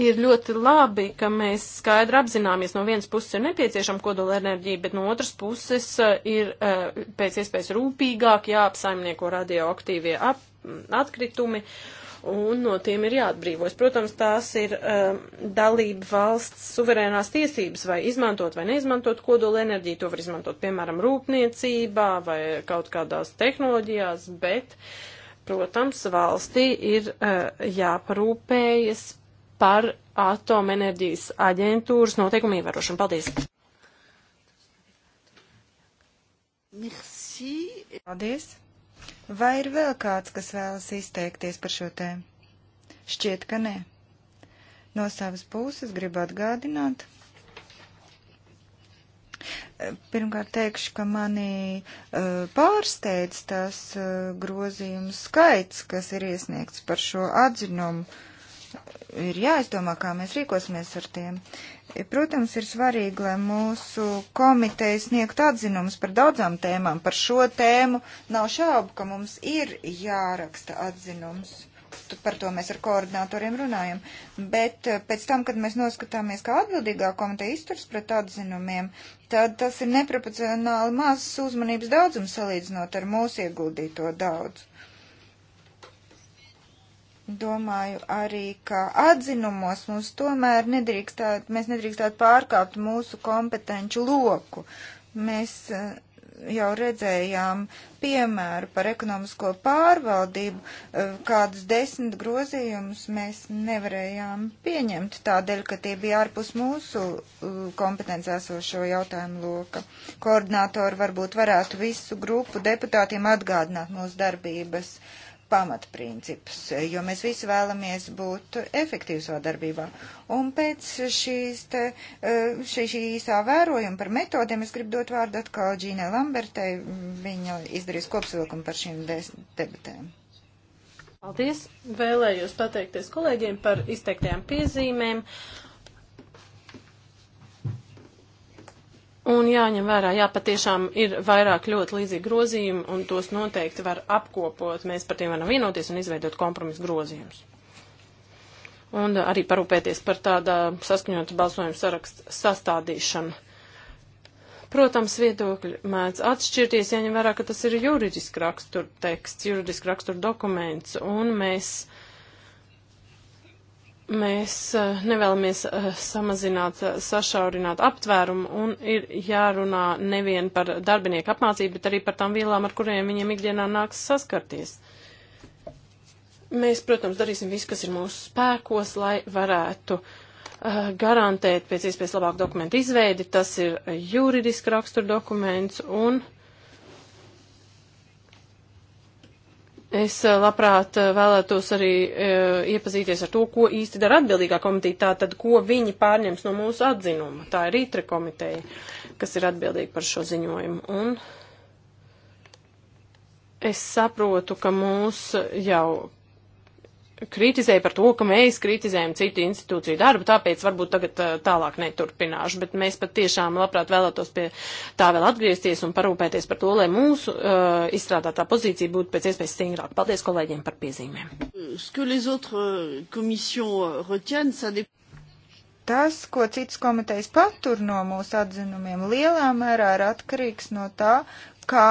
ir ļoti labi, ka mēs skaidri apzināmies, no vienas puses ir nepieciešama kodola enerģija, bet no otras puses eh, ir eh, pēc iespējas rūpīgāk jāapsaimnieko radioaktīvie ap, atkritumi. Un no tiem ir jāatbrīvojas. Protams, tās ir uh, dalība valsts suverēnās tiesības, vai izmantot vai neizmantot kodola enerģiju. To var izmantot, piemēram, rūpniecībā vai kaut kādās tehnoloģijās, bet, protams, valstī ir uh, jāparūpējas par atomenerģijas aģentūras noteikumu ievērošanu. Paldies! Merci. Paldies! Vai ir vēl kāds, kas vēlas izteikties par šo tēmu? Šķiet, ka nē. No savas puses gribu atgādināt, pirmkārt teikšu, ka mani uh, pārsteidz tas uh, grozījums skaits, kas ir iesniegts par šo atzinumu ir jāizdomā, kā mēs rīkosimies ar tiem. Protams, ir svarīgi, lai mūsu komiteja sniegtu atzinumus par daudzām tēmām. Par šo tēmu nav šaubu, ka mums ir jāraksta atzinums. Par to mēs ar koordinatoriem runājam. Bet eh, pēc tam, kad mēs noskatāmies, kā atbildīgā komiteja izturs pret atzinumiem, tad tas ir neproporcionāli mazs uzmanības daudzums salīdzinot ar mūsu ieguldīto daudz domāju arī, ka atzinumos mums tomēr nedrīkstāt, mēs nedrīkstāt pārkāpt mūsu kompetenču loku. Mēs eh, jau redzējām piemēru par ekonomisko pārvaldību, eh, kādus desmit grozījumus mēs nevarējām pieņemt tādēļ, ka tie bija ārpus mūsu eh, kompetenci esošo jautājumu loka. Koordinātori varbūt varētu visu grupu deputātiem atgādināt mūsu darbības uh, pamatprincipus, jo mēs visi vēlamies būt efektīvi savā darbībā. Un pēc šīs te, eh, šī, šī īsā vērojuma par metodēm es gribu dot vārdu atkal Džīnai Lambertei. Viņa izdarīs kopsvilkumu par šīm debatēm. Paldies! Vēlējos pateikties kolēģiem par izteiktajām piezīmēm. Uh, Un jāņem vērā, jā, patiešām ir vairāk ļoti līdzīgi grozījumi, un tos noteikti var apkopot. Mēs par tiem varam vienoties un izveidot kompromisu grozījumus. Un arī parūpēties par tādu saskaņotu balsojumu sarakstu sastādīšanu. Protams, viedokļi mēdz atšķirties, jāņem vērā, ka tas ir juridiski rakstur teksts, juridiski rakstur dokuments, un mēs uh, Mēs eh, nevēlamies eh, samazināt, eh, sašaurināt aptvērumu un ir jārunā nevien par darbinieku apmācību, bet arī par tām vielām, ar kuriem viņiem ikdienā nāks saskarties. Mēs, protams, darīsim visu, kas ir mūsu spēkos, lai varētu uh, garantēt pēc iespējas labāku dokumentu izveidi. Tas ir juridiski rakstur dokuments un uh, Es eh, labprāt eh, vēlētos arī e, iepazīties ar to, ko īsti dara atbildīgā komiteja, tātad, ko viņi pārņems no mūsu atzinuma. Tā ir Rītra komiteja, kas ir atbildīga par šo ziņojumu. Un es saprotu, ka mūs jau kritizēja par to, ka mēs kritizējam citu institūciju darbu, tāpēc varbūt tagad tālāk neturpināšu, bet mēs pat tiešām labprāt vēlētos pie tā vēl atgriezties un parūpēties par to, lai mūsu uh, izstrādātā pozīcija būtu pēc iespējas stingrāka. Paldies kolēģiem par piezīmēm. Tas, ko citas komitejas patur no mūsu atzinumiem, lielā mērā ir atkarīgs no tā, kā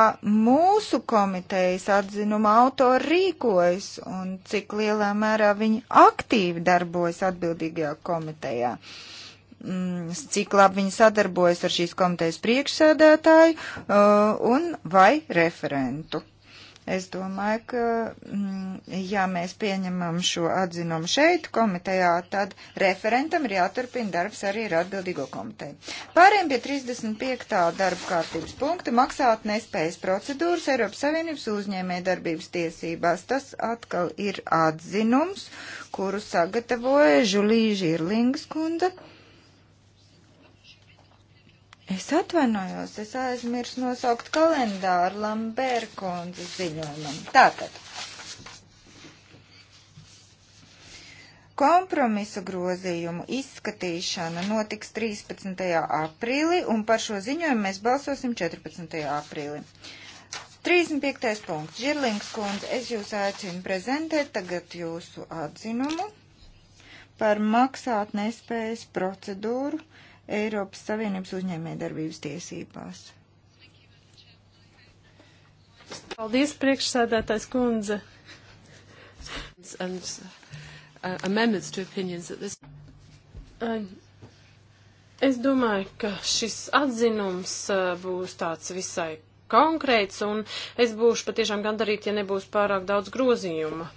mūsu komitejas atzinuma autori rīkojas un cik lielā mērā viņi aktīvi darbojas atbildīgajā komitejā. Mm, cik labi viņi sadarbojas ar šīs komitejas priekšsēdētāju uh, un vai referentu. Es domāju, ka, mm, ja mēs pieņemam šo atzinumu šeit komitejā, tad referentam ir jāturpina darbs arī ar atbildīgo komiteju. Pārējiem pie 35. darba kārtības punkta maksāt nespējas procedūras Eiropas Savienības uzņēmē darbības tiesībās. Tas atkal ir atzinums, kuru sagatavoja Žulīža Irlingas kundze. Es atvainojos, es aizmirsu nosaukt kalendāru Lamberkondas ziņojumam. Tātad. Kompromisu grozījumu izskatīšana notiks 13. aprīlī, un par šo ziņojumu mēs balsosim 14. aprīlī. 35. punkts. Žirlings kundze, es jūs aicinu prezentēt tagad jūsu atzinumu par maksāt nespējas procedūru Eiropas Savienības uzņēmējdarbības tiesībās. Paldies, priekšsēdētājs kundze. And, uh, amendments to opinions that this... Uh, Es domāju, ka šis atzinums uh, būs tāds visai konkrēts, un es būšu patiešām gandarīt, ja nebūs pārāk daudz grozījuma.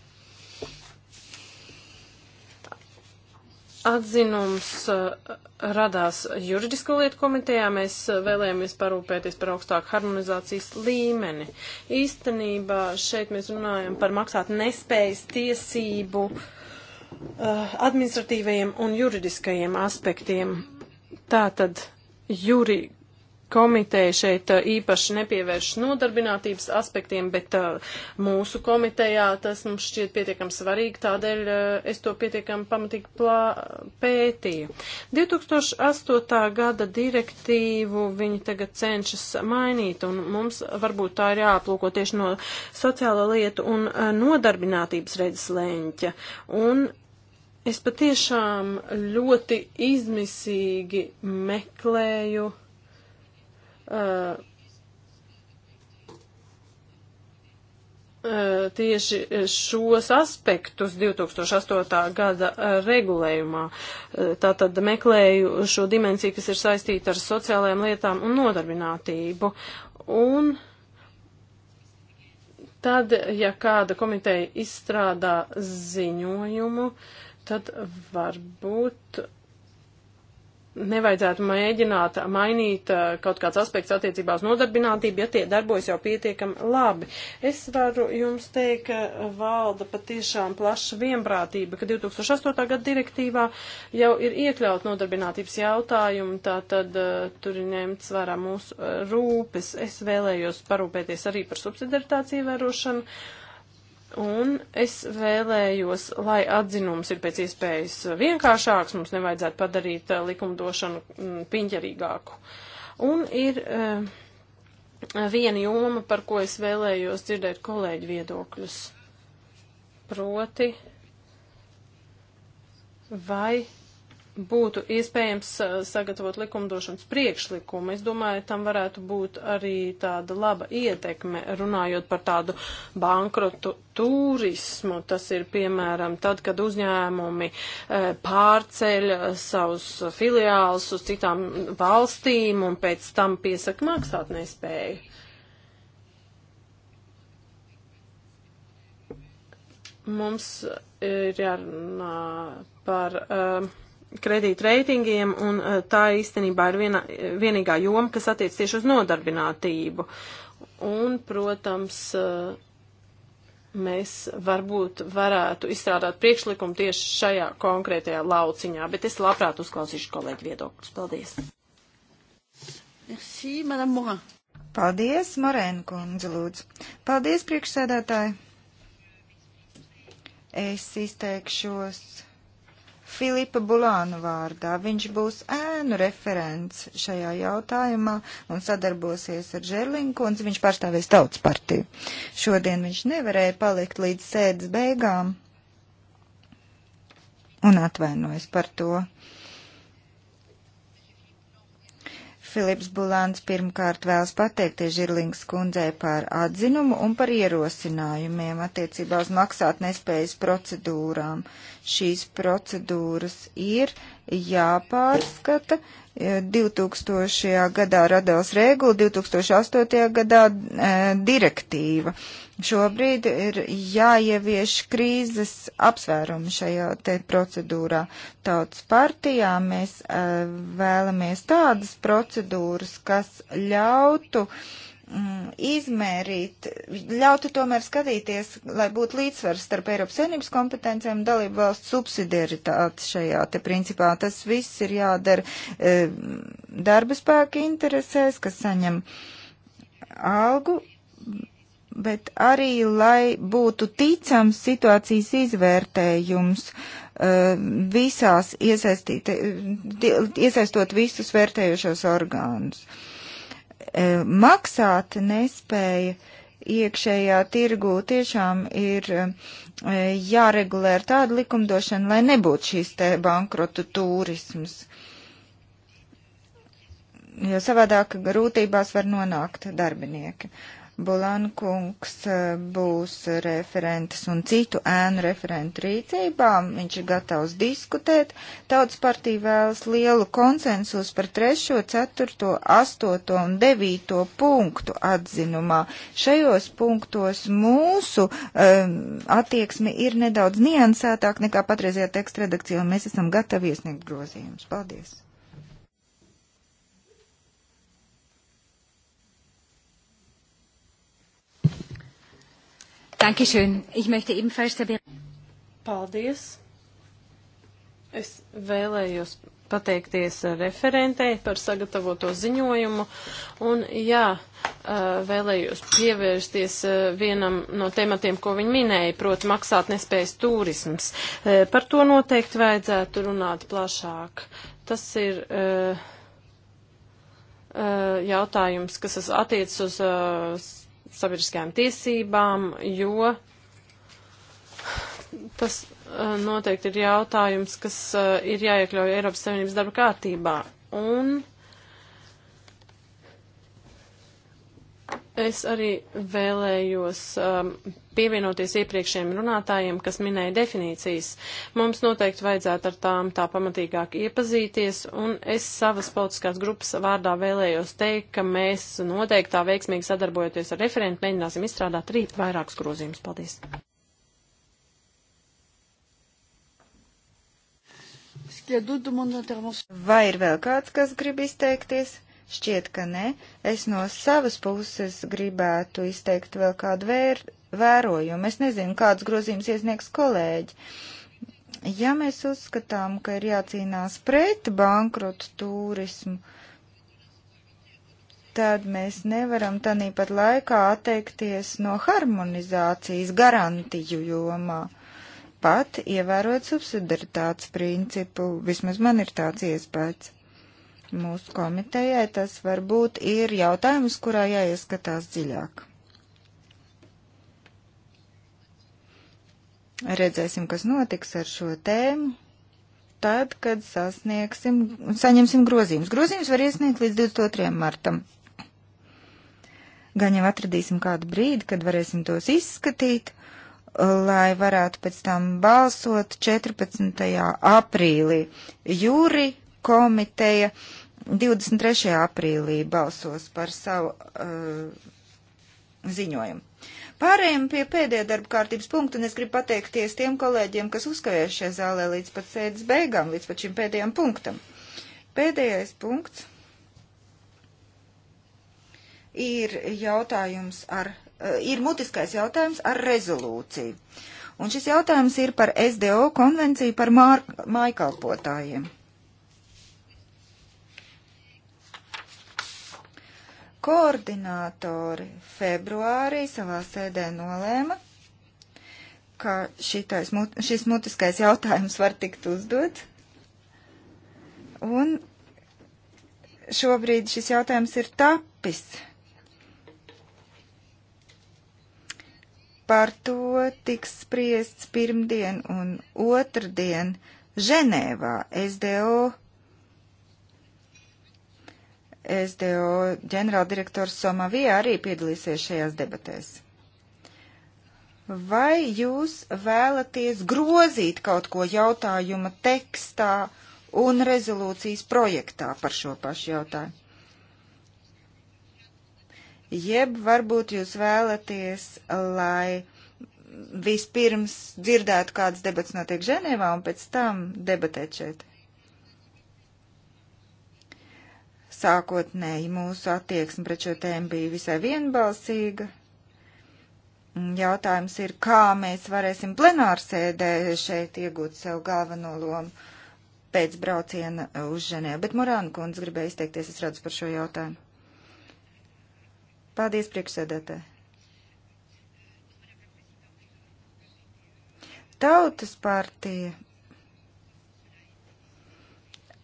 Atzinums uh, radās juridisko lietu komitejā, mēs uh, vēlējāmies parūpēties par augstāku harmonizācijas līmeni. Īstenībā šeit mēs runājam par maksāt nespējas tiesību uh, administratīvajiem un juridiskajiem aspektiem. Tātad juri komiteja šeit uh, īpaši nepievērš nodarbinātības aspektiem, bet uh, mūsu komitejā tas mums šķiet pietiekami svarīgi, tādēļ uh, es to pietiekami pamatīgi plā, pētīju. 2008. gada direktīvu viņi tagad cenšas mainīt, un mums varbūt tā ir jāaplūko tieši no sociāla lietu un nodarbinātības redzes leņķa. Un es patiešām ļoti izmisīgi meklēju Uh, uh, tieši šos aspektus 2008. gada uh, regulējumā. Uh, tātad meklēju šo dimensiju, kas ir saistīta ar sociālajām lietām un nodarbinātību. Un tad, ja kāda komiteja izstrādā ziņojumu, tad varbūt nevajadzētu mēģināt mainīt eh, kaut kāds aspekts attiecībā uz nodarbinātību, ja tie darbojas jau pietiekami labi. Es varu jums teikt, ka valda patiešām plaša vienprātība, ka 2008. gada direktīvā jau ir iekļaut nodarbinātības jautājumu, tā tad eh, tur ir ņemts vērā mūsu eh, rūpes. Es vēlējos parūpēties arī par subsidaritāciju vērošanu Un es vēlējos, lai atzinums ir pēc iespējas vienkāršāks, mums nevajadzētu padarīt eh, likumdošanu mm, piņķerīgāku. Un ir eh, viena joma, par ko es vēlējos dzirdēt kolēģi viedokļus. Proti, vai būtu iespējams uh, sagatavot likumdošanas priekšlikumu. Es domāju, tam varētu būt arī tāda laba ietekme, runājot par tādu bankrotu turismu. Tas ir, piemēram, tad, kad uzņēmumi uh, pārceļ savus filiālus uz citām valstīm un pēc tam piesaka maksāt nespēju. Mums ir jārunā par. Uh, kredītreitingiem, un eh, tā īstenībā ir viena, vienīgā joma, kas attiec tieši uz nodarbinātību. Un, protams, eh, mēs varbūt varētu izstrādāt priekšlikumu tieši šajā konkrētajā lauciņā, bet es labprāt uzklausīšu kolēģi viedokļus. Paldies! Merci, Madame Morin. Paldies, Morēna kundze, lūdzu. Paldies, priekšsēdētāji. Es izteikšos Filipa Bulānu vārdā. Viņš būs ēnu referents šajā jautājumā un sadarbosies ar Žerlinku, un viņš pārstāvēs tautas partiju. Šodien viņš nevarēja palikt līdz sēdes beigām un atvainojas par to. Filips Bulāns pirmkārt vēlas pateikties Žirlings kundzei par atzinumu un par ierosinājumiem attiecībā uz maksātnespējas procedūrām. Šīs procedūras ir jāpārskata. 2000. E, gadā radās regula, 2008. gadā e, direktīva. Šobrīd ir jāievieš krīzes apsvērumi šajā te procedūrā. Tautas partijā mēs uh, vēlamies tādas procedūras, kas ļautu mm, izmērīt, ļautu tomēr skatīties, lai būtu līdzsvars starp Eiropas Savienības kompetencijām un dalību valsts subsidiaritāti šajā te principā. Tas viss ir jādara e, darba spēka interesēs, kas saņem algu bet arī, lai būtu ticams situācijas izvērtējums uh, visās iesaistot visus vērtējušos orgānus. Uh, maksāt nespēja iekšējā tirgū tiešām ir uh, jāregulē ar tādu likumdošanu, lai nebūtu šīs te bankrotu turisms. Jo savādāk grūtībās var nonākt darbinieki. Uh, Bulankungs eh, būs referentes un citu ēnu referentu rīcībā. Viņš ir gatavs diskutēt. Tautas partija vēlas lielu konsensus par 3., 4., 8. un 9. punktu atzinumā. Šajos punktos mūsu um, attieksme ir nedaudz niansētāk nekā patreizajā teksta redakcijā, un mēs esam gatavi iesniegt grozījumus. Paldies! Dankeschön. Ich möchte ebenfalls der Paldies. Es vēlējos pateikties eh, referentei par sagatavoto ziņojumu. Un jā, eh, vēlējos pievērsties eh, vienam no tematiem, ko viņi minēja, proti maksāt nespējas turisms. Par to noteikti vajadzētu runāt plašāk. Tas ir jautājums, kas attiec uz sabiedriskajām tiesībām, jo tas eh, noteikti ir jautājums, kas eh, ir jāiekļauj Eiropas Savienības darba kārtībā. Un Es arī vēlējos um, pievienoties iepriekšējiem runātājiem, kas minēja definīcijas. Mums noteikti vajadzētu ar tām tā pamatīgāk iepazīties, un es savas politiskās grupas vārdā vēlējos teikt, ka mēs noteikti tā veiksmīgi sadarbojoties ar referentu mēģināsim izstrādāt rīt vairākus grozījumus. Paldies! Vai ir vēl kāds, kas grib izteikties? Šķiet, ka nē. Es no savas puses gribētu izteikt vēl kādu vēr, vērojumu. Es nezinu, kāds grozījums iesniegs kolēģi. Ja mēs uzskatām, ka ir jācīnās pret bankrotu turismu, tad mēs nevaram tanīpat laikā atteikties no harmonizācijas garantiju jomā pat ievērot subsidaritātes principu, vismaz man ir tāds iespējas. Mūsu komitejai tas varbūt ir jautājums, kurā jāieskatās dziļāk. Redzēsim, kas notiks ar šo tēmu tad, kad sasniegsim, saņemsim grozījumus. Grozījumus var iesniegt līdz 22. martam. Gan jau atradīsim kādu brīdi, kad varēsim tos izskatīt, lai varētu pēc tam balsot 14. aprīlī. Jūri komiteja uh, 23. aprīlī balsos par savu uh, ziņojumu. Pārējiem pie pēdējā darba kārtības punkta, un es gribu pateikties tiem kolēģiem, kas uzkavējuši šajā zālē līdz pat sēdes beigām, līdz pat šim pēdējam punktam. Pēdējais punkts ir jautājums ar, uh, ir mutiskais jautājums ar rezolūciju. Un šis jautājums ir par SDO konvenciju par mājkalpotājiem. Koordinātori februārī savā sēdē nolēma, ka šitais, šis mutiskais jautājums var tikt uzdot. Un šobrīd šis jautājums ir tapis. Par to tiks spriests pirmdien un otrdien Ženēvā SDO SDO ģenerāldirektors Somavija arī piedalīsies šajās debatēs. Vai jūs vēlaties grozīt kaut ko jautājuma tekstā un rezolūcijas projektā par šo pašu jautājumu? Jeb varbūt jūs vēlaties, lai vispirms dzirdētu, kādas debats notiek Ženēvā un pēc tam debatēt šeit? Sākotnēji mūsu attieksme pret šo tēmu bija visai vienbalsīga. Jautājums ir, kā mēs varēsim plenārsēdē šeit iegūt sev galveno lomu pēc brauciena uz Ženēvu. Bet Morāna kundze gribēja izteikties, es redzu par šo jautājumu. Paldies, priekšsēdētāji. Tautas partija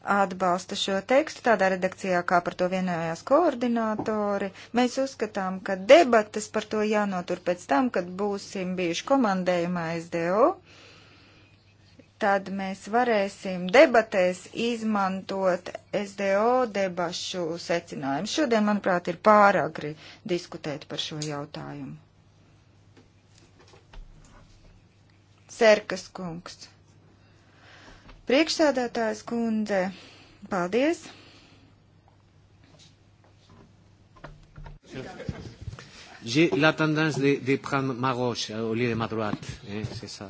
atbalsta šo tekstu tādā redakcijā, kā par to vienojās koordinātori. Mēs uzskatām, ka debatas par to jānotur pēc tam, kad būsim bijuši komandējumā SDO. Tad mēs varēsim debatēs izmantot SDO debašu secinājumu. Šodien, manuprāt, ir pāragri diskutēt par šo jautājumu. Serkas kungs. Priekšsēdētājs kundze, paldies! J'ai la tendance de, de prendre ma gauche euh, au lieu de ma droite. Hein, c'est ça.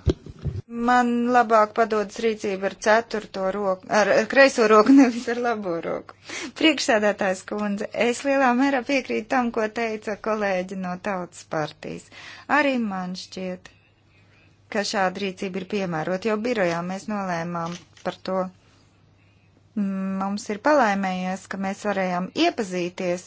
Man labāk padodas rīcība ar ceturto roku, ar, ar kreiso roku, nevis ar labo roku. Priekšsēdētājs kundze, es lielā mērā piekrītu tam, ko teica kolēģi no tautas partijas. Arī man šķiet, ka šāda rīcība ir piemērota, jo birojā mēs nolēmām par to. Mums ir palaimējies, ka mēs varējām iepazīties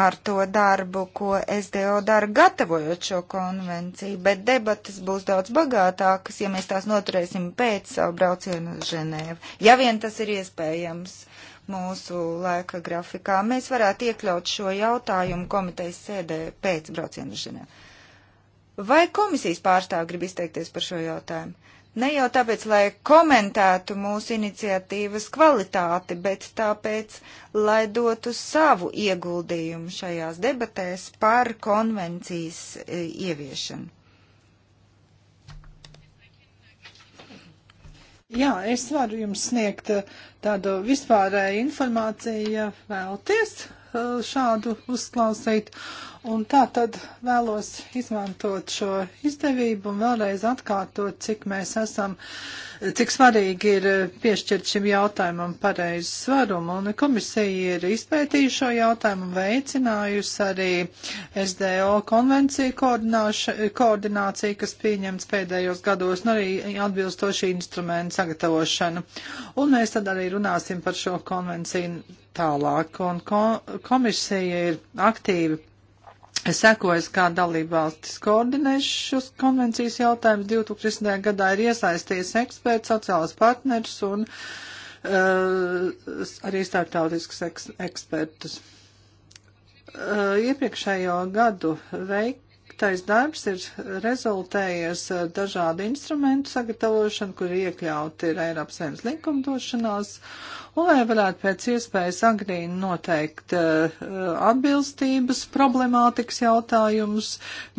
ar to darbu, ko SDO dara gatavojot šo konvenciju, bet debatas būs daudz bagātākas, ja mēs tās noturēsim pēc savu braucienu uz Ženēvu. Ja vien tas ir iespējams mūsu laika grafikā, mēs varētu iekļaut šo jautājumu komitejas sēdē pēc braucienu uz Ženēvu. Vai komisijas pārstāvi grib izteikties par šo jautājumu? Ne jau tāpēc, lai komentētu mūsu iniciatīvas kvalitāti, bet tāpēc, lai dotu savu ieguldījumu šajās debatēs par konvencijas e, ieviešanu. Jā, es varu jums sniegt e, tādu vispārēju informāciju, ja vēlties e, šādu uzklausīt. Un tā tad vēlos izmantot šo izdevību un vēlreiz atkārtot, cik mēs esam, cik svarīgi ir piešķirt šim jautājumam pareizu svarumu. Un komisija ir izpētījuši šo jautājumu un veicinājusi arī SDO konvenciju koordināciju, kas pieņemts pēdējos gados, un arī atbilstoši instrumentu sagatavošanu. Un mēs tad arī runāsim par šo konvenciju tālāk. Un ko, komisija ir aktīvi sekojas, kā dalībvalstis koordinēs šos konvencijas jautājumus. 2010. gadā ir iesaistījies eksperts, sociālās partners un uh, arī starptautiskus eks ekspertus. Uh, iepriekšējo gadu veik, Paveiktais darbs ir rezultējies eh, dažādu instrumentu sagatavošanu, kur iekļauti ir Eiropas saimnes likumdošanās, un lai varētu pēc iespējas agrīni noteikt eh, atbilstības problemātikas jautājumus,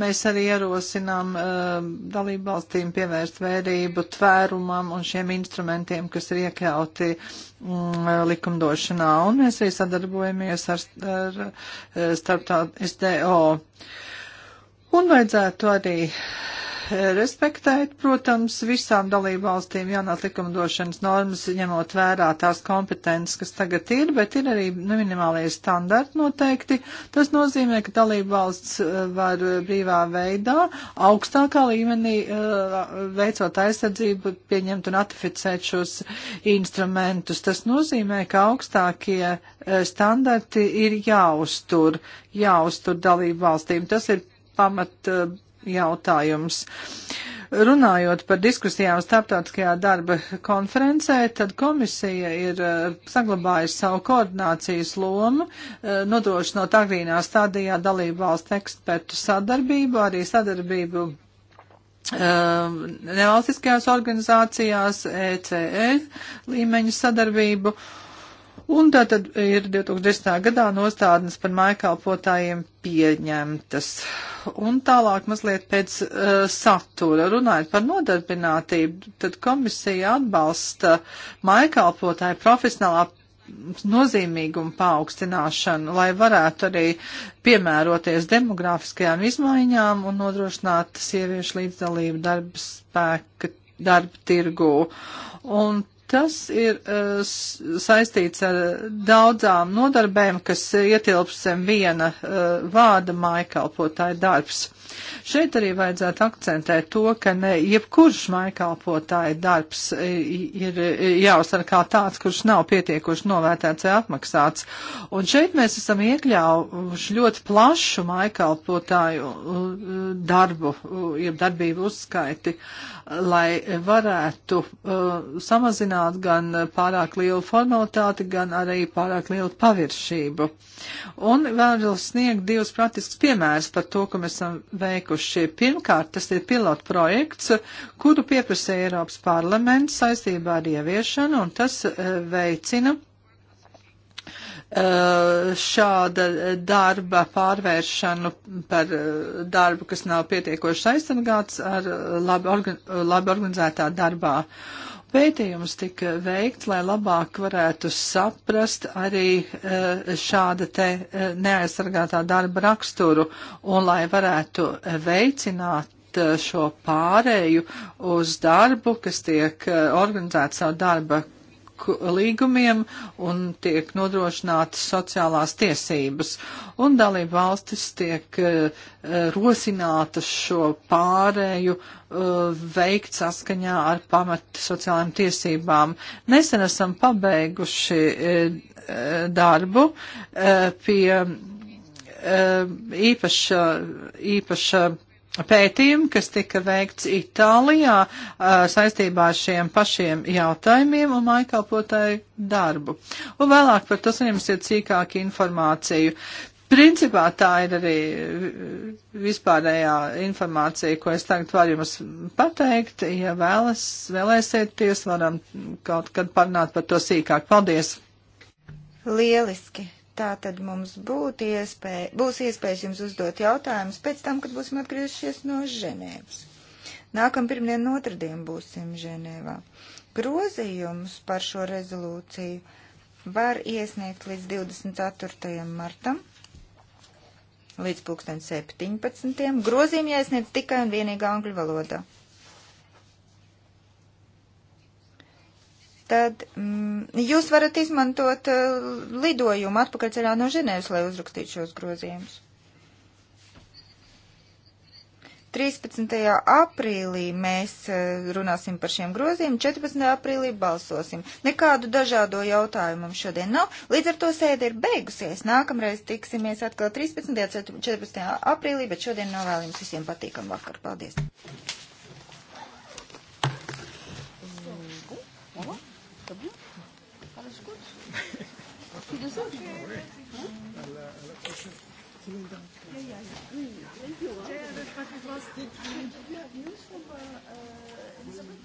mēs arī ierosinām eh, dalību valstīm pievērst vērību tvērumam un šiem instrumentiem, kas ir iekļauti mm, likumdošanā, un mēs arī sadarbojamies ar, ar starptautu SDO. Un vajadzētu arī eh, respektēt, protams, visām dalībvalstīm jaunās likumdošanas normas, ņemot vērā tās kompetences, kas tagad ir, bet ir arī minimālie standarti noteikti. Tas nozīmē, ka dalībvalsts eh, var brīvā veidā, augstākā līmenī, eh, veicot aizsardzību, pieņemt un ratificēt šos instrumentus. Tas nozīmē, ka augstākie standarti ir jāuztur, jāuztur dalībvalstīm. Tas ir pamat eh, jautājums. Runājot par diskusijām starptautiskajā darba konferencē, tad komisija ir eh, saglabājusi savu koordinācijas lomu, eh, nodrošinot agrīnā stadijā dalību valstu ekspertu sadarbību, arī sadarbību nevalstiskajās organizācijās, ECE līmeņu sadarbību Un tā tad ir 2010. gadā nostādnes par mājkalpotājiem pieņemtas. Un tālāk mazliet pēc uh, satura, runājot par nodarbinātību, tad komisija atbalsta mājkalpotāju profesionālā nozīmīgumu paaugstināšanu, lai varētu arī piemēroties demografiskajām izmaiņām un nodrošināt sieviešu līdzdalību darba spēka darba tirgū. Un Tas ir uh, saistīts ar daudzām nodarbēm, kas ietilps zem viena uh, vārda mājkalpotāja darbs. Šeit arī vajadzētu akcentēt to, ka ne jebkurš mājkalpotāja darbs eh, ir jāuzsver kā tāds, kurš nav pietiekoši novērtēts vai apmaksāts. Un šeit mēs esam iekļāvuši ļoti plašu mājkalpotāju darbu, jeb darbību uzskaiti. Uh, lai varētu uh, samazināt gan pārāk lielu formalitāti, gan arī pārāk lielu paviršību. Un vēl sniegt divus praktiskus piemērus par to, ko mēs esam veikuši. Pirmkārt, tas ir pilota projekts, kuru pieprasīja Eiropas parlaments saistībā ar ieviešanu, un tas uh, veicina uh, Eh, šāda darba pārvēršanu par eh, darbu, kas nav pietiekoši aizsargāts ar labi, organ, labi organizētā darbā. Pētījums tika veikts, lai labāk varētu saprast arī eh, šāda te neaizsargātā darba raksturu un lai varētu veicināt šo pārēju uz darbu, kas tiek organizēts savu darba līgumiem un tiek nodrošinātas sociālās tiesības. Un dalību valstis tiek eh, rosinātas šo pārēju eh, veikt saskaņā ar pamat sociālajām tiesībām. Nesen esam pabeiguši eh, darbu pie īpaša, īpaša pētījumu, kas tika veikts Itālijā saistībā ar šiem pašiem jautājumiem un mājkalpotāju darbu. Un vēlāk par to saņemsiet cīkāku informāciju. Principā tā ir arī vispārējā informācija, ko es tagad varu jums pateikt. Ja vēlas, vēlēsieties, varam kaut kad parunāt par to sīkāk. Paldies! Lieliski! Tā tad mums būt iespēja, būs iespējas jums uzdot jautājumus pēc tam, kad būsim atgriezušies no Ženēvas. Nākam pirmdien un otrdien būsim Ženēvā. Grozījums par šo rezolūciju var iesniegt līdz 24. martam, līdz 2017. Grozījumi jāiesniedz tikai un vienīgi angļu valodā. tad mm, jūs varat izmantot uh, lidojumu atpakaļceļā no Ženēvas, lai uzrakstītu šos grozījumus. 13. aprīlī mēs uh, runāsim par šiem grozījumiem, 14. aprīlī balsosim. Nekādu dažādo jautājumu mums šodien nav, līdz ar to sēde ir beigusies. Nākamreiz tiksimies atkal 13. un 14. aprīlī, bet šodien novēlim visiem patīkam vakar. Paldies! She doesn't worry. Alla, alla prossima. Till en dag. Trädet faktiskt var stort. Jag bjöd just på Elisabeth